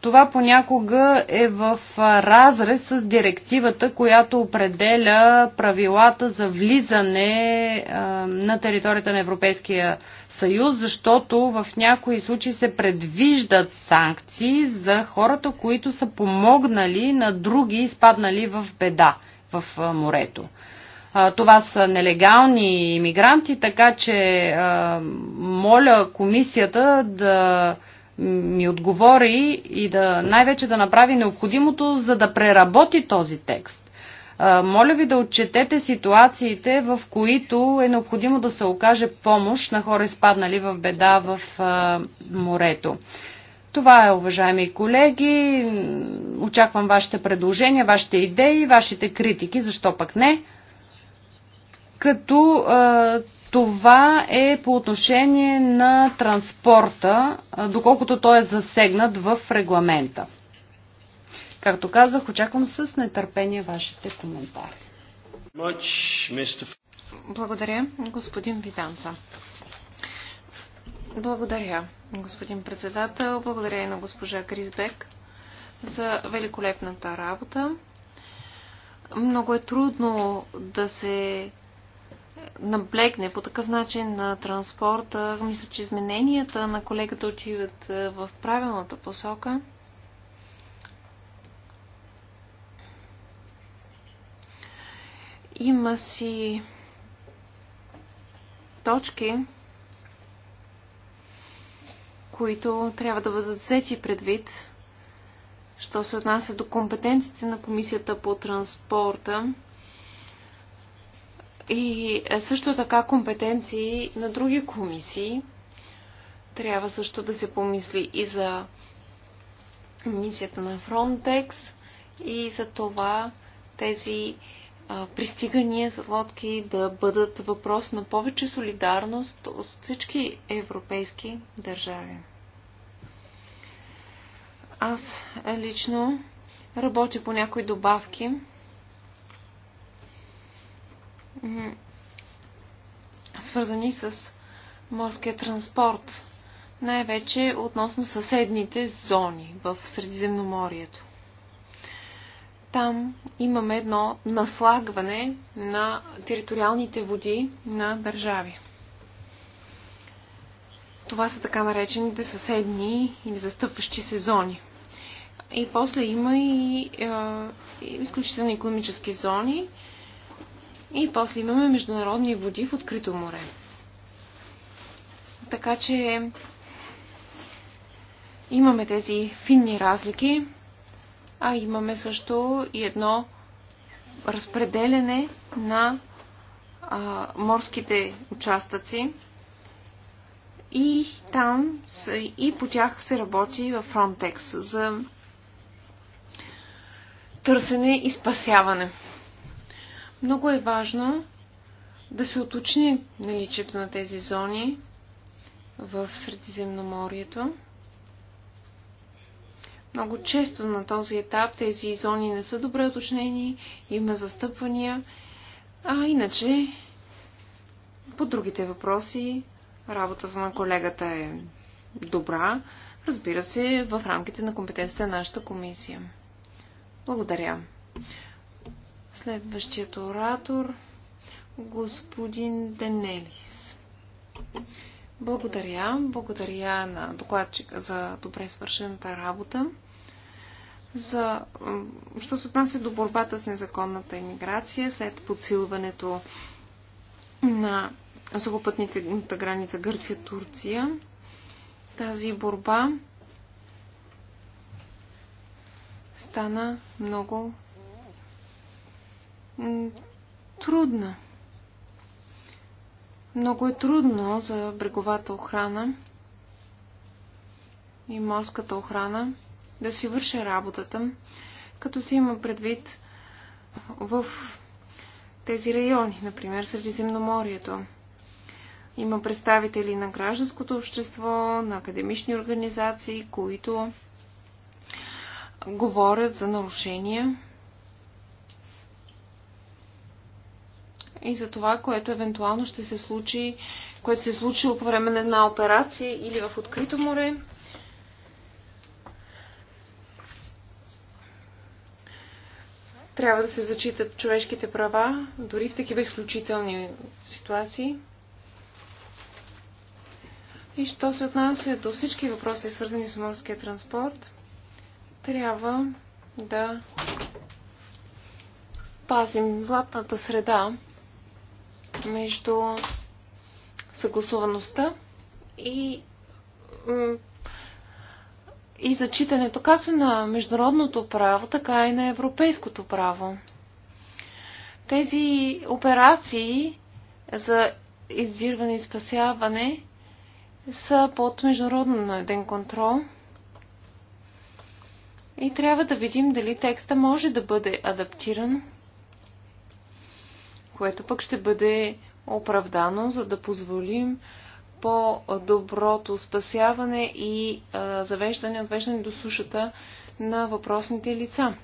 Това понякога е в разрез с директивата, която определя правилата за влизане на територията на Европейския съюз, защото в някои случаи се предвиждат санкции за хората, които са помогнали на други, изпаднали в беда в морето. Това са нелегални иммигранти, така че моля комисията да ми отговори и да най-вече да направи необходимото, за да преработи този текст. Моля ви да отчетете ситуациите, в които е необходимо да се окаже помощ на хора изпаднали в беда в морето. Това е, уважаеми колеги. Очаквам вашите предложения, вашите идеи, вашите критики, защо пък не. Като това е по отношение на транспорта, доколкото той е засегнат в регламента. Както казах, очаквам с нетърпение вашите коментари. Благодаря, господин Витанца. Благодаря, господин председател. Благодаря и на госпожа Кризбек за великолепната работа. Много е трудно да се наблегне по такъв начин на транспорта, мисля, че измененията на колегата отиват е, в правилната посока. Има си точки, които трябва да бъдат взети предвид, що се отнася до компетенциите на Комисията по транспорта и също така компетенции на други комисии. Трябва също да се помисли и за мисията на Frontex и за това тези а, пристигания с лодки да бъдат въпрос на повече солидарност от всички европейски държави. Аз лично работя по някои добавки, свързани с морския транспорт, най-вече относно съседните зони в Средиземноморието. Там имаме едно наслагване на териториалните води на държави. Това са така наречените съседни или застъпващи се зони. И после има и е, изключително економически зони, и после имаме международни води в открито море. Така че имаме тези финни разлики, а имаме също и едно разпределене на а, морските участъци. И там и по тях се работи в Frontex за търсене и спасяване. Много е важно да се уточни наличието на тези зони в Средиземноморието. Много често на този етап тези зони не са добре уточнени, има застъпвания, а иначе по другите въпроси работата на колегата е добра, разбира се, в рамките на компетенцията на нашата комисия. Благодаря. Следващият оратор господин Денелис. Благодаря. Благодаря на докладчика за добре свършената работа. За, що се отнася до борбата с незаконната иммиграция след подсилването на сухопътните граница Гърция-Турция, тази борба стана много трудна. Много е трудно за бреговата охрана и морската охрана да си върши работата, като се има предвид в тези райони, например Средиземноморието. Има представители на гражданското общество, на академични организации, които говорят за нарушения и за това, което евентуално ще се случи, което се е случило по време на една операция или в открито море. Трябва да се зачитат човешките права, дори в такива изключителни ситуации. И що се отнася до всички въпроси, свързани с морския транспорт, трябва да пазим златната среда между съгласуваността и, и зачитането както на международното право, така и на европейското право. Тези операции за издирване и спасяване са под международен контрол и трябва да видим дали текста може да бъде адаптиран което пък ще бъде оправдано, за да позволим по-доброто спасяване и а, завеждане, отвеждане до сушата на въпросните лица.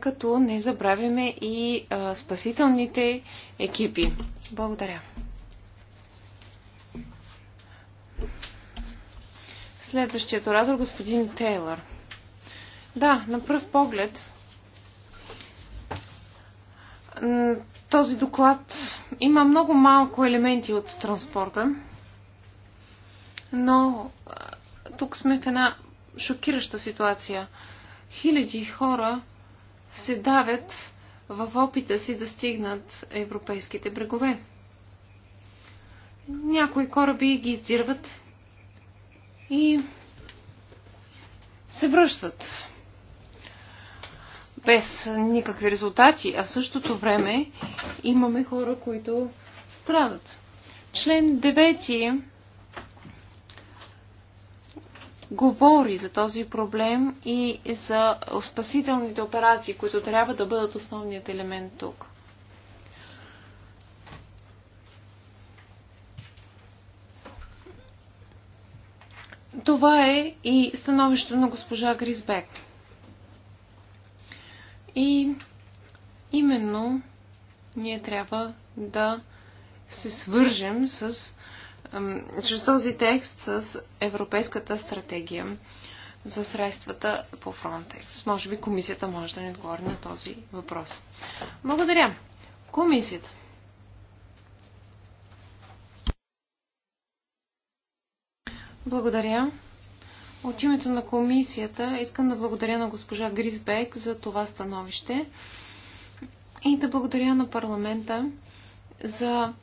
Като не забравяме и а, спасителните екипи. Благодаря. Следващият оратор, господин Тейлър. Да, на пръв поглед този доклад има много малко елементи от транспорта, но тук сме в една шокираща ситуация. Хиляди хора се давят в опита си да стигнат европейските брегове. Някои кораби ги издирват и се връщат без никакви резултати, а в същото време имаме хора, които страдат. Член 9 говори за този проблем и за спасителните операции, които трябва да бъдат основният елемент тук. Това е и становището на госпожа Гризбек. И именно ние трябва да се свържем с, чрез този текст с Европейската стратегия за средствата по Frontex. Може би комисията може да ни отговори на този въпрос. Благодаря. Комисията. Благодаря. От името на комисията искам да благодаря на госпожа Гризбек за това становище и да благодаря на парламента за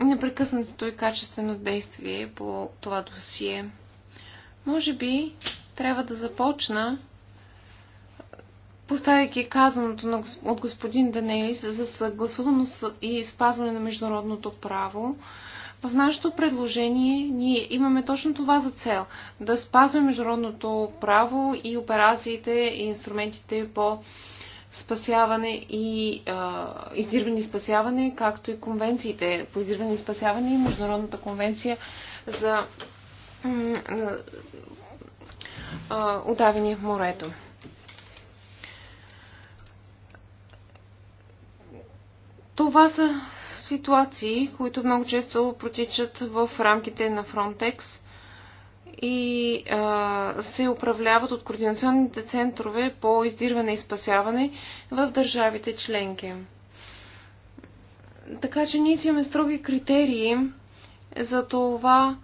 непрекъснатото и качествено действие по това досие. Може би трябва да започна, повтаряйки казаното от господин Данелис за съгласуваност и спазване на международното право в нашето предложение ние имаме точно това за цел да спазваме международното право и операциите и инструментите по спасяване и издирване и спасяване, както и конвенциите по издирване и спасяване и Международната конвенция за удавени в морето. Това са ситуации, които много често протичат в рамките на Frontex и а, се управляват от координационните центрове по издирване и спасяване в държавите членки. Така че ние си имаме строги критерии за това,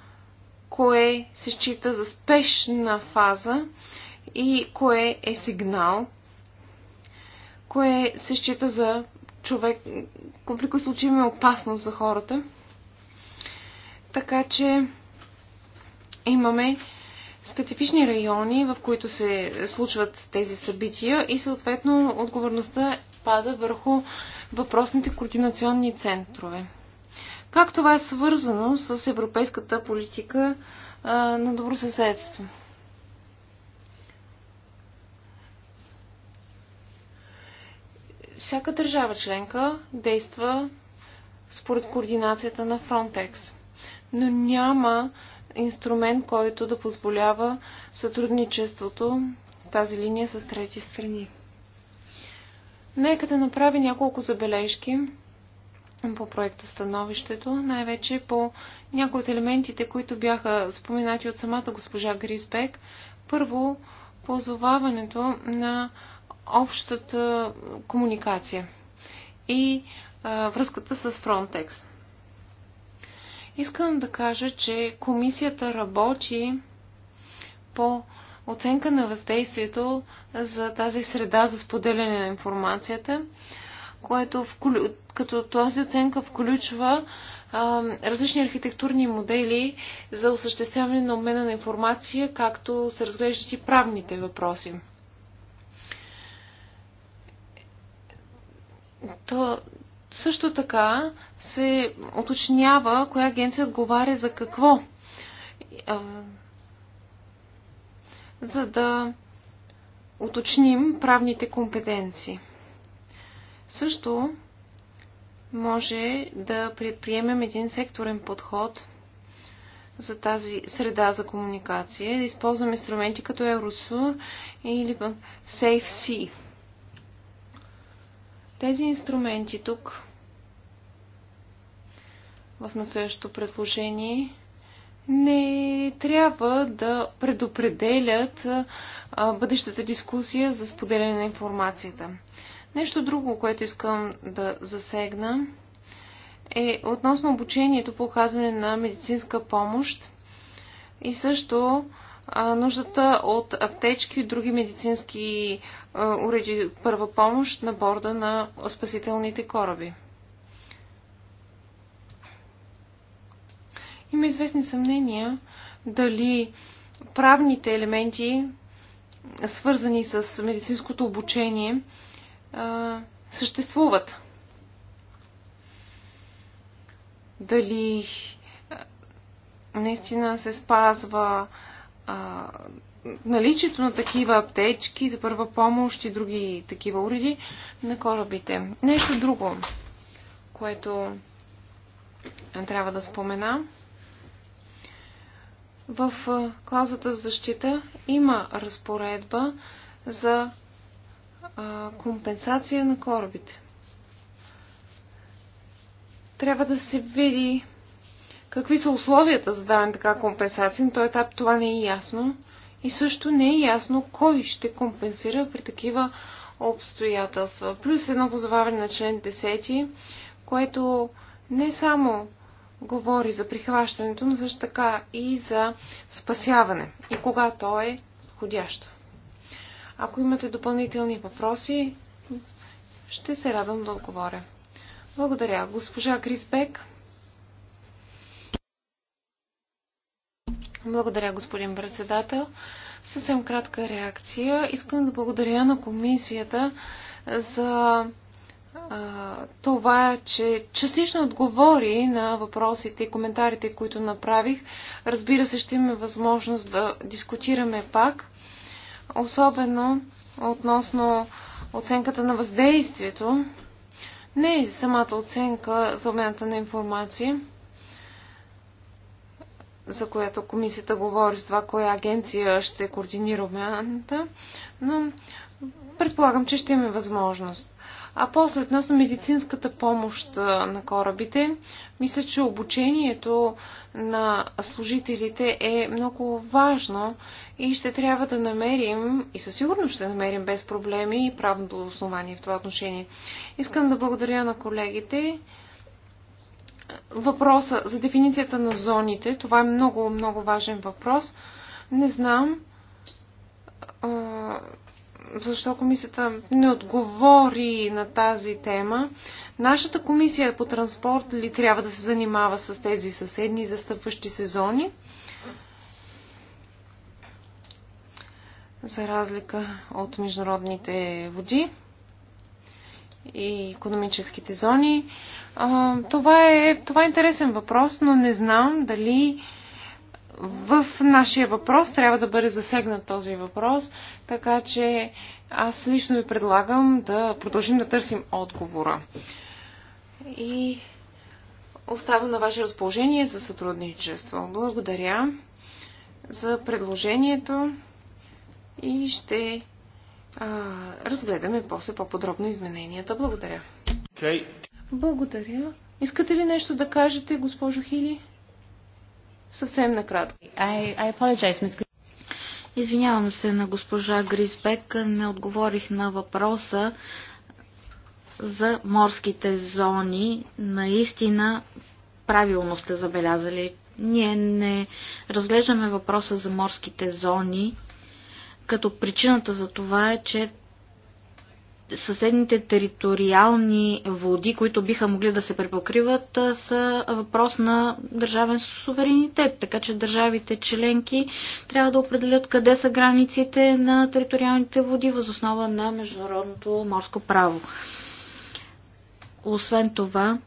кое се счита за спешна фаза и кое е сигнал, кое се счита за човек, при който случай има опасност за хората. Така че имаме специфични райони, в които се случват тези събития и съответно отговорността пада върху въпросните координационни центрове. Как това е свързано с европейската политика а, на добросъседство? съседство? Всяка държава членка действа според координацията на Frontex, но няма инструмент, който да позволява сътрудничеството в тази линия с трети страни. Нека да направи няколко забележки по проекто становището, най-вече по някои от елементите, които бяха споменати от самата госпожа Гризбек. Първо, позоваването на общата комуникация и а, връзката с Frontex. Искам да кажа, че комисията работи по оценка на въздействието за тази среда за споделяне на информацията, което вклю... като тази оценка включва а, различни архитектурни модели за осъществяване на обмена на информация, както се разглеждат и правните въпроси. То също така се уточнява коя агенция отговаря за какво. За да уточним правните компетенции. Също може да предприемем един секторен подход за тази среда за комуникация, да използваме инструменти като Eurosur или SafeSea. Тези инструменти тук в настоящото предложение не трябва да предопределят бъдещата дискусия за споделяне на информацията. Нещо друго, което искам да засегна е относно обучението по оказване на медицинска помощ и също нуждата от аптечки и други медицински уреди първа помощ на борда на спасителните кораби. Има известни съмнения дали правните елементи, свързани с медицинското обучение, съществуват. Дали наистина се спазва а, наличието на такива аптечки за първа помощ и други такива уреди на корабите. Нещо друго, което трябва да спомена. В клазата за защита има разпоредба за а, компенсация на корабите. Трябва да се види Какви са условията за даване така компенсация, На този етап това не е ясно. И също не е ясно кой ще компенсира при такива обстоятелства. Плюс едно позоваване на член 10, което не само говори за прихващането, но също така и за спасяване. И кога то е подходящо. Ако имате допълнителни въпроси, ще се радвам да отговоря. Благодаря. Госпожа Крисбек. Благодаря, господин председател. Съвсем кратка реакция. Искам да благодаря на комисията за а, това, че частично отговори на въпросите и коментарите, които направих. Разбира се, ще имаме възможност да дискутираме пак, особено относно оценката на въздействието. Не е самата оценка за обмената на информация за която комисията говори, с това коя агенция ще координира обмяната, но предполагам, че ще имаме възможност. А после, относно медицинската помощ на корабите, мисля, че обучението на служителите е много важно и ще трябва да намерим, и със сигурност ще намерим без проблеми, и правното основание в това отношение. Искам да благодаря на колегите въпроса за дефиницията на зоните, това е много, много важен въпрос. Не знам а, защо комисията не отговори на тази тема. Нашата комисия по транспорт ли трябва да се занимава с тези съседни застъпващи се зони? За разлика от международните води и економическите зони. А, а, това, е, това е интересен въпрос, но не знам дали в нашия въпрос трябва да бъде засегнат този въпрос, така че аз лично ви предлагам да продължим да търсим отговора. И оставам на ваше разположение за сътрудничество. Благодаря за предложението и ще а, разгледаме после по-подробно измененията. Благодаря. Okay. Благодаря. Искате ли нещо да кажете, госпожо Хили? Съвсем накратко. I, I apologize, Ms. Извинявам се на госпожа Гризбек. Не отговорих на въпроса за морските зони. Наистина правилно сте забелязали. Ние не разглеждаме въпроса за морските зони, като причината за това е, че съседните териториални води, които биха могли да се препокриват, са въпрос на държавен суверенитет. Така че държавите членки трябва да определят къде са границите на териториалните води възоснова на международното морско право. Освен това,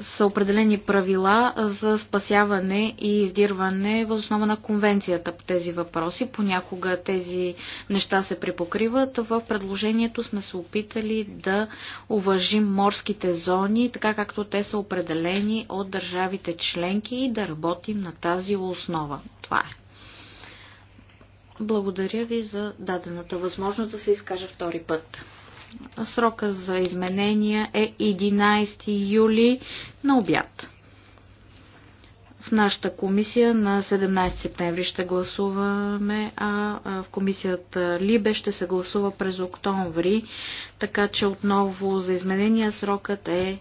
са определени правила за спасяване и издирване в основа на конвенцията по тези въпроси. Понякога тези неща се препокриват. В предложението сме се опитали да уважим морските зони, така както те са определени от държавите членки и да работим на тази основа. Това е. Благодаря ви за дадената възможност да се изкажа втори път. Срока за изменения е 11 юли на обяд. В нашата комисия на 17 септември ще гласуваме, а в комисията Либе ще се гласува през октомври, така че отново за изменения срокът е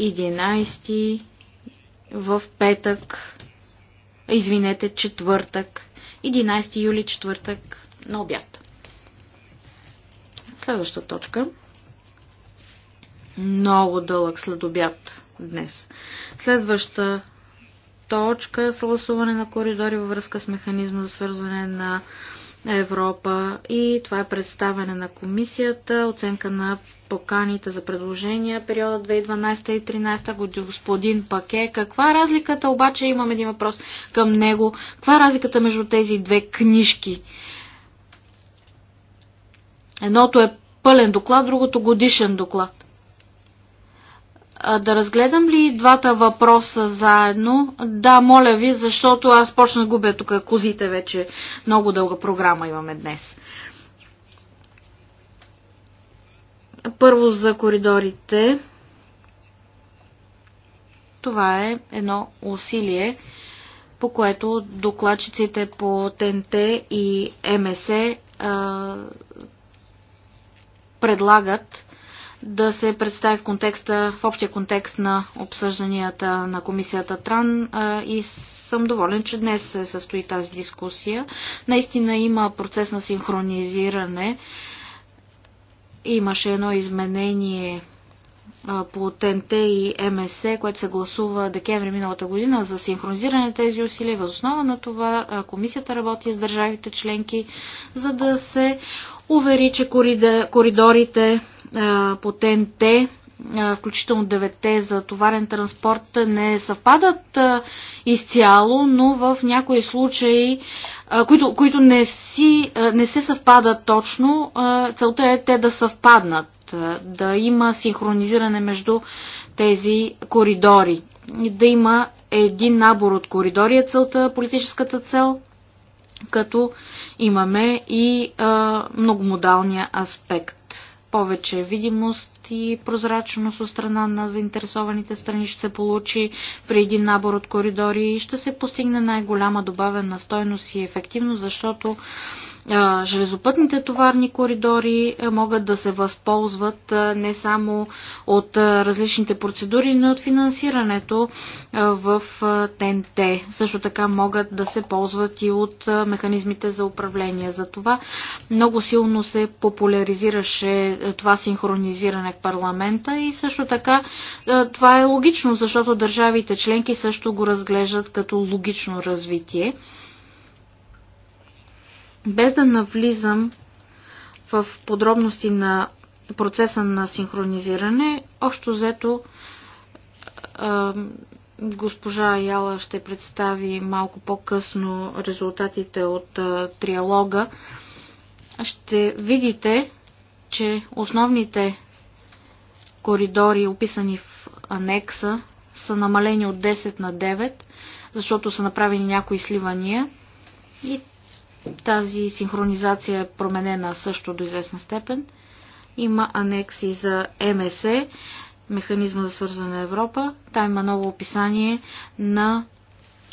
11 в петък, извинете, четвъртък, 11 юли четвъртък на обяд. Следваща точка. Много дълъг следобят днес. Следваща точка е съгласуване на коридори във връзка с механизма за свързване на Европа и това е представяне на комисията, оценка на поканите за предложения периода 2012 и 2013 господин Паке. Каква е разликата? Обаче имам един въпрос към него. Каква е разликата между тези две книжки? Едното е пълен доклад, другото годишен доклад. А, да разгледам ли двата въпроса заедно? Да, моля ви, защото аз почна губя тук козите вече. Много дълга програма имаме днес. Първо за коридорите. Това е едно усилие, по което докладчиците по ТНТ и МСЕ предлагат да се представи в, контекста, в общия контекст на обсъжданията на комисията Тран и съм доволен, че днес се състои тази дискусия. Наистина има процес на синхронизиране. Имаше едно изменение по ТНТ и МСЕ, което се гласува декември миналата година за синхронизиране на тези усилия. Възоснова на това комисията работи с държавите членки, за да се увери, че коридорите по ТНТ, включително 9 за товарен транспорт, не съвпадат изцяло, но в някои случаи, които, които не, си, не се съвпадат точно, целта е те да съвпаднат, да има синхронизиране между тези коридори, да има един набор от коридори е целта, политическата цел, като имаме и а, многомодалния аспект. Повече видимост и прозрачност от страна на заинтересованите страни ще се получи при един набор от коридори и ще се постигне най-голяма добавена стойност и ефективност, защото железопътните товарни коридори могат да се възползват не само от различните процедури, но и от финансирането в ТНТ. Също така могат да се ползват и от механизмите за управление. За това много силно се популяризираше това синхронизиране в парламента и също така това е логично, защото държавите членки също го разглеждат като логично развитие. Без да навлизам в подробности на процеса на синхронизиране, общо взето госпожа Яла ще представи малко по-късно резултатите от триалога. Ще видите, че основните коридори, описани в анекса, са намалени от 10 на 9, защото са направени някои сливания. И тази синхронизация е променена също до известна степен. Има анекси за МСЕ, механизма за на Европа. Там има ново описание на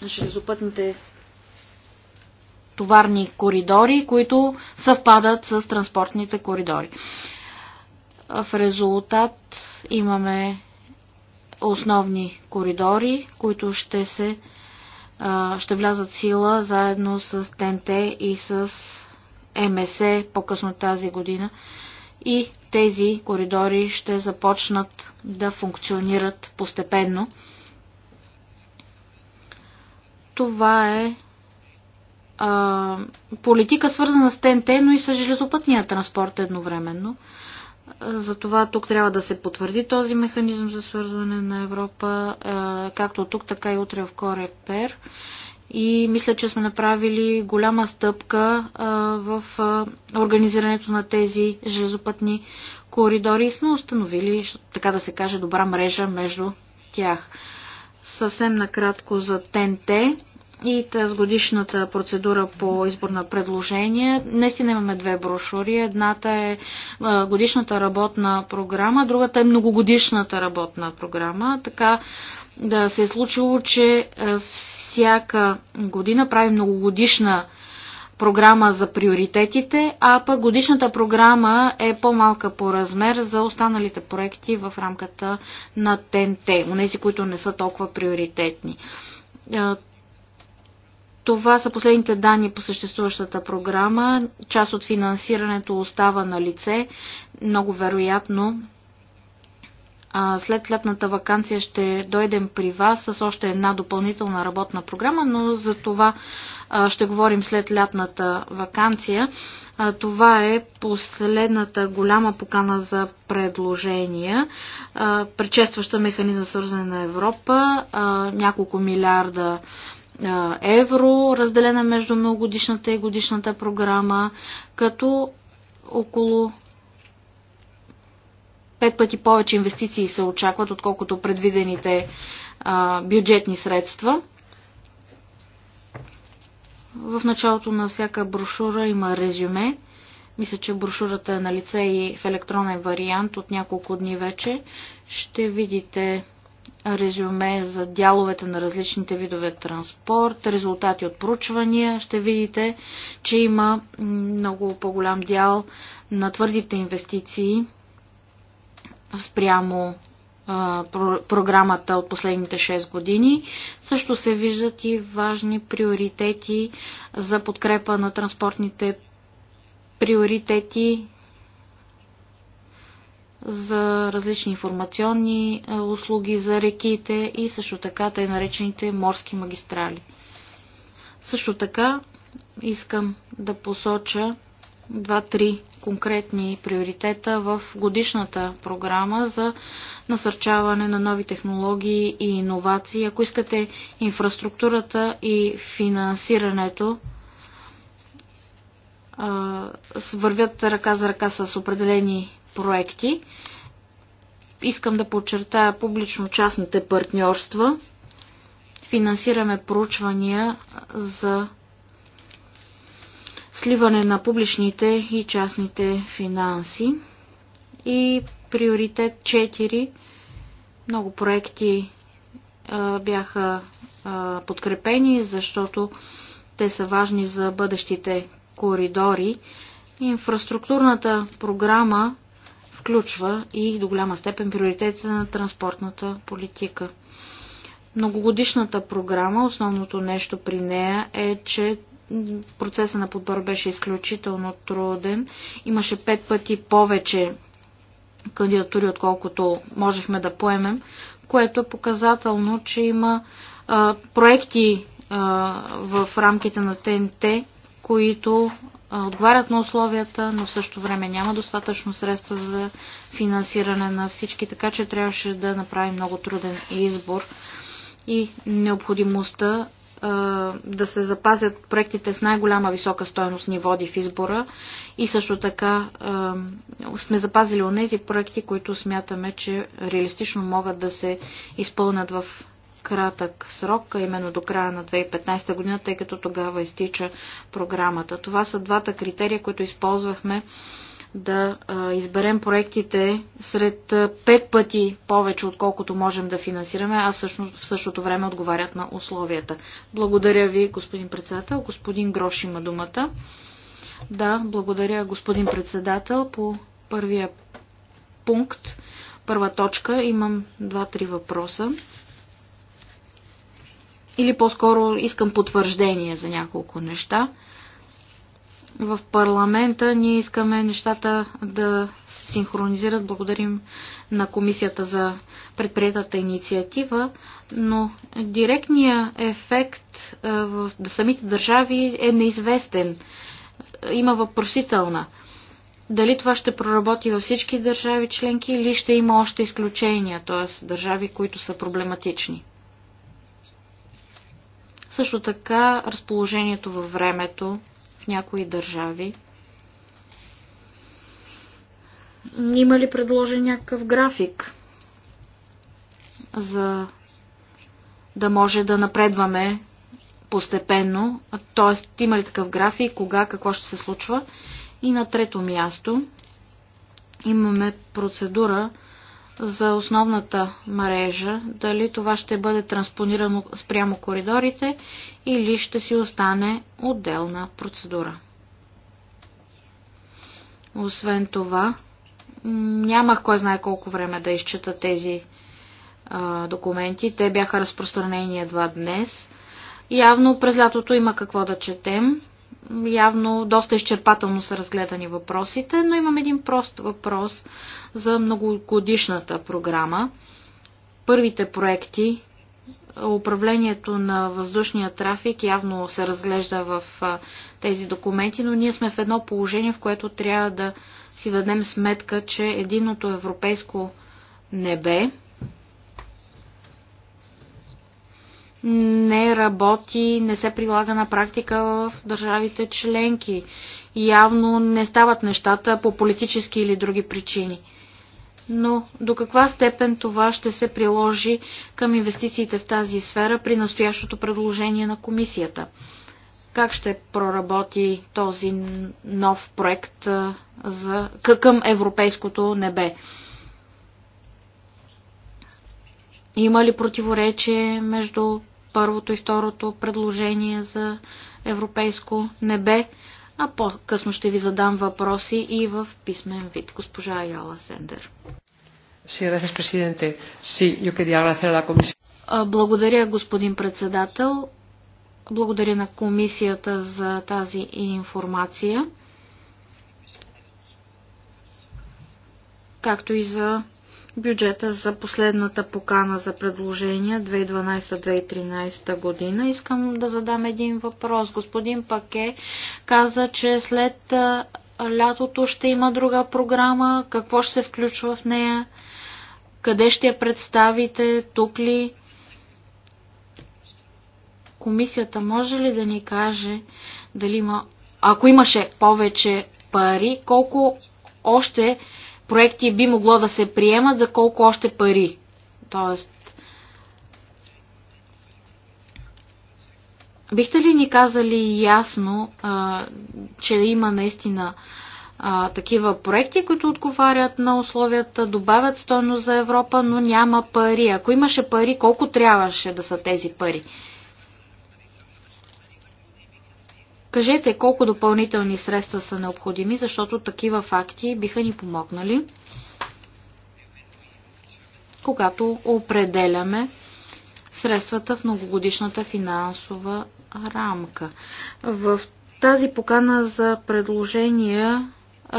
железопътните товарни коридори, които съвпадат с транспортните коридори. В резултат имаме основни коридори, които ще се ще влязат сила заедно с ТНТ и с МСЕ по-късно тази година. И тези коридори ще започнат да функционират постепенно. Това е а, политика свързана с ТНТ, но и с железопътния транспорт едновременно. Затова тук трябва да се потвърди този механизъм за свързване на Европа, както тук, така и утре в Корепер. И мисля, че сме направили голяма стъпка в организирането на тези железопътни коридори и сме установили, така да се каже, добра мрежа между тях. Съвсем накратко за ТНТ и тази годишната процедура по избор на предложение. Наистина имаме две брошури. Едната е годишната работна програма, другата е многогодишната работна програма. Така да се е случило, че всяка година прави многогодишна програма за приоритетите, а пък годишната програма е по-малка по размер за останалите проекти в рамката на ТНТ, нези, които не са толкова приоритетни това са последните данни по съществуващата програма. Част от финансирането остава на лице. Много вероятно след летната вакансия ще дойдем при вас с още една допълнителна работна програма, но за това ще говорим след лятната вакансия. Това е последната голяма покана за предложения, предшестваща механизъм свързане на Европа, няколко милиарда евро, разделена между многогодишната и годишната програма, като около пет пъти повече инвестиции се очакват, отколкото предвидените а, бюджетни средства. В началото на всяка брошура има резюме. Мисля, че брошурата е на лице и в електронен вариант от няколко дни вече. Ще видите резюме за дяловете на различните видове транспорт, резултати от проучвания, ще видите, че има много по-голям дял на твърдите инвестиции спрямо програмата от последните 6 години. Също се виждат и важни приоритети за подкрепа на транспортните приоритети за различни информационни е, услуги за реките и също така тъй наречените морски магистрали. Също така искам да посоча два-три конкретни приоритета в годишната програма за насърчаване на нови технологии и иновации. Ако искате инфраструктурата и финансирането вървят ръка за ръка с определени проекти. Искам да подчертая публично-частните партньорства. Финансираме проучвания за сливане на публичните и частните финанси. И приоритет 4. Много проекти а, бяха а, подкрепени, защото те са важни за бъдещите коридори. Инфраструктурната програма включва и до голяма степен приоритетите на транспортната политика. Многогодишната програма, основното нещо при нея е, че процеса на подбор беше изключително труден. Имаше пет пъти повече кандидатури, отколкото можехме да поемем, което е показателно, че има а, проекти а, в рамките на ТНТ, които отговарят на условията, но в същото време няма достатъчно средства за финансиране на всички, така че трябваше да направим много труден избор и необходимостта да се запазят проектите с най-голяма висока стоеност ни води в избора и също така сме запазили онези проекти, които смятаме, че реалистично могат да се изпълнят в кратък срок, а именно до края на 2015 година, тъй като тогава изтича програмата. Това са двата критерия, които използвахме да изберем проектите сред пет пъти повече, отколкото можем да финансираме, а всъщност в същото време отговарят на условията. Благодаря ви, господин председател. Господин Грош има думата. Да, благодаря, господин председател. По първия пункт, първа точка, имам два-три въпроса или по-скоро искам потвърждение за няколко неща. В парламента ние искаме нещата да се синхронизират. Благодарим на комисията за предприятата инициатива, но директният ефект в самите държави е неизвестен. Има въпросителна. Дали това ще проработи във всички държави членки или ще има още изключения, т.е. държави, които са проблематични? Също така разположението във времето в някои държави. Има ли предложен някакъв график за да може да напредваме постепенно, т.е. има ли такъв график, кога, какво ще се случва. И на трето място имаме процедура за основната мрежа, дали това ще бъде транспонирано спрямо коридорите или ще си остане отделна процедура. Освен това, нямах кой знае колко време да изчета тези а, документи. Те бяха разпространени едва днес. Явно през лятото има какво да четем явно доста изчерпателно са разгледани въпросите, но имам един прост въпрос за многогодишната програма. Първите проекти, управлението на въздушния трафик явно се разглежда в тези документи, но ние сме в едно положение, в което трябва да си дадем сметка, че единото европейско небе не работи, не се прилага на практика в държавите членки. Явно не стават нещата по политически или други причини. Но до каква степен това ще се приложи към инвестициите в тази сфера при настоящото предложение на комисията? Как ще проработи този нов проект за, към европейското небе? Има ли противоречие между първото и второто предложение за европейско небе, а по-късно ще ви задам въпроси и в писмен вид. Госпожа Яла Сендер. Благодаря, господин председател. Благодаря на комисията за тази информация, както и за бюджета за последната покана за предложения 2012-2013 година. Искам да задам един въпрос. Господин Паке каза, че след лятото ще има друга програма. Какво ще се включва в нея? Къде ще я представите? Тук ли? Комисията може ли да ни каже дали има, ако имаше повече пари, колко още проекти би могло да се приемат за колко още пари. Тоест, бихте ли ни казали ясно, а, че има наистина а, такива проекти, които отговарят на условията, добавят стойност за Европа, но няма пари. Ако имаше пари, колко трябваше да са тези пари? Кажете колко допълнителни средства са необходими, защото такива факти биха ни помогнали, когато определяме средствата в многогодишната финансова рамка. В тази покана за предложения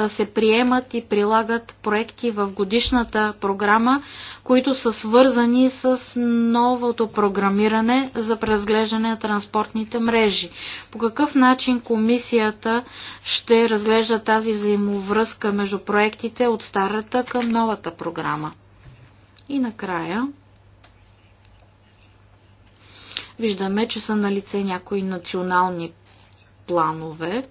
се приемат и прилагат проекти в годишната програма, които са свързани с новото програмиране за преразглеждане на транспортните мрежи. По какъв начин комисията ще разглежда тази взаимовръзка между проектите от старата към новата програма? И накрая виждаме, че са на лице някои национални планове,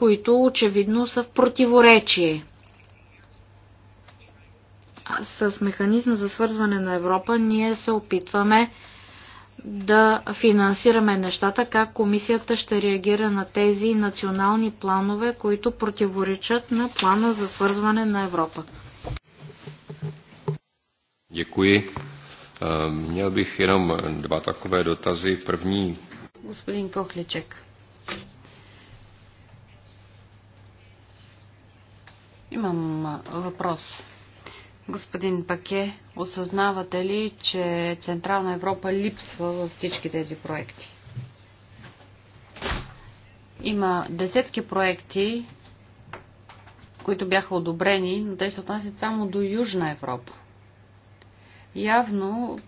които очевидно са в противоречие. С механизма за свързване на Европа ние се опитваме да финансираме нещата, как комисията ще реагира на тези национални планове, които противоречат на плана за свързване на Европа. Děkuji. Ehm, měl bych jenom dva takové dotazy. První. Господин Кохличек. Имам въпрос. Господин Паке, осъзнавате ли, че Централна Европа липсва във всички тези проекти? Има десетки проекти, които бяха одобрени, но те се отнасят само до Южна Европа. Явно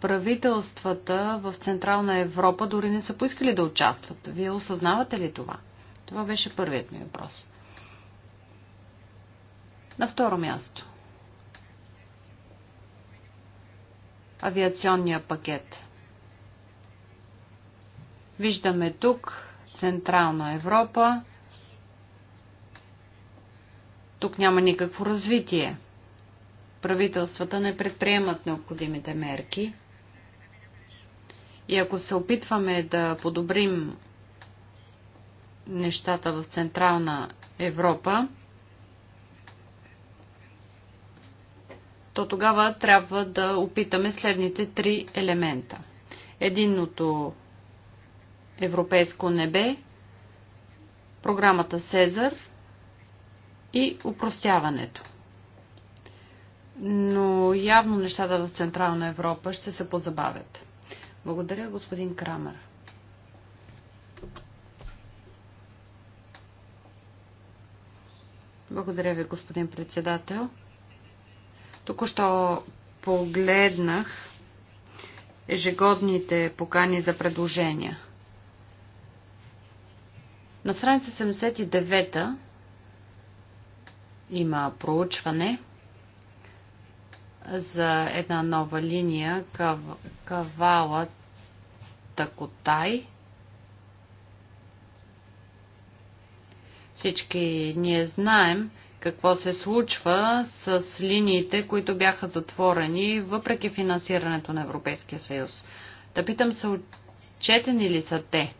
правителствата в Централна Европа дори не са поискали да участват. Вие осъзнавате ли това? Това беше първият ми въпрос. На второ място. Авиационния пакет. Виждаме тук Централна Европа. Тук няма никакво развитие. Правителствата не предприемат необходимите мерки. И ако се опитваме да подобрим нещата в Централна Европа, то тогава трябва да опитаме следните три елемента. Единното европейско небе, програмата Сезар и упростяването. Но явно нещата в Централна Европа ще се позабавят. Благодаря, господин Крамер. Благодаря ви, господин председател. Току-що погледнах ежегодните покани за предложения. На страница 79 има проучване за една нова линия кав... Кавала Такотай. Всички ние знаем, какво се случва с линиите, които бяха затворени въпреки финансирането на Европейския съюз. Да питам се, отчетени ли са те?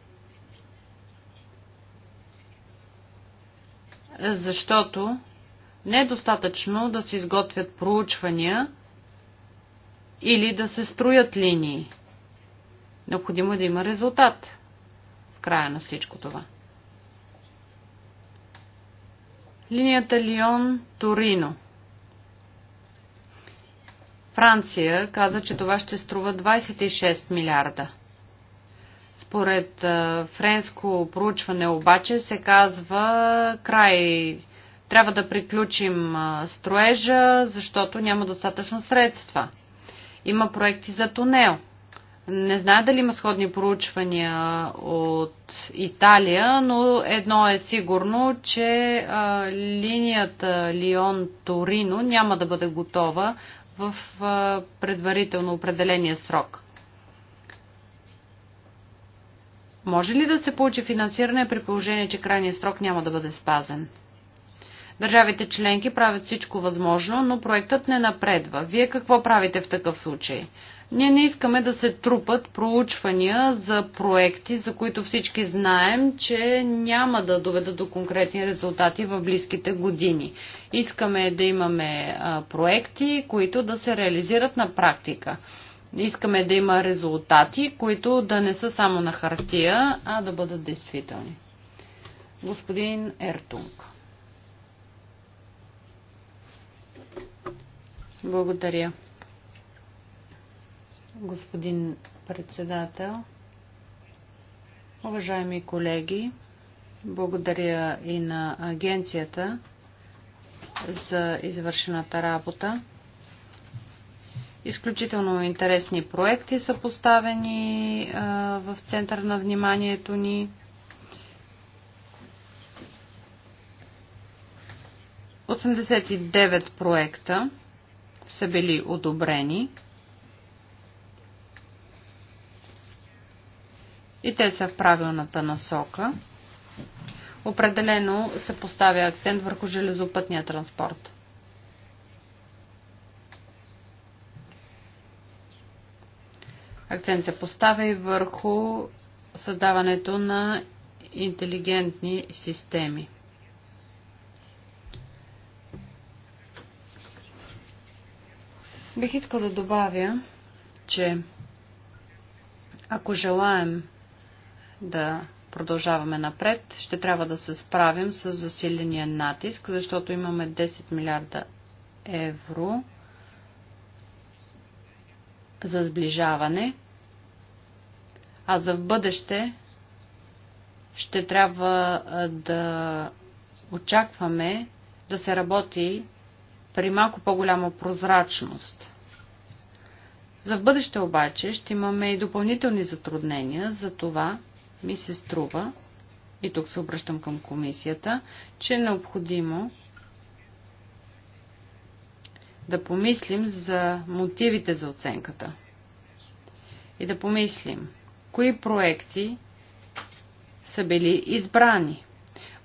Защото не е достатъчно да се изготвят проучвания или да се строят линии. Необходимо е да има резултат в края на всичко това. Линията Лион-Торино. Франция каза, че това ще струва 26 милиарда. Според френско проучване обаче се казва край. Трябва да приключим строежа, защото няма достатъчно средства. Има проекти за тунел. Не знае дали има сходни проучвания от Италия, но едно е сигурно, че а, линията Лион-Торино няма да бъде готова в а, предварително определения срок. Може ли да се получи финансиране при положение, че крайният срок няма да бъде спазен? Държавите членки правят всичко възможно, но проектът не напредва. Вие какво правите в такъв случай? Ние не искаме да се трупат проучвания за проекти, за които всички знаем, че няма да доведат до конкретни резултати в близките години. Искаме да имаме проекти, които да се реализират на практика. Искаме да има резултати, които да не са само на хартия, а да бъдат действителни. Господин Ертунг. Благодаря господин председател. Уважаеми колеги, благодаря и на агенцията за извършената работа. Изключително интересни проекти са поставени в център на вниманието ни. Осемдесет проекта са били одобрени. и те са в правилната насока. Определено се поставя акцент върху железопътния транспорт. Акцент се поставя и върху създаването на интелигентни системи. Бих искал да добавя, че ако желаем да продължаваме напред, ще трябва да се справим с засиления натиск, защото имаме 10 милиарда евро за сближаване, а за в бъдеще ще трябва да очакваме да се работи при малко по-голяма прозрачност. За в бъдеще обаче ще имаме и допълнителни затруднения за това, ми се струва, и тук се обръщам към комисията, че е необходимо да помислим за мотивите за оценката. И да помислим, кои проекти са били избрани.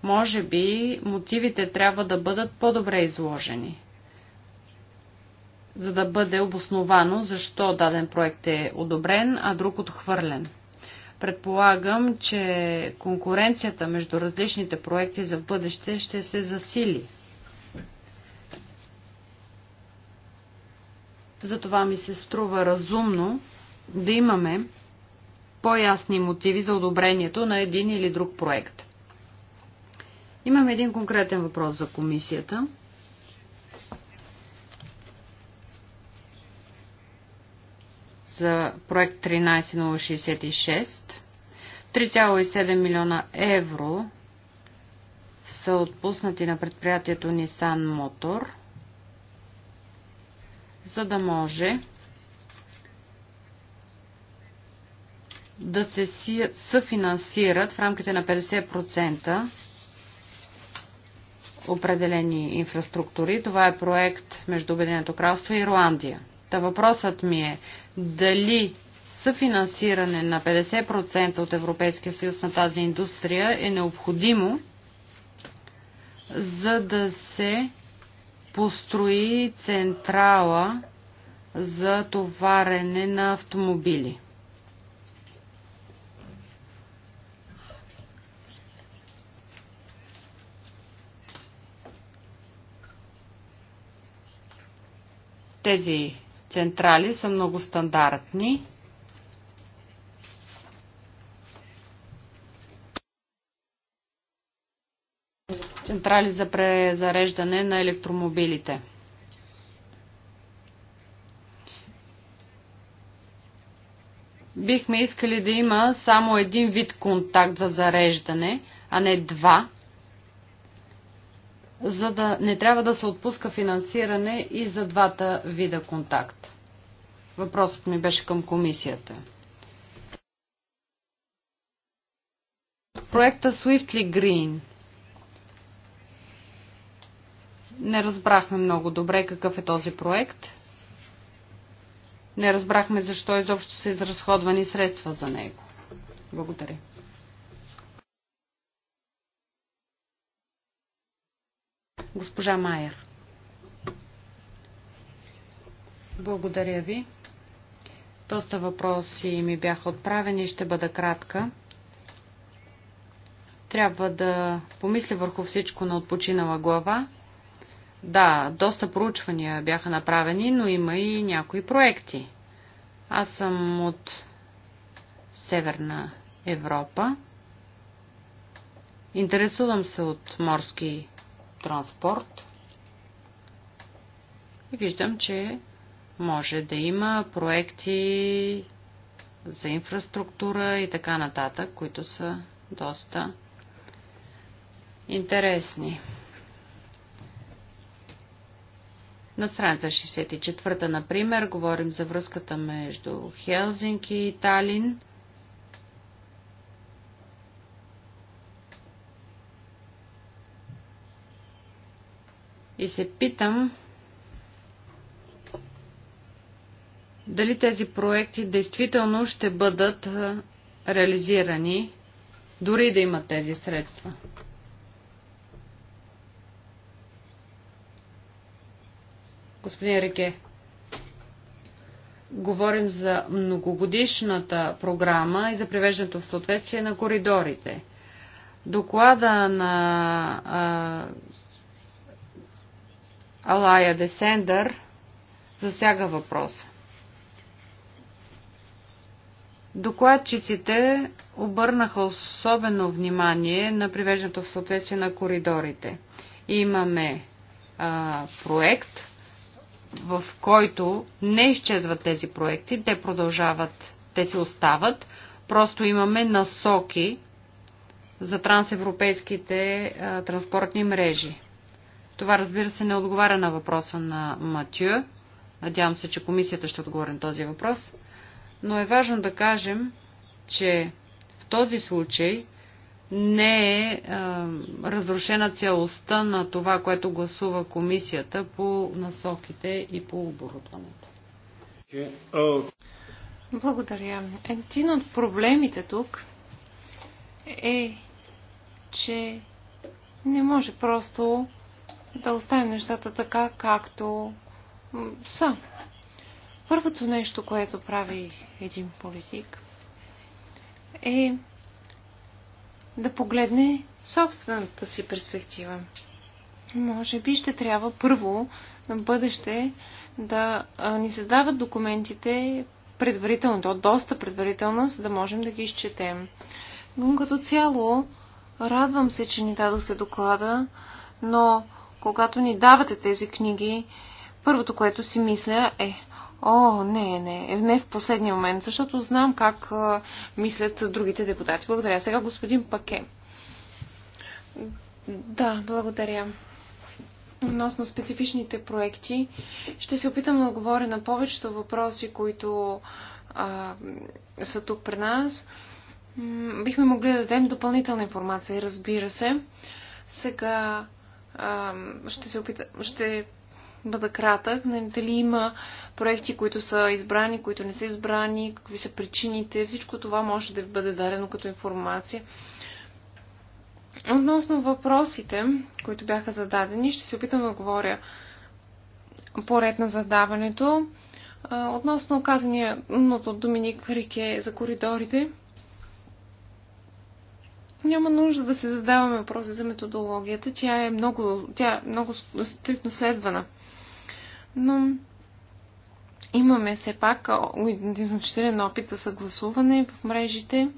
Може би мотивите трябва да бъдат по-добре изложени, за да бъде обосновано защо даден проект е одобрен, а друг отхвърлен. Предполагам, че конкуренцията между различните проекти за бъдеще ще се засили. Затова ми се струва разумно да имаме по-ясни мотиви за одобрението на един или друг проект. Имам един конкретен въпрос за комисията – за проект 13066. 3,7 милиона евро са отпуснати на предприятието Nissan Motor, за да може да се съфинансират в рамките на 50% определени инфраструктури. Това е проект между Обединеното кралство и Ирландия. Та въпросът ми е дали съфинансиране на 50% от Европейския съюз на тази индустрия е необходимо, за да се построи централа за товарене на автомобили. Тези централи са много стандартни. Централи за презареждане на електромобилите. Бихме искали да има само един вид контакт за зареждане, а не два – за да не трябва да се отпуска финансиране и за двата вида контакт. Въпросът ми беше към комисията. Проекта Swiftly Green. Не разбрахме много добре какъв е този проект. Не разбрахме защо изобщо са изразходвани средства за него. Благодаря. Госпожа Майер. Благодаря ви. Доста въпроси ми бяха отправени. Ще бъда кратка. Трябва да помисля върху всичко на отпочинала глава. Да, доста проучвания бяха направени, но има и някои проекти. Аз съм от Северна Европа. Интересувам се от морски транспорт. И виждам, че може да има проекти за инфраструктура и така нататък, които са доста интересни. На страница 64, например, говорим за връзката между Хелзинки и Талин. И се питам дали тези проекти действително ще бъдат реализирани, дори да имат тези средства. Господин Реке, говорим за многогодишната програма и за привеждането в съответствие на коридорите. Доклада на Алая Десендър засяга въпроса. Докладчиците обърнаха особено внимание на привеждането в съответствие на коридорите. Имаме а, проект, в който не изчезват тези проекти, те продължават, те се остават, просто имаме насоки за трансевропейските а, транспортни мрежи. Това разбира се не отговаря на въпроса на Матю. Надявам се, че комисията ще отговори на този въпрос. Но е важно да кажем, че в този случай не е, е разрушена цялостта на това, което гласува комисията по насоките и по оборудването. Благодаря. Един от проблемите тук е, че не може просто да оставим нещата така, както са. Първото нещо, което прави един политик, е да погледне собствената си перспектива. Може би ще трябва първо на бъдеще да ни се дават документите предварително, до доста предварително, за да можем да ги изчетем. Но като цяло, радвам се, че ни дадохте доклада, но когато ни давате тези книги, първото, което си мисля е О, не, не, не в последния момент, защото знам как а, мислят другите депутати. Благодаря. Сега господин Паке. Да, благодаря. Относно специфичните проекти, ще се опитам да отговоря на повечето въпроси, които а, са тук при нас. М бихме могли да дадем допълнителна информация, разбира се. Сега ще се опита, ще бъда кратък. Нали, дали има проекти, които са избрани, които не са избрани, какви са причините. Всичко това може да бъде дадено като информация. Относно въпросите, които бяха зададени, ще се опитам да говоря по ред на задаването. Относно казаният от Доминик Рике за коридорите, няма нужда да се задаваме въпроси за методологията. Тя е много, тя е много стрикно следвана. Но имаме все пак един значителен опит за съгласуване в мрежите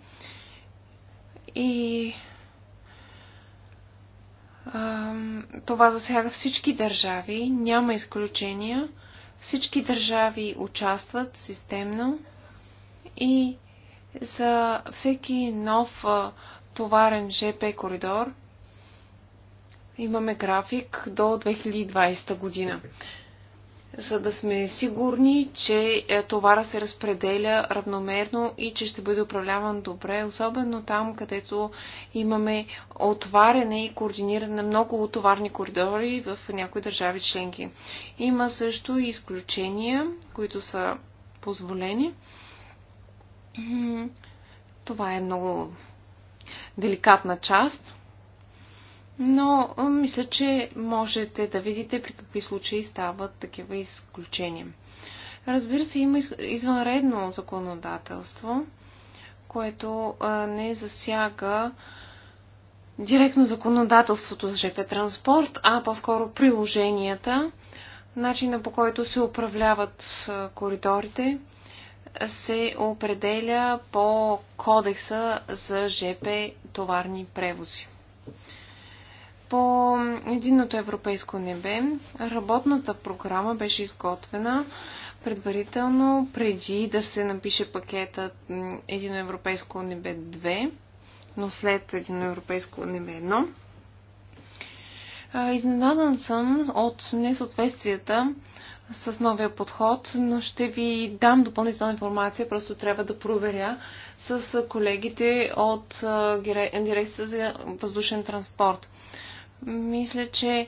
и това засяга всички държави, няма изключения. Всички държави участват системно и за всеки нов товарен ЖП коридор. Имаме график до 2020 година, за да сме сигурни, че е, товара се разпределя равномерно и че ще бъде управляван добре, особено там, където имаме отваряне и координиране на много товарни коридори в някои държави членки. Има също и изключения, които са позволени. Това е много деликатна част, но мисля, че можете да видите при какви случаи стават такива изключения. Разбира се, има извънредно законодателство, което не засяга директно законодателството за ЖП транспорт, а по-скоро приложенията, начина по който се управляват коридорите, се определя по кодекса за ЖП товарни превози. По Единното европейско небе работната програма беше изготвена предварително преди да се напише пакета Едино европейско небе 2, но след Едино европейско небе 1. Изненадан съм от несъответствията с новия подход, но ще ви дам допълнителна информация, просто трябва да проверя с колегите от Дирекция за въздушен транспорт. Мисля, че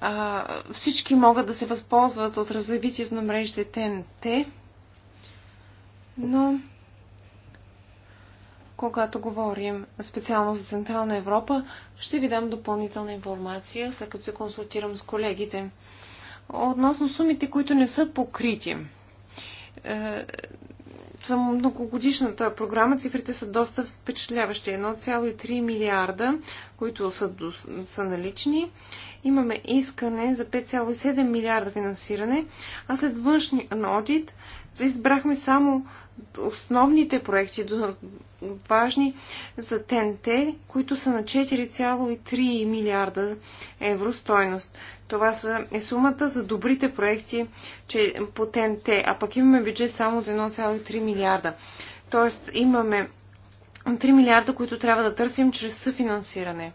а, всички могат да се възползват от развитието на мрежите ТНТ, но когато говорим специално за Централна Европа, ще ви дам допълнителна информация, след като се консултирам с колегите относно сумите, които не са покрити. Е, за многогодишната програма цифрите са доста впечатляващи. 1,3 милиарда, които са, са налични. Имаме искане за 5,7 милиарда финансиране, а след външния одит избрахме само основните проекти, важни за ТНТ, които са на 4,3 милиарда евро стойност. Това са, е сумата за добрите проекти че, по ТНТ, а пък имаме бюджет само за 1,3 милиарда. Тоест имаме 3 милиарда, които трябва да търсим чрез съфинансиране.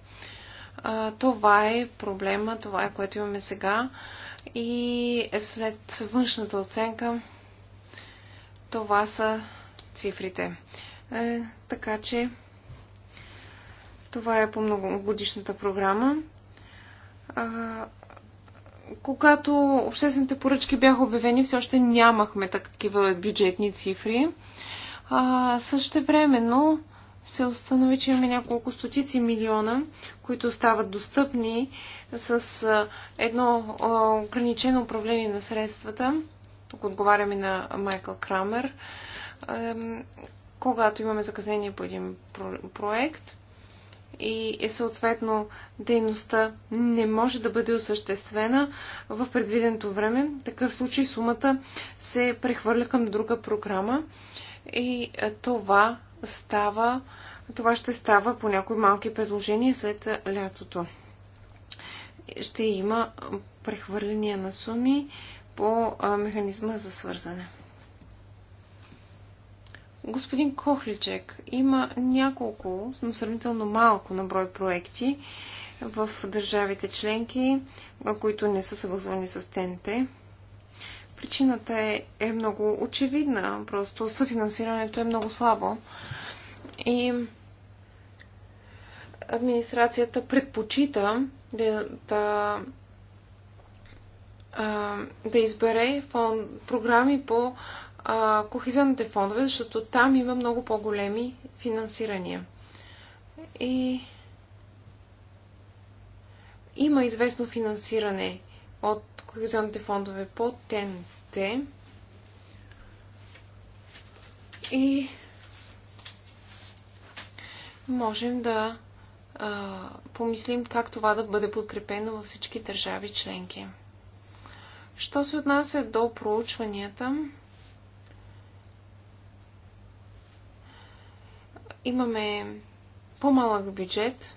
А, това е проблема, това е което имаме сега. И след външната оценка това са цифрите. Е, така че това е по многогодишната програма. А, когато обществените поръчки бяха обявени, все още нямахме такива бюджетни цифри. А, но се установи, че имаме няколко стотици милиона, които стават достъпни с едно ограничено управление на средствата тук отговарям и на Майкъл Крамер, когато имаме закъснение по един проект и е съответно дейността не може да бъде осъществена в предвиденото време, в такъв случай сумата се прехвърля към друга програма и е, това става това ще става по някои малки предложения след е, лятото. Ще има прехвърляния на суми по механизма за свързане. Господин Кохличек, има няколко, сравнително малко на брой проекти в държавите членки, които не са съгласувани с ТНТ. Причината е, е много очевидна, просто съфинансирането е много слабо. И администрацията предпочита да, да да избере фон, програми по а, кохизионните фондове, защото там има много по-големи финансирания. И има известно финансиране от кохизионните фондове по ТНТ. И можем да а, помислим как това да бъде подкрепено във всички държави членки. Що се отнася до проучванията, имаме по-малък бюджет.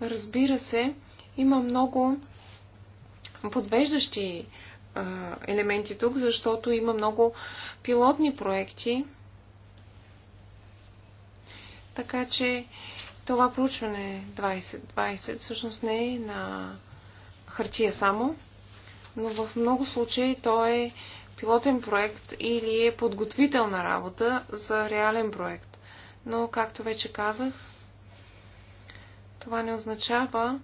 Разбира се, има много подвеждащи елементи тук, защото има много пилотни проекти. Така че това проучване 2020 всъщност не е на хартия само, но в много случаи той е пилотен проект или е подготвителна работа за реален проект. Но, както вече казах, това не означава,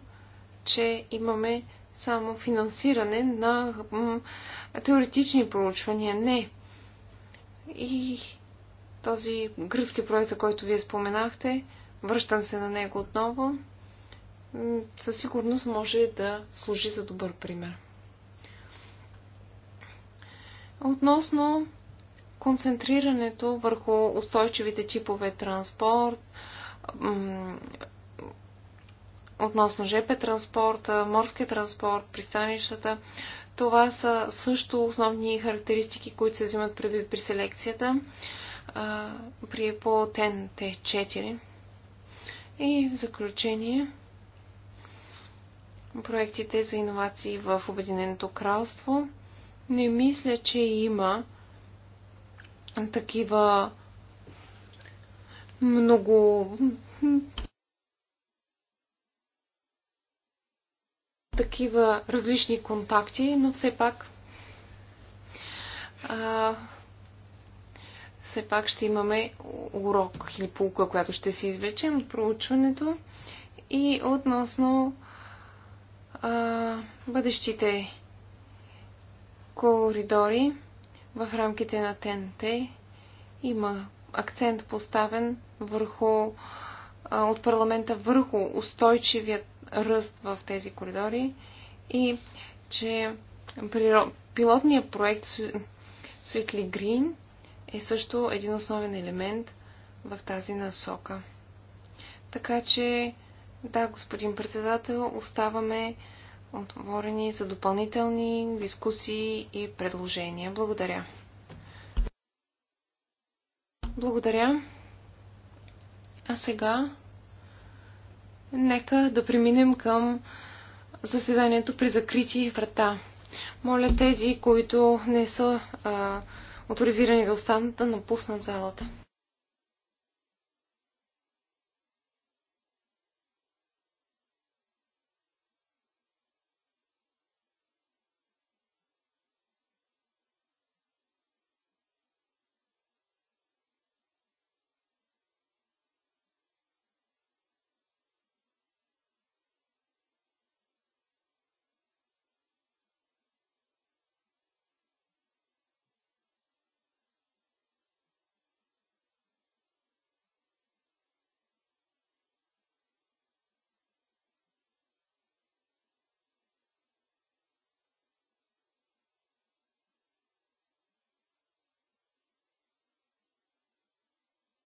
че имаме само финансиране на теоретични проучвания. Не. И този гръцки проект, за който вие споменахте, връщам се на него отново, със сигурност може да служи за добър пример. Относно концентрирането върху устойчивите типове транспорт, относно ЖП транспорта, морския транспорт, пристанищата. Това са също основни характеристики, които се взимат предвид при селекцията при по ТНТ-4. И в заключение проектите за иновации в Обединеното кралство – не мисля, че има такива много такива различни контакти, но все пак а, все пак ще имаме урок или полука, която ще се извлечем от проучването и относно а, бъдещите коридори в рамките на ТНТ. Има акцент поставен върху, от парламента върху устойчивият ръст в тези коридори и че пилотният проект Светли Грин е също един основен елемент в тази насока. Така че, да, господин председател, оставаме отворени за допълнителни дискусии и предложения. Благодаря. Благодаря. А сега нека да преминем към заседанието при закрити врата. Моля тези, които не са а, авторизирани да останат, да напуснат залата.